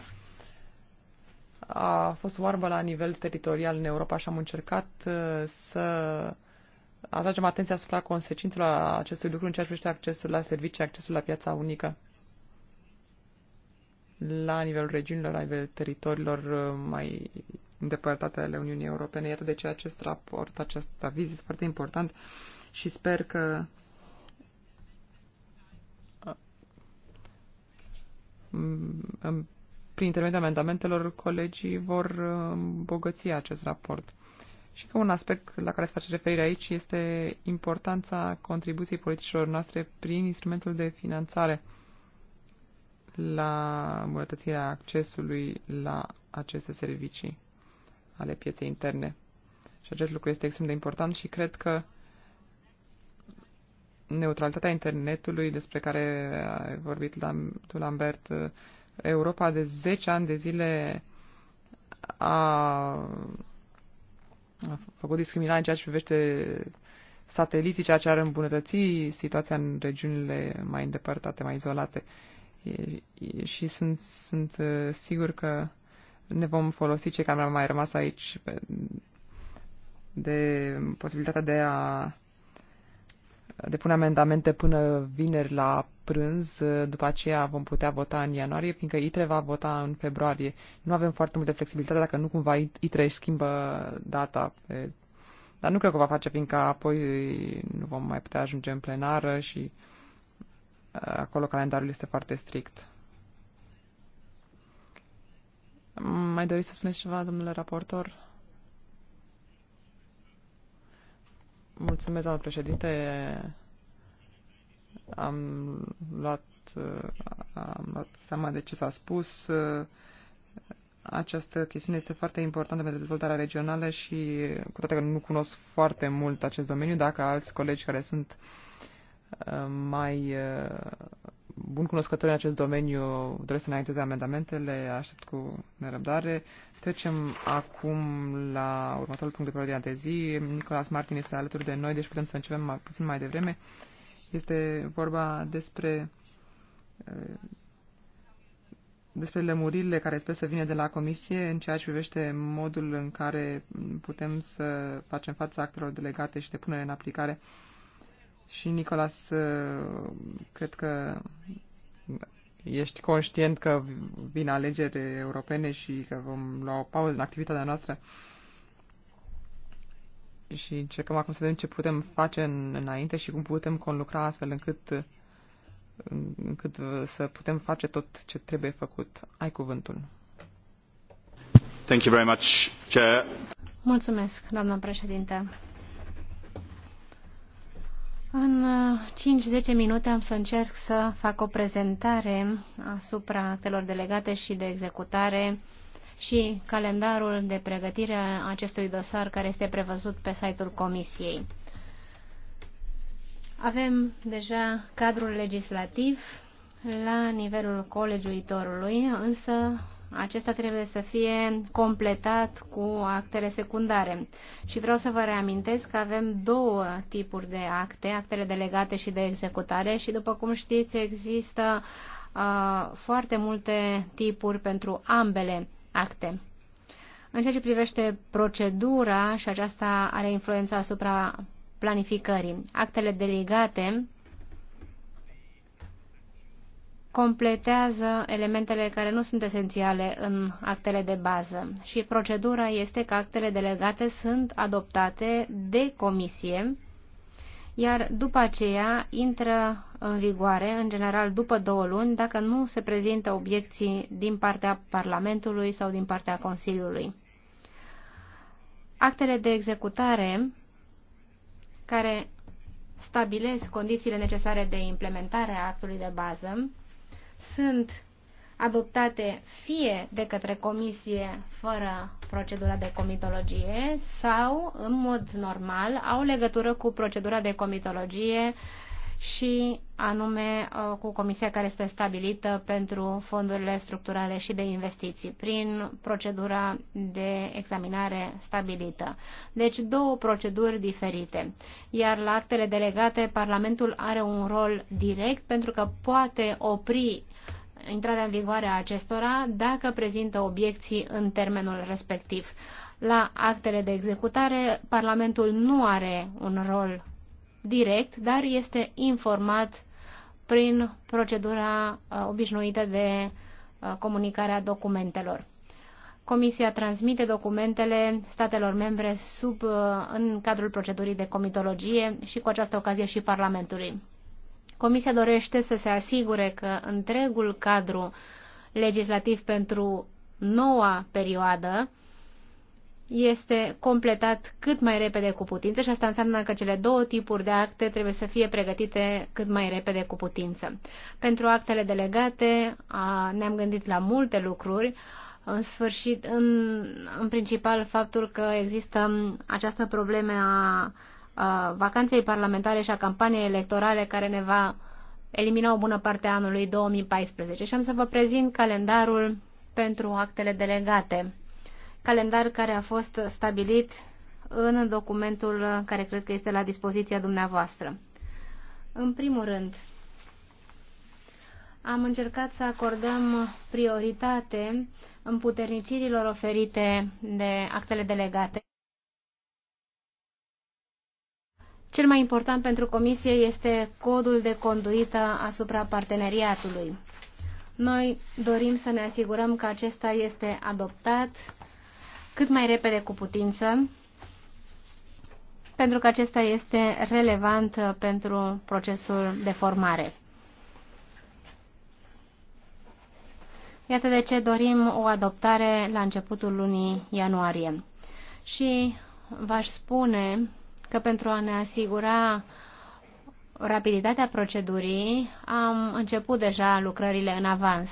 a fost oarbă la nivel teritorial în Europa și am încercat uh, să atragem atenția asupra consecințelor acestui lucru în ceea ce privește accesul la servicii, accesul la piața unică la nivelul regiunilor, la nivelul teritoriilor mai îndepărtate ale Uniunii Europene. Iată de ce acest raport, acest aviz este foarte important și sper că uh, prin intermediul amendamentelor colegii vor uh, îmbogăți acest raport. Și că un aspect la care se face referire aici este importanța contribuției politicilor noastre prin instrumentul de finanțare la îmbunătățirea accesului la aceste servicii ale pieței interne. Și acest lucru este extrem de important și cred că neutralitatea internetului despre care ai vorbit tu, Lambert, Europa de 10 ani de zile a, a făcut discriminare în ceea ce privește sateliții, ceea ce ar îmbunătăți situația în regiunile mai îndepărtate, mai izolate. E, e, și sunt, sunt uh, sigur că ne vom folosi cei care am mai rămas aici de posibilitatea de a depune amendamente până vineri la prânz, după aceea vom putea vota în ianuarie, fiindcă ITRE va vota în februarie. Nu avem foarte multă flexibilitate dacă nu cumva ITRE își schimbă data. Dar nu cred că va face, fiindcă apoi nu vom mai putea ajunge în plenară și uh, acolo calendarul este foarte strict. Mai doriți să spuneți ceva, domnule raportor? Mulțumesc, doamnă președinte. Am luat, am luat seama de ce s-a spus. Această chestiune este foarte importantă pentru dezvoltarea regională și, cu toate că nu cunosc foarte mult acest domeniu, dacă alți colegi care sunt uh, mai uh, bun cunoscător în acest domeniu, doresc să înainteze amendamentele, aștept cu nerăbdare. Trecem acum la următorul punct de pe de zi. Nicolas Martin este alături de noi, deci putem să începem mai, puțin mai devreme. Este vorba despre eh, despre lămuririle care sper să vină de la Comisie în ceea ce privește modul în care putem să facem față actelor delegate și de punere în aplicare uh, și Nicolas, uh, cred că ești conștient că vin alegeri europene și că vom lua o pauză în activitatea noastră și încercăm acum să vedem ce putem face în, înainte și cum putem conlucra astfel încât, încât să putem face tot ce trebuie făcut. Ai cuvântul. Thank you very much, Chair. Mulțumesc, doamna președinte. În 5-10 uh, minute am să încerc să fac o prezentare asupra actelor delegate și de executare și calendarul de pregătire a acestui dosar care este prevăzut pe site-ul Comisiei. Avem deja cadrul legislativ la nivelul colegiuitorului, însă acesta trebuie să fie completat cu actele secundare. Și vreau să vă reamintesc că avem două tipuri de acte, actele delegate și de executare și, după cum știți, există uh, foarte multe tipuri pentru ambele acte. În ceea ce privește procedura, și aceasta are influența asupra planificării, actele delegate completează elementele care nu sunt esențiale în actele de bază și procedura este că actele delegate sunt adoptate de comisie, iar după aceea intră în vigoare, în general după două luni, dacă nu se prezintă obiecții din partea Parlamentului sau din partea Consiliului. Actele de executare care stabilesc condițiile necesare de implementare a actului de bază sunt adoptate fie de către comisie fără procedura de comitologie sau, în mod normal, au legătură cu procedura de comitologie și anume uh, cu comisia care este stabilită pentru fondurile structurale și de investiții prin procedura de examinare stabilită. Deci două proceduri diferite. Iar la actele delegate, Parlamentul are un rol direct pentru că poate opri intrarea în vigoare a acestora dacă prezintă obiecții în termenul respectiv. La actele de executare, Parlamentul nu are un rol direct, dar este informat prin procedura uh, obișnuită de uh, comunicare a documentelor. Comisia transmite documentele statelor membre sub, uh, în cadrul procedurii de comitologie și cu această ocazie și Parlamentului. Comisia dorește să se asigure că întregul cadru legislativ pentru noua perioadă este completat cât mai repede cu putință și asta înseamnă că cele două tipuri de acte trebuie să fie pregătite cât mai repede cu putință. Pentru actele delegate ne-am gândit la multe lucruri, în sfârșit, în, în principal faptul că există această problemă a vacanței parlamentare și a campaniei electorale care ne va elimina o bună parte a anului 2014 și am să vă prezint calendarul pentru actele delegate. Calendar care a fost stabilit în documentul care cred că este la dispoziția dumneavoastră. În primul rând, am încercat să acordăm prioritate împuternicirilor oferite de actele delegate Cel mai important pentru Comisie este codul de conduită asupra parteneriatului. Noi dorim să ne asigurăm că acesta este adoptat cât mai repede cu putință, pentru că acesta este relevant pentru procesul de formare. Iată de ce dorim o adoptare la începutul lunii ianuarie. Și v-aș spune că pentru a ne asigura rapiditatea procedurii am început deja lucrările în avans.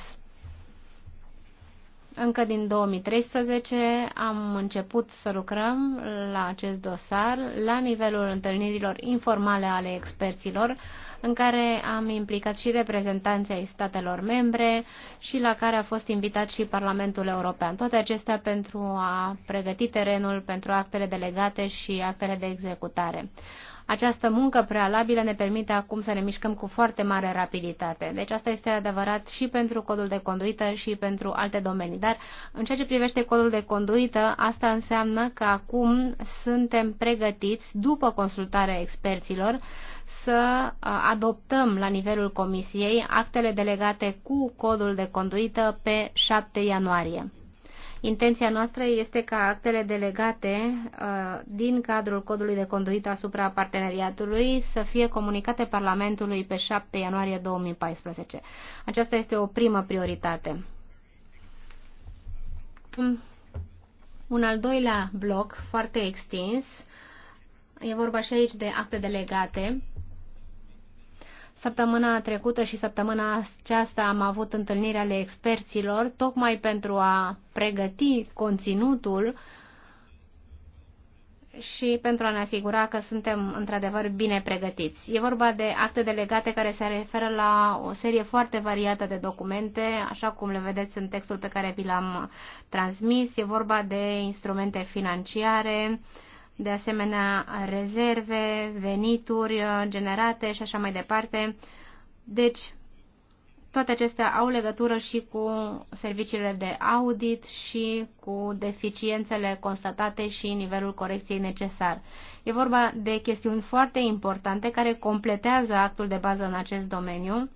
Încă din 2013 am început să lucrăm la acest dosar la nivelul întâlnirilor informale ale experților, în care am implicat și reprezentanții ai statelor membre și la care a fost invitat și Parlamentul European. Toate acestea pentru a pregăti terenul pentru actele delegate și actele de executare. Această muncă prealabilă ne permite acum să ne mișcăm cu foarte mare rapiditate. Deci asta este adevărat și pentru codul de conduită și pentru alte domenii. Dar în ceea ce privește codul de conduită, asta înseamnă că acum suntem pregătiți, după consultarea experților, să adoptăm la nivelul Comisiei actele delegate cu codul de conduită pe 7 ianuarie. Intenția noastră este ca actele delegate din cadrul codului de conduită asupra parteneriatului să fie comunicate Parlamentului pe 7 ianuarie 2014. Aceasta este o primă prioritate. Un al doilea bloc foarte extins, e vorba și aici de acte delegate, Săptămâna trecută și săptămâna aceasta am avut întâlnirea ale experților, tocmai pentru a pregăti conținutul și pentru a ne asigura că suntem într-adevăr bine pregătiți. E vorba de acte delegate care se referă la o serie foarte variată de documente, așa cum le vedeți în textul pe care vi l-am transmis. E vorba de instrumente financiare, uh, de asemenea rezerve, venituri uh, generate și așa mai departe. Deci, toate acestea au legătură și cu serviciile de audit și cu deficiențele constatate și nivelul corecției necesar. E vorba de chestiuni foarte importante care completează actul de bază în acest domeniu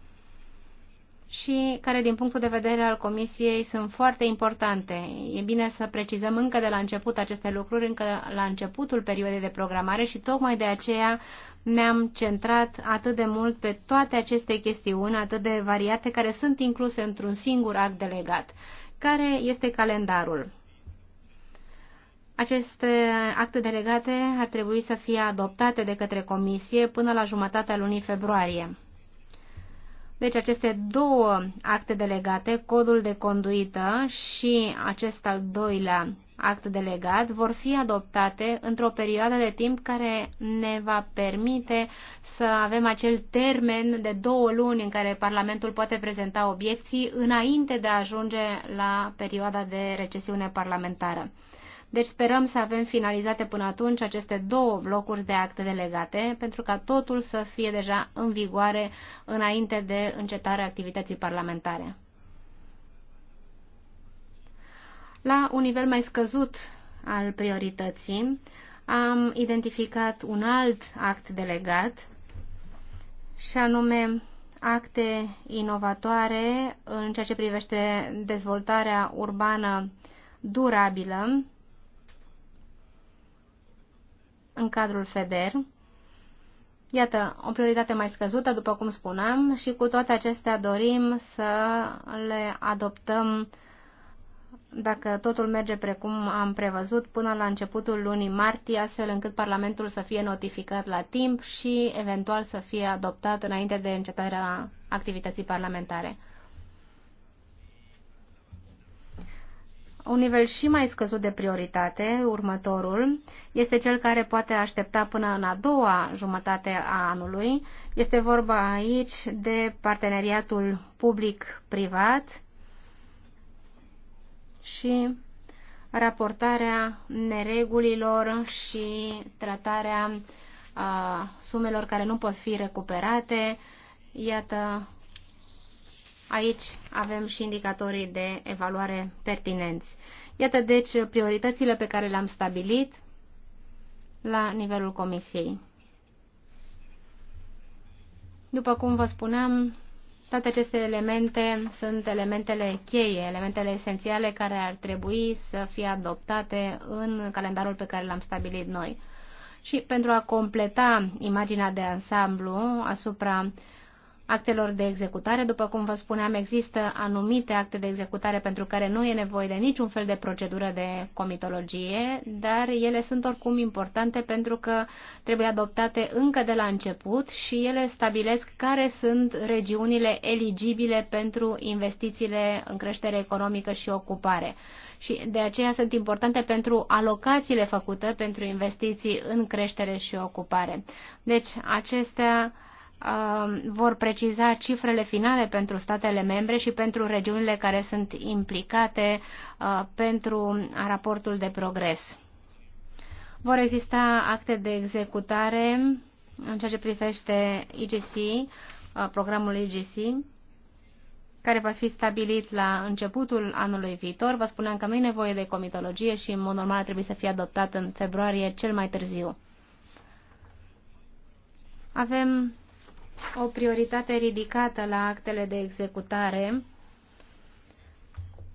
și care, din punctul de vedere al Comisiei, sunt foarte importante. E bine să precizăm încă de la început aceste lucruri, încă la începutul perioadei de programare și tocmai de aceea ne-am centrat atât de mult pe toate aceste chestiuni atât de variate care sunt incluse într-un singur act delegat. Care este calendarul? Aceste acte delegate ar trebui să fie adoptate de către Comisie până la jumătatea lunii februarie. Deci aceste două acte delegate, codul de conduită și acest al doilea act delegat, vor fi adoptate într-o perioadă de timp care ne va permite să avem acel termen de două luni în care Parlamentul poate prezenta obiecții înainte de a ajunge la perioada de recesiune parlamentară. Deci sperăm să avem finalizate până atunci aceste două blocuri de acte delegate, pentru ca totul să fie deja în vigoare înainte de încetarea activității parlamentare. La un nivel mai scăzut al priorității, am identificat un alt act delegat, și anume acte inovatoare în ceea ce privește dezvoltarea urbană durabilă în cadrul FEDER. Iată, o prioritate mai scăzută, după cum spuneam, și cu toate acestea dorim să le adoptăm dacă totul merge precum am prevăzut, până la începutul lunii martie, astfel încât Parlamentul să fie notificat la timp și eventual să fie adoptat înainte de încetarea activității parlamentare. Un nivel și mai scăzut de prioritate, următorul, este cel care poate aștepta până în a doua jumătate a anului. Este vorba aici de parteneriatul public-privat și raportarea neregulilor și tratarea a, sumelor care nu pot fi recuperate. Iată Aici avem și indicatorii de evaluare pertinenți. Iată deci prioritățile pe care le-am stabilit la nivelul comisiei. După cum vă spuneam, toate aceste elemente sunt elementele cheie, elementele esențiale care ar trebui să fie adoptate în calendarul pe care l-am stabilit noi. Și pentru a completa imaginea de ansamblu asupra actelor de executare. După cum vă spuneam, există anumite acte de executare pentru care nu e nevoie de niciun fel de procedură de comitologie, dar ele sunt oricum importante pentru că trebuie adoptate încă de la început și ele stabilesc care sunt regiunile eligibile pentru investițiile în creștere economică și ocupare. Și de aceea sunt importante pentru alocațiile făcute pentru investiții în creștere și ocupare. Deci, acestea Um, vor preciza cifrele finale pentru statele membre și pentru regiunile care sunt implicate uh, pentru raportul de progres. Vor exista acte de executare în ceea ce privește IGC, uh, programul IGC, care va fi stabilit la începutul anului viitor. Vă spuneam că nu e nevoie de comitologie și, în mod normal, ar trebui să fie adoptat în februarie cel mai târziu. Avem o prioritate ridicată la actele de executare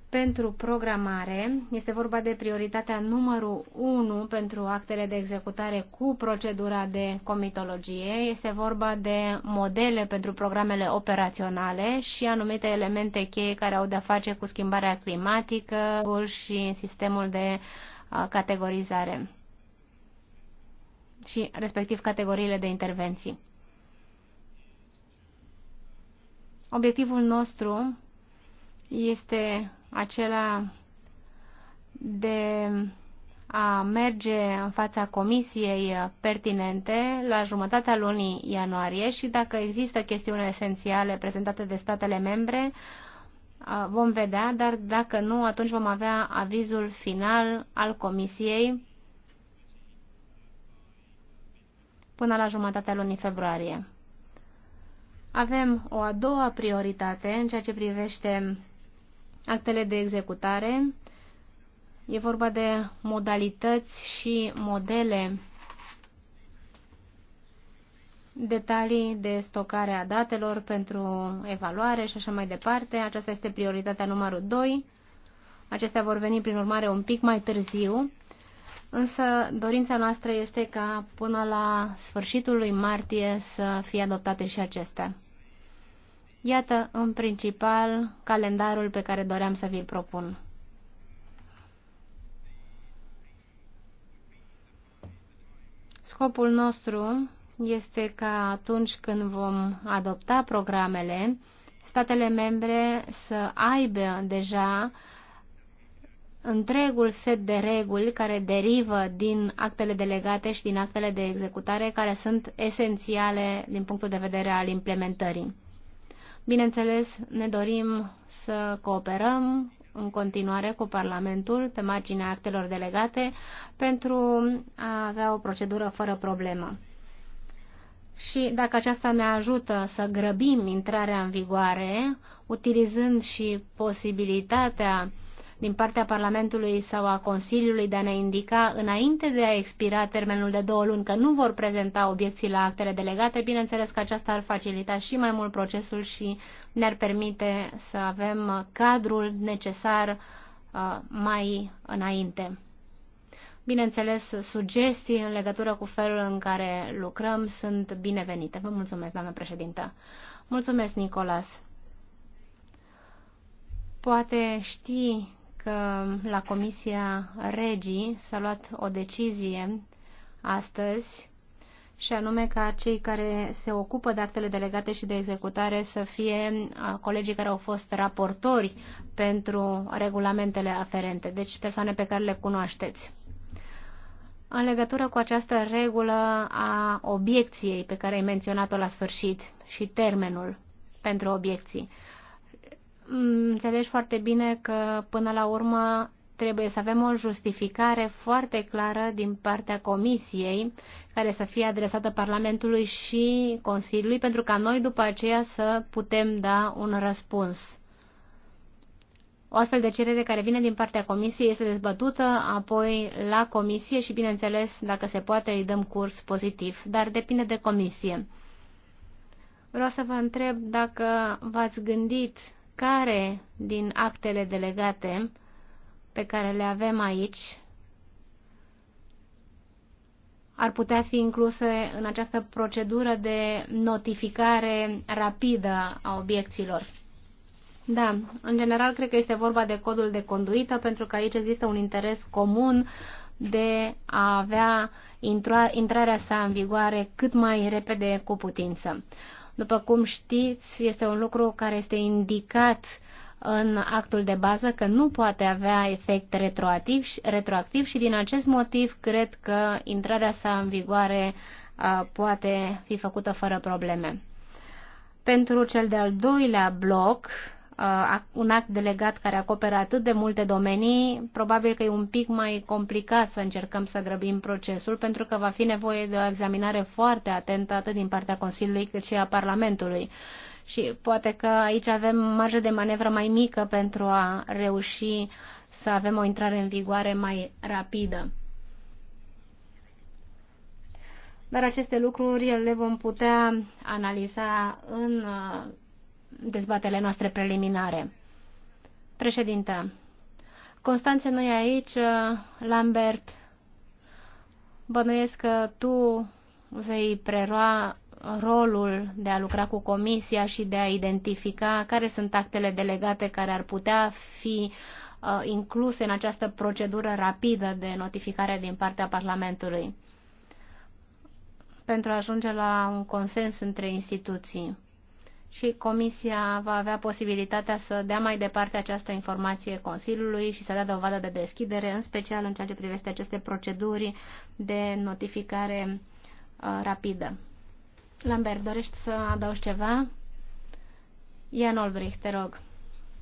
pentru programare. Este vorba de prioritatea numărul 1 pentru actele de executare cu procedura de comitologie. Este vorba de modele pentru programele operaționale și anumite elemente cheie care au de-a face cu schimbarea climatică și sistemul de categorizare și respectiv categoriile de intervenții. Obiectivul nostru este acela de a merge în fața comisiei pertinente la jumătatea lunii ianuarie și dacă există chestiuni esențiale prezentate de statele membre, vom vedea, dar dacă nu, atunci vom avea avizul final al comisiei până la jumătatea lunii februarie. Avem o a doua prioritate în ceea ce privește actele de executare. E vorba de modalități și modele, detalii de stocare a datelor pentru evaluare și așa mai departe. Aceasta este prioritatea numărul 2. Acestea vor veni, prin urmare, un pic mai târziu, însă dorința noastră este ca până la sfârșitul lui martie să fie adoptate și acestea. Iată, în principal, calendarul pe care doream să vi-l propun. Scopul nostru este ca atunci când vom adopta programele, statele membre să aibă deja întregul set de reguli care derivă din actele delegate și din actele de executare care sunt esențiale din punctul de vedere al implementării. Bineînțeles, ne dorim să cooperăm în continuare cu Parlamentul pe marginea actelor delegate pentru a avea o procedură fără problemă. Și dacă aceasta ne ajută să grăbim intrarea în vigoare, utilizând și posibilitatea din partea Parlamentului sau a Consiliului de a ne indica înainte de a expira termenul de două luni că nu vor prezenta obiecții la actele delegate, bineînțeles că aceasta ar facilita și mai mult procesul și ne-ar permite să avem cadrul necesar uh, mai înainte. Bineînțeles, sugestii în legătură cu felul în care lucrăm sunt binevenite. Vă mulțumesc, doamnă președintă. Mulțumesc, Nicolas. Poate știi că la Comisia Regii s-a luat o decizie astăzi și anume ca cei care se ocupă de actele delegate și de executare să fie colegii care au fost raportori pentru regulamentele aferente, deci persoane pe care le cunoașteți. În legătură cu această regulă a obiecției pe care ai menționat-o la sfârșit și termenul pentru obiecții, înțelegi foarte bine că până la urmă trebuie să avem o justificare foarte clară din partea Comisiei, care să fie adresată Parlamentului și Consiliului, pentru ca noi după aceea să putem da un răspuns. O astfel de cerere care vine din partea Comisiei este dezbătută apoi la Comisie și, bineînțeles, dacă se poate, îi dăm curs pozitiv, dar depinde de Comisie. Vreau să vă întreb dacă v-ați gândit care din actele delegate pe care le avem aici ar putea fi incluse în această procedură de notificare rapidă a obiecțiilor. Da, în general cred că este vorba de codul de conduită, pentru că aici există un interes comun de a avea intrarea sa în vigoare cât mai repede cu putință. După cum știți, este un lucru care este indicat în actul de bază că nu poate avea efect retroactiv, retroactiv și din acest motiv cred că intrarea sa în vigoare poate fi făcută fără probleme. Pentru cel de-al doilea bloc, Uh, un act delegat care acoperă atât de multe domenii, probabil că e un pic mai complicat să încercăm să grăbim procesul, pentru că va fi nevoie de o examinare foarte atentă atât din partea Consiliului cât și a Parlamentului. Și poate că aici avem marjă de manevră mai mică pentru a reuși să avem o intrare în vigoare mai rapidă. Dar aceste lucruri le vom putea analiza în uh, dezbatele noastre preliminare. Președinte, Constanțe nu e aici, uh, Lambert, bănuiesc că tu vei prelua rolul de a lucra cu comisia și de a identifica care sunt actele delegate care ar putea fi uh, incluse în această procedură rapidă de notificare din partea Parlamentului pentru a ajunge la un consens între instituții și Comisia va avea posibilitatea să dea mai departe această informație Consiliului și să dea dovadă de deschidere, în special în ceea ce privește aceste proceduri de notificare uh, rapidă. Lambert, dorești să adaugi ceva? Ian Olbrich, te rog.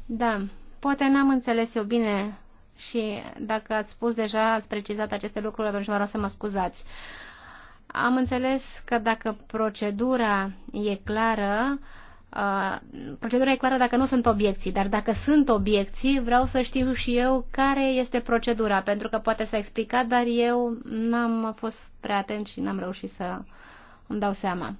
Da, poate n-am înțeles eu bine și dacă ați spus deja, ați precizat aceste lucruri, atunci vă rog să mă scuzați. Am înțeles că dacă procedura e clară, uh, Uh, procedura e clară dacă nu sunt obiecții, dar dacă sunt obiecții, vreau să știu și eu care este procedura, pentru că poate s-a explicat, dar eu n-am fost prea atent și n-am reușit să îmi dau seama.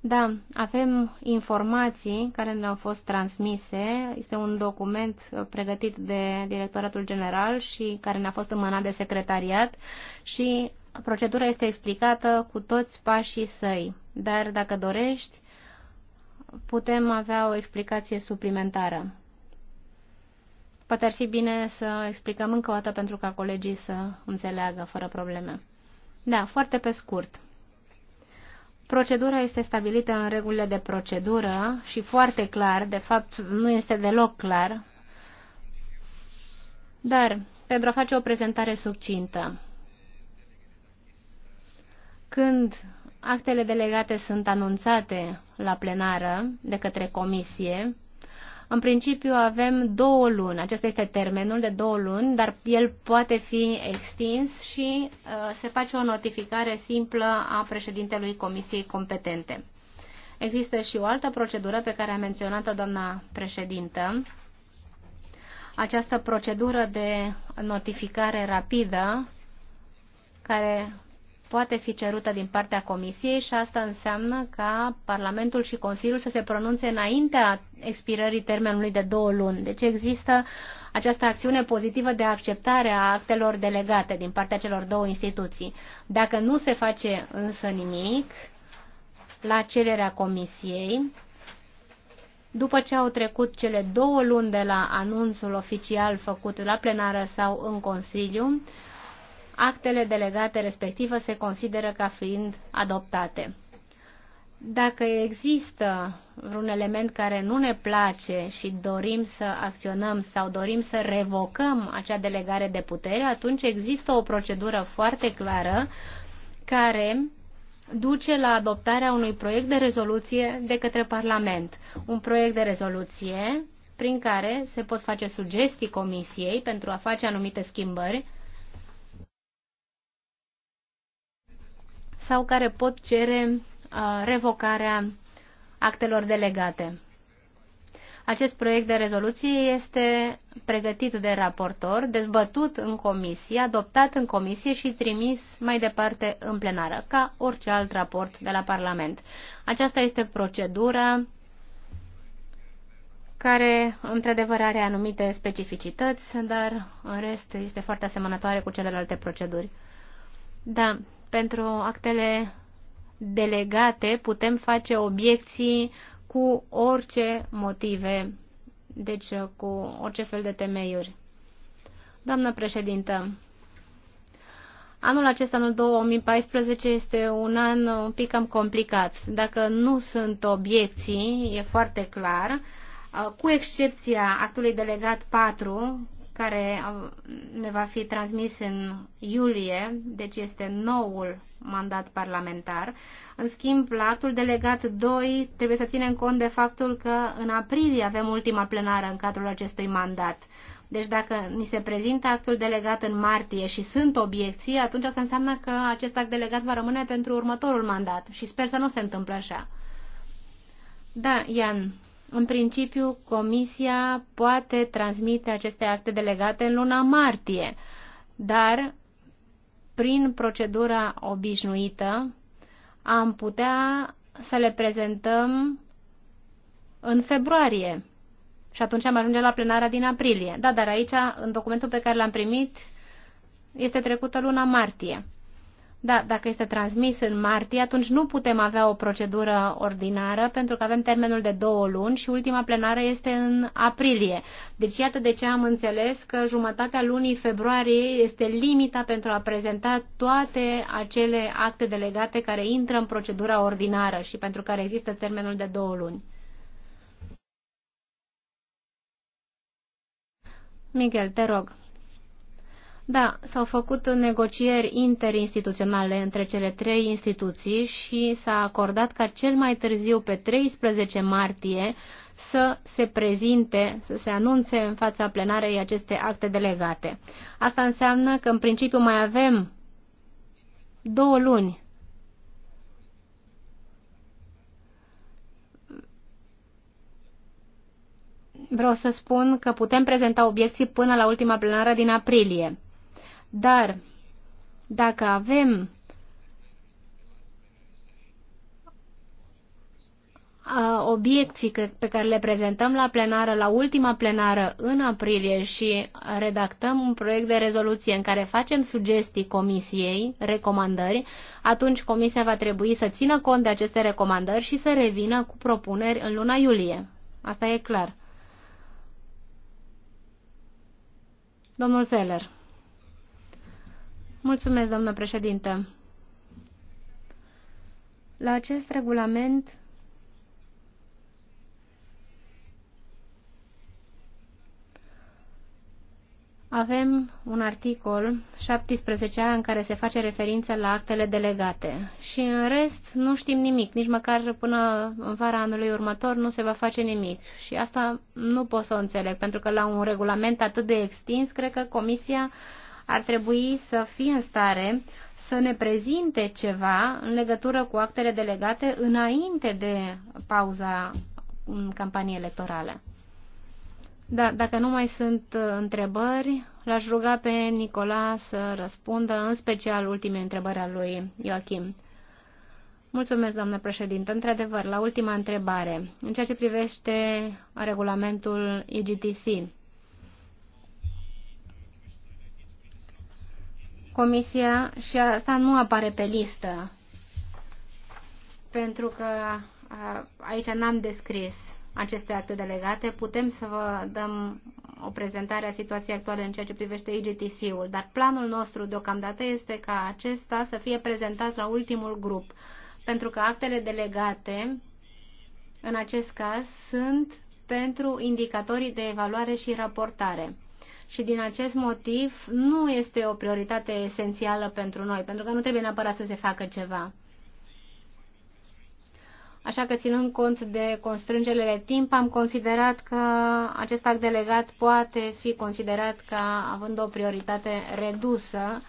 Da, avem informații care ne-au fost transmise. Este un document pregătit de Directoratul General și care ne-a fost înmânat de secretariat și procedura este explicată cu toți pașii săi, dar dacă dorești, putem avea o explicație suplimentară. Poate ar fi bine să explicăm încă o dată pentru ca colegii să înțeleagă fără probleme. Da, foarte pe scurt. Procedura este stabilită în regulile de procedură și foarte clar, de fapt nu este deloc clar, dar pentru a face o prezentare succintă, când actele delegate sunt anunțate la plenară de către comisie, în principiu avem două luni, acesta este termenul de două luni, dar el poate fi extins și uh, se face o notificare simplă a președintelui comisiei competente. Există și o altă procedură pe care a menționat-o doamna președintă. Această procedură de notificare rapidă care poate fi cerută din partea Comisiei și asta înseamnă ca Parlamentul și Consiliul să se pronunțe înaintea expirării termenului de două luni. Deci există această acțiune pozitivă de acceptare a actelor delegate din partea celor două instituții. Dacă nu se face însă nimic la cererea Comisiei, după ce au trecut cele două luni de la anunțul oficial făcut la plenară sau în Consiliu, actele delegate respectivă se consideră ca fiind adoptate. Dacă există vreun element care nu ne place și dorim să acționăm sau dorim să revocăm acea delegare de putere, atunci există o procedură foarte clară care duce la adoptarea unui proiect de rezoluție de către Parlament. Un proiect de rezoluție prin care se pot face sugestii Comisiei pentru a face anumite schimbări sau care pot cere uh, revocarea actelor delegate. Acest proiect de rezoluție este pregătit de raportor, dezbătut în comisie, adoptat în comisie și trimis mai departe în plenară, ca orice alt raport de la Parlament. Aceasta este procedura care, într-adevăr, are anumite specificități, dar, în rest, este foarte asemănătoare cu celelalte proceduri. Da, pentru actele delegate putem face obiecții cu orice motive, deci cu orice fel de temeiuri. Doamnă președintă, Anul acesta, anul 2014, este un an un pic cam complicat. Dacă nu sunt obiecții, e foarte clar, cu excepția actului delegat 4, care ne va fi transmis în iulie, deci este noul mandat parlamentar. În schimb, la actul delegat 2 trebuie să ținem cont de faptul că în aprilie avem ultima plenară în cadrul acestui mandat. Deci dacă ni se prezintă actul delegat în martie și sunt obiecții, atunci asta înseamnă că acest act delegat va rămâne pentru următorul mandat și sper să nu se întâmple așa. Da, Ian, în principiu, Comisia poate transmite aceste acte delegate în luna martie, dar prin procedura obișnuită am putea să le prezentăm în februarie. Și atunci am ajunge la plenara din aprilie. Da, dar aici, în documentul pe care l-am primit, este trecută luna martie. Da, dacă este transmis în martie, atunci nu putem avea o procedură ordinară pentru că avem termenul de două luni și ultima plenară este în aprilie. Deci iată de ce am înțeles că jumătatea lunii februarie este limita pentru a prezenta toate acele acte delegate care intră în procedura ordinară și pentru care există termenul de două luni. Miguel, te rog. Da, s-au făcut negocieri interinstituționale între cele trei instituții și s-a acordat ca cel mai târziu pe 13 martie să se prezinte, să se anunțe în fața plenarei aceste acte delegate. Asta înseamnă că în principiu mai avem două luni Vreau să spun că putem prezenta obiecții până la ultima plenară din aprilie. Dar dacă avem obiecții pe care le prezentăm la plenară, la ultima plenară în aprilie și redactăm un proiect de rezoluție în care facem sugestii comisiei, recomandări, atunci comisia va trebui să țină cont de aceste recomandări și să revină cu propuneri în luna iulie. Asta e clar. Domnul Zeller. Mulțumesc, La acest regulament Avem un articol 17 în care se face referință la actele delegate și în rest nu știm nimic, nici măcar până în vara anului următor nu se va face nimic și asta nu pot să o înțeleg pentru că la un regulament atât de extins cred că Comisia ar trebui să fie în stare să ne prezinte ceva în legătură cu actele delegate înainte de pauza în campanie electorală. Da, dacă nu mai sunt uh, întrebări, l-aș ruga pe Nicola să răspundă, în special ultimele întrebări a lui Joachim. Mulțumesc, doamnă președintă. Într-adevăr, la ultima întrebare, în ceea ce privește regulamentul EGTC, Comisia și asta nu apare pe listă, pentru că aici n-am descris aceste acte delegate. Putem să vă dăm o prezentare a situației actuale în ceea ce privește IGTC-ul, dar planul nostru deocamdată este ca acesta să fie prezentat la ultimul grup, pentru că actele delegate, în acest caz, sunt pentru indicatorii de evaluare și raportare și din acest motiv nu este o prioritate esențială pentru noi, pentru că nu trebuie neapărat să se facă ceva. Așa că, ținând cont de constrângerile timp, am considerat că acest act delegat poate fi considerat ca având o prioritate redusă,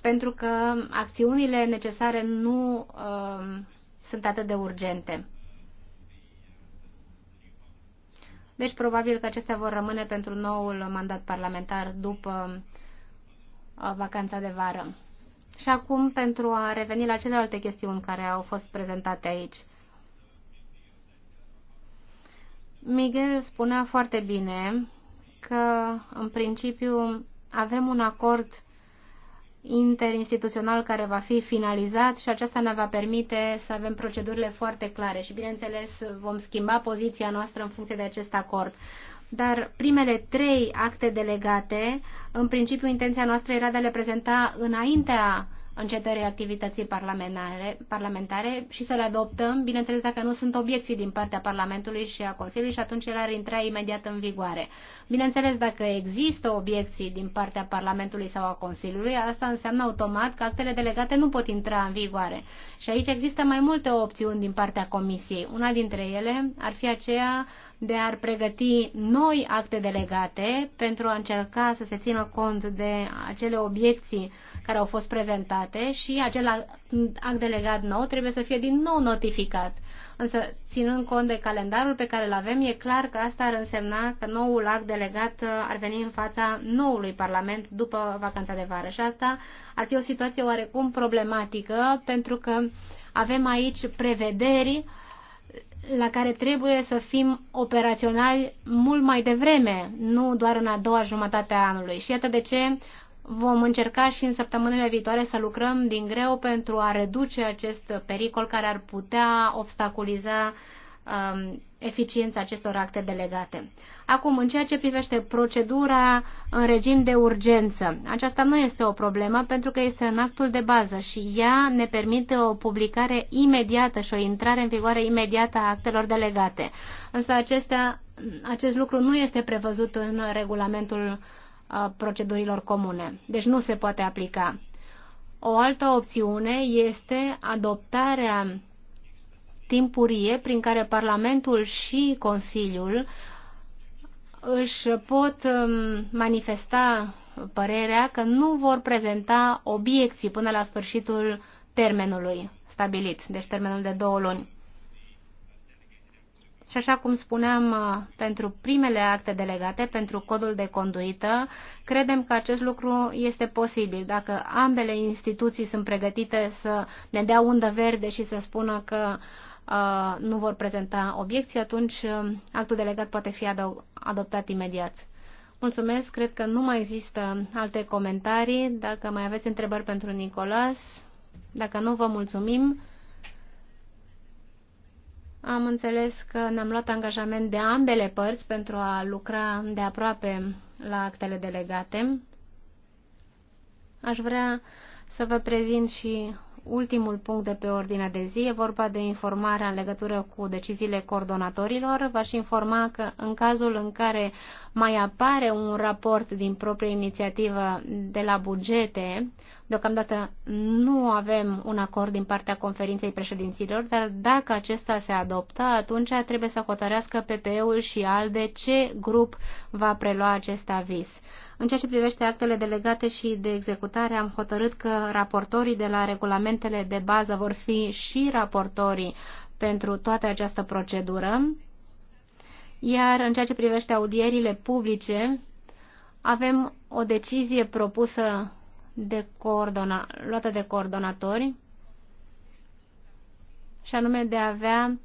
pentru că acțiunile necesare nu uh, sunt atât de urgente. Deci probabil că acestea vor rămâne pentru noul mandat parlamentar după uh, vacanța de vară. Și acum, pentru a reveni la celelalte chestiuni care au fost prezentate aici. Miguel spunea foarte bine că, în principiu, avem un acord interinstituțional care va fi finalizat și aceasta ne va permite să avem procedurile foarte clare și, bineînțeles, vom schimba poziția noastră în funcție de acest acord. Dar primele trei acte delegate, în principiu, intenția noastră era de a le prezenta înaintea încetării activității parlamentare, parlamentare și să le adoptăm, bineînțeles dacă nu sunt obiecții din partea Parlamentului și a Consiliului și atunci el ar intra imediat în vigoare. Bineînțeles, dacă există obiecții din partea Parlamentului sau a Consiliului, asta înseamnă automat că actele delegate nu pot intra în vigoare. Și aici există mai multe opțiuni din partea Comisiei. Una dintre ele ar fi aceea de a pregăti noi acte delegate pentru a încerca să se țină cont de acele obiecții care au fost prezentate și acel act delegat nou trebuie să fie din nou notificat. Însă, ținând cont de calendarul pe care îl avem, e clar că asta ar însemna că noul act delegat uh, ar veni în fața noului Parlament după vacanța de vară. Și asta ar fi o situație oarecum problematică, pentru că avem aici prevederi la care trebuie să fim operaționali mult mai devreme, nu doar în a doua jumătate a anului. Și iată de ce Vom încerca și în săptămânile viitoare să lucrăm din greu pentru a reduce acest pericol care ar putea obstaculiza um, eficiența acestor acte delegate. Acum, în ceea ce privește procedura în regim de urgență, aceasta nu este o problemă pentru că este în actul de bază și ea ne permite o publicare imediată și o intrare în vigoare imediată a actelor delegate. Însă acestea, acest lucru nu este prevăzut în regulamentul procedurilor comune. Deci nu se poate aplica. O altă opțiune este adoptarea timpurie prin care Parlamentul și Consiliul își pot um, manifesta părerea că nu vor prezenta obiecții până la sfârșitul termenului stabilit, deci termenul de două luni. Și așa cum spuneam, uh, pentru primele acte delegate, pentru codul de conduită, credem că acest lucru este posibil. Dacă ambele instituții sunt pregătite să ne dea undă verde și să spună că uh, nu vor prezenta obiecții, atunci uh, actul delegat poate fi adoptat imediat. Mulțumesc, cred că nu mai există alte comentarii. Dacă mai aveți întrebări pentru Nicolas, dacă nu, vă mulțumim. Am înțeles că ne-am luat angajament de ambele părți pentru a lucra de aproape la actele delegate. Aș vrea să vă prezint și ultimul punct de pe ordinea de zi. E vorba de informarea în legătură cu deciziile coordonatorilor. V-aș informa că în cazul în care mai apare un raport din proprie inițiativă de la bugete Deocamdată nu avem un acord din partea conferinței președinților, dar dacă acesta se adoptă, atunci trebuie să hotărească PPE-ul și ALDE ce grup va prelua acest aviz. În ceea ce privește actele delegate și de executare, am hotărât că raportorii de la regulamentele de bază vor fi și raportorii pentru toată această procedură. Iar în ceea ce privește audierile publice, avem o decizie propusă de coordona, luată de coordonatori și anume de a avea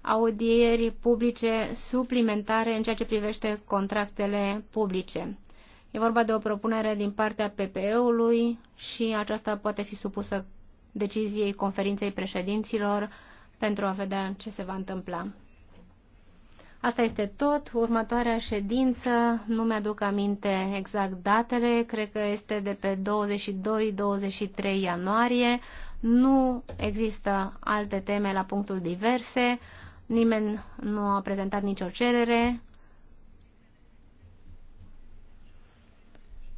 audieri publice suplimentare în ceea ce privește contractele publice. E vorba de o propunere din partea PPE-ului și aceasta poate fi supusă deciziei conferinței președinților pentru a vedea ce se va întâmpla. Asta este tot. Următoarea ședință, nu mi-aduc aminte exact datele, cred că este de pe 22-23 ianuarie. Nu există alte teme la punctul diverse, nimeni nu a prezentat nicio cerere.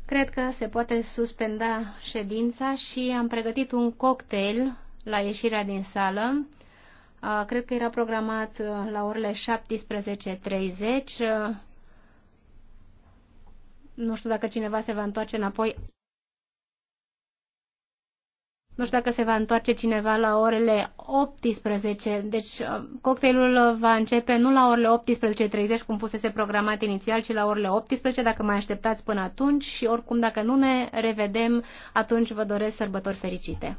Cred că se poate suspenda ședința și am pregătit un cocktail la ieșirea din sală. Cred că era programat uh, la orele 17.30. Uh, nu știu dacă cineva se va întoarce înapoi. Nu știu dacă se va întoarce cineva la orele 18. Deci uh, cocktailul va începe nu la orele 18.30, cum fusese programat inițial, ci la orele 18, dacă mai așteptați până atunci. Și oricum, dacă nu ne revedem, atunci vă doresc sărbători fericite.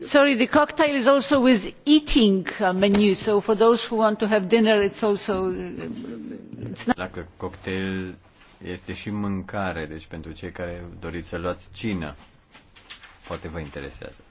sorry the cocktail is also with eating uh, menu so for those who want to have dinner it's also uh, it's Dacă cocktail este și mâncare, deci pentru cei care doriți să luați cină, poate vă interesează.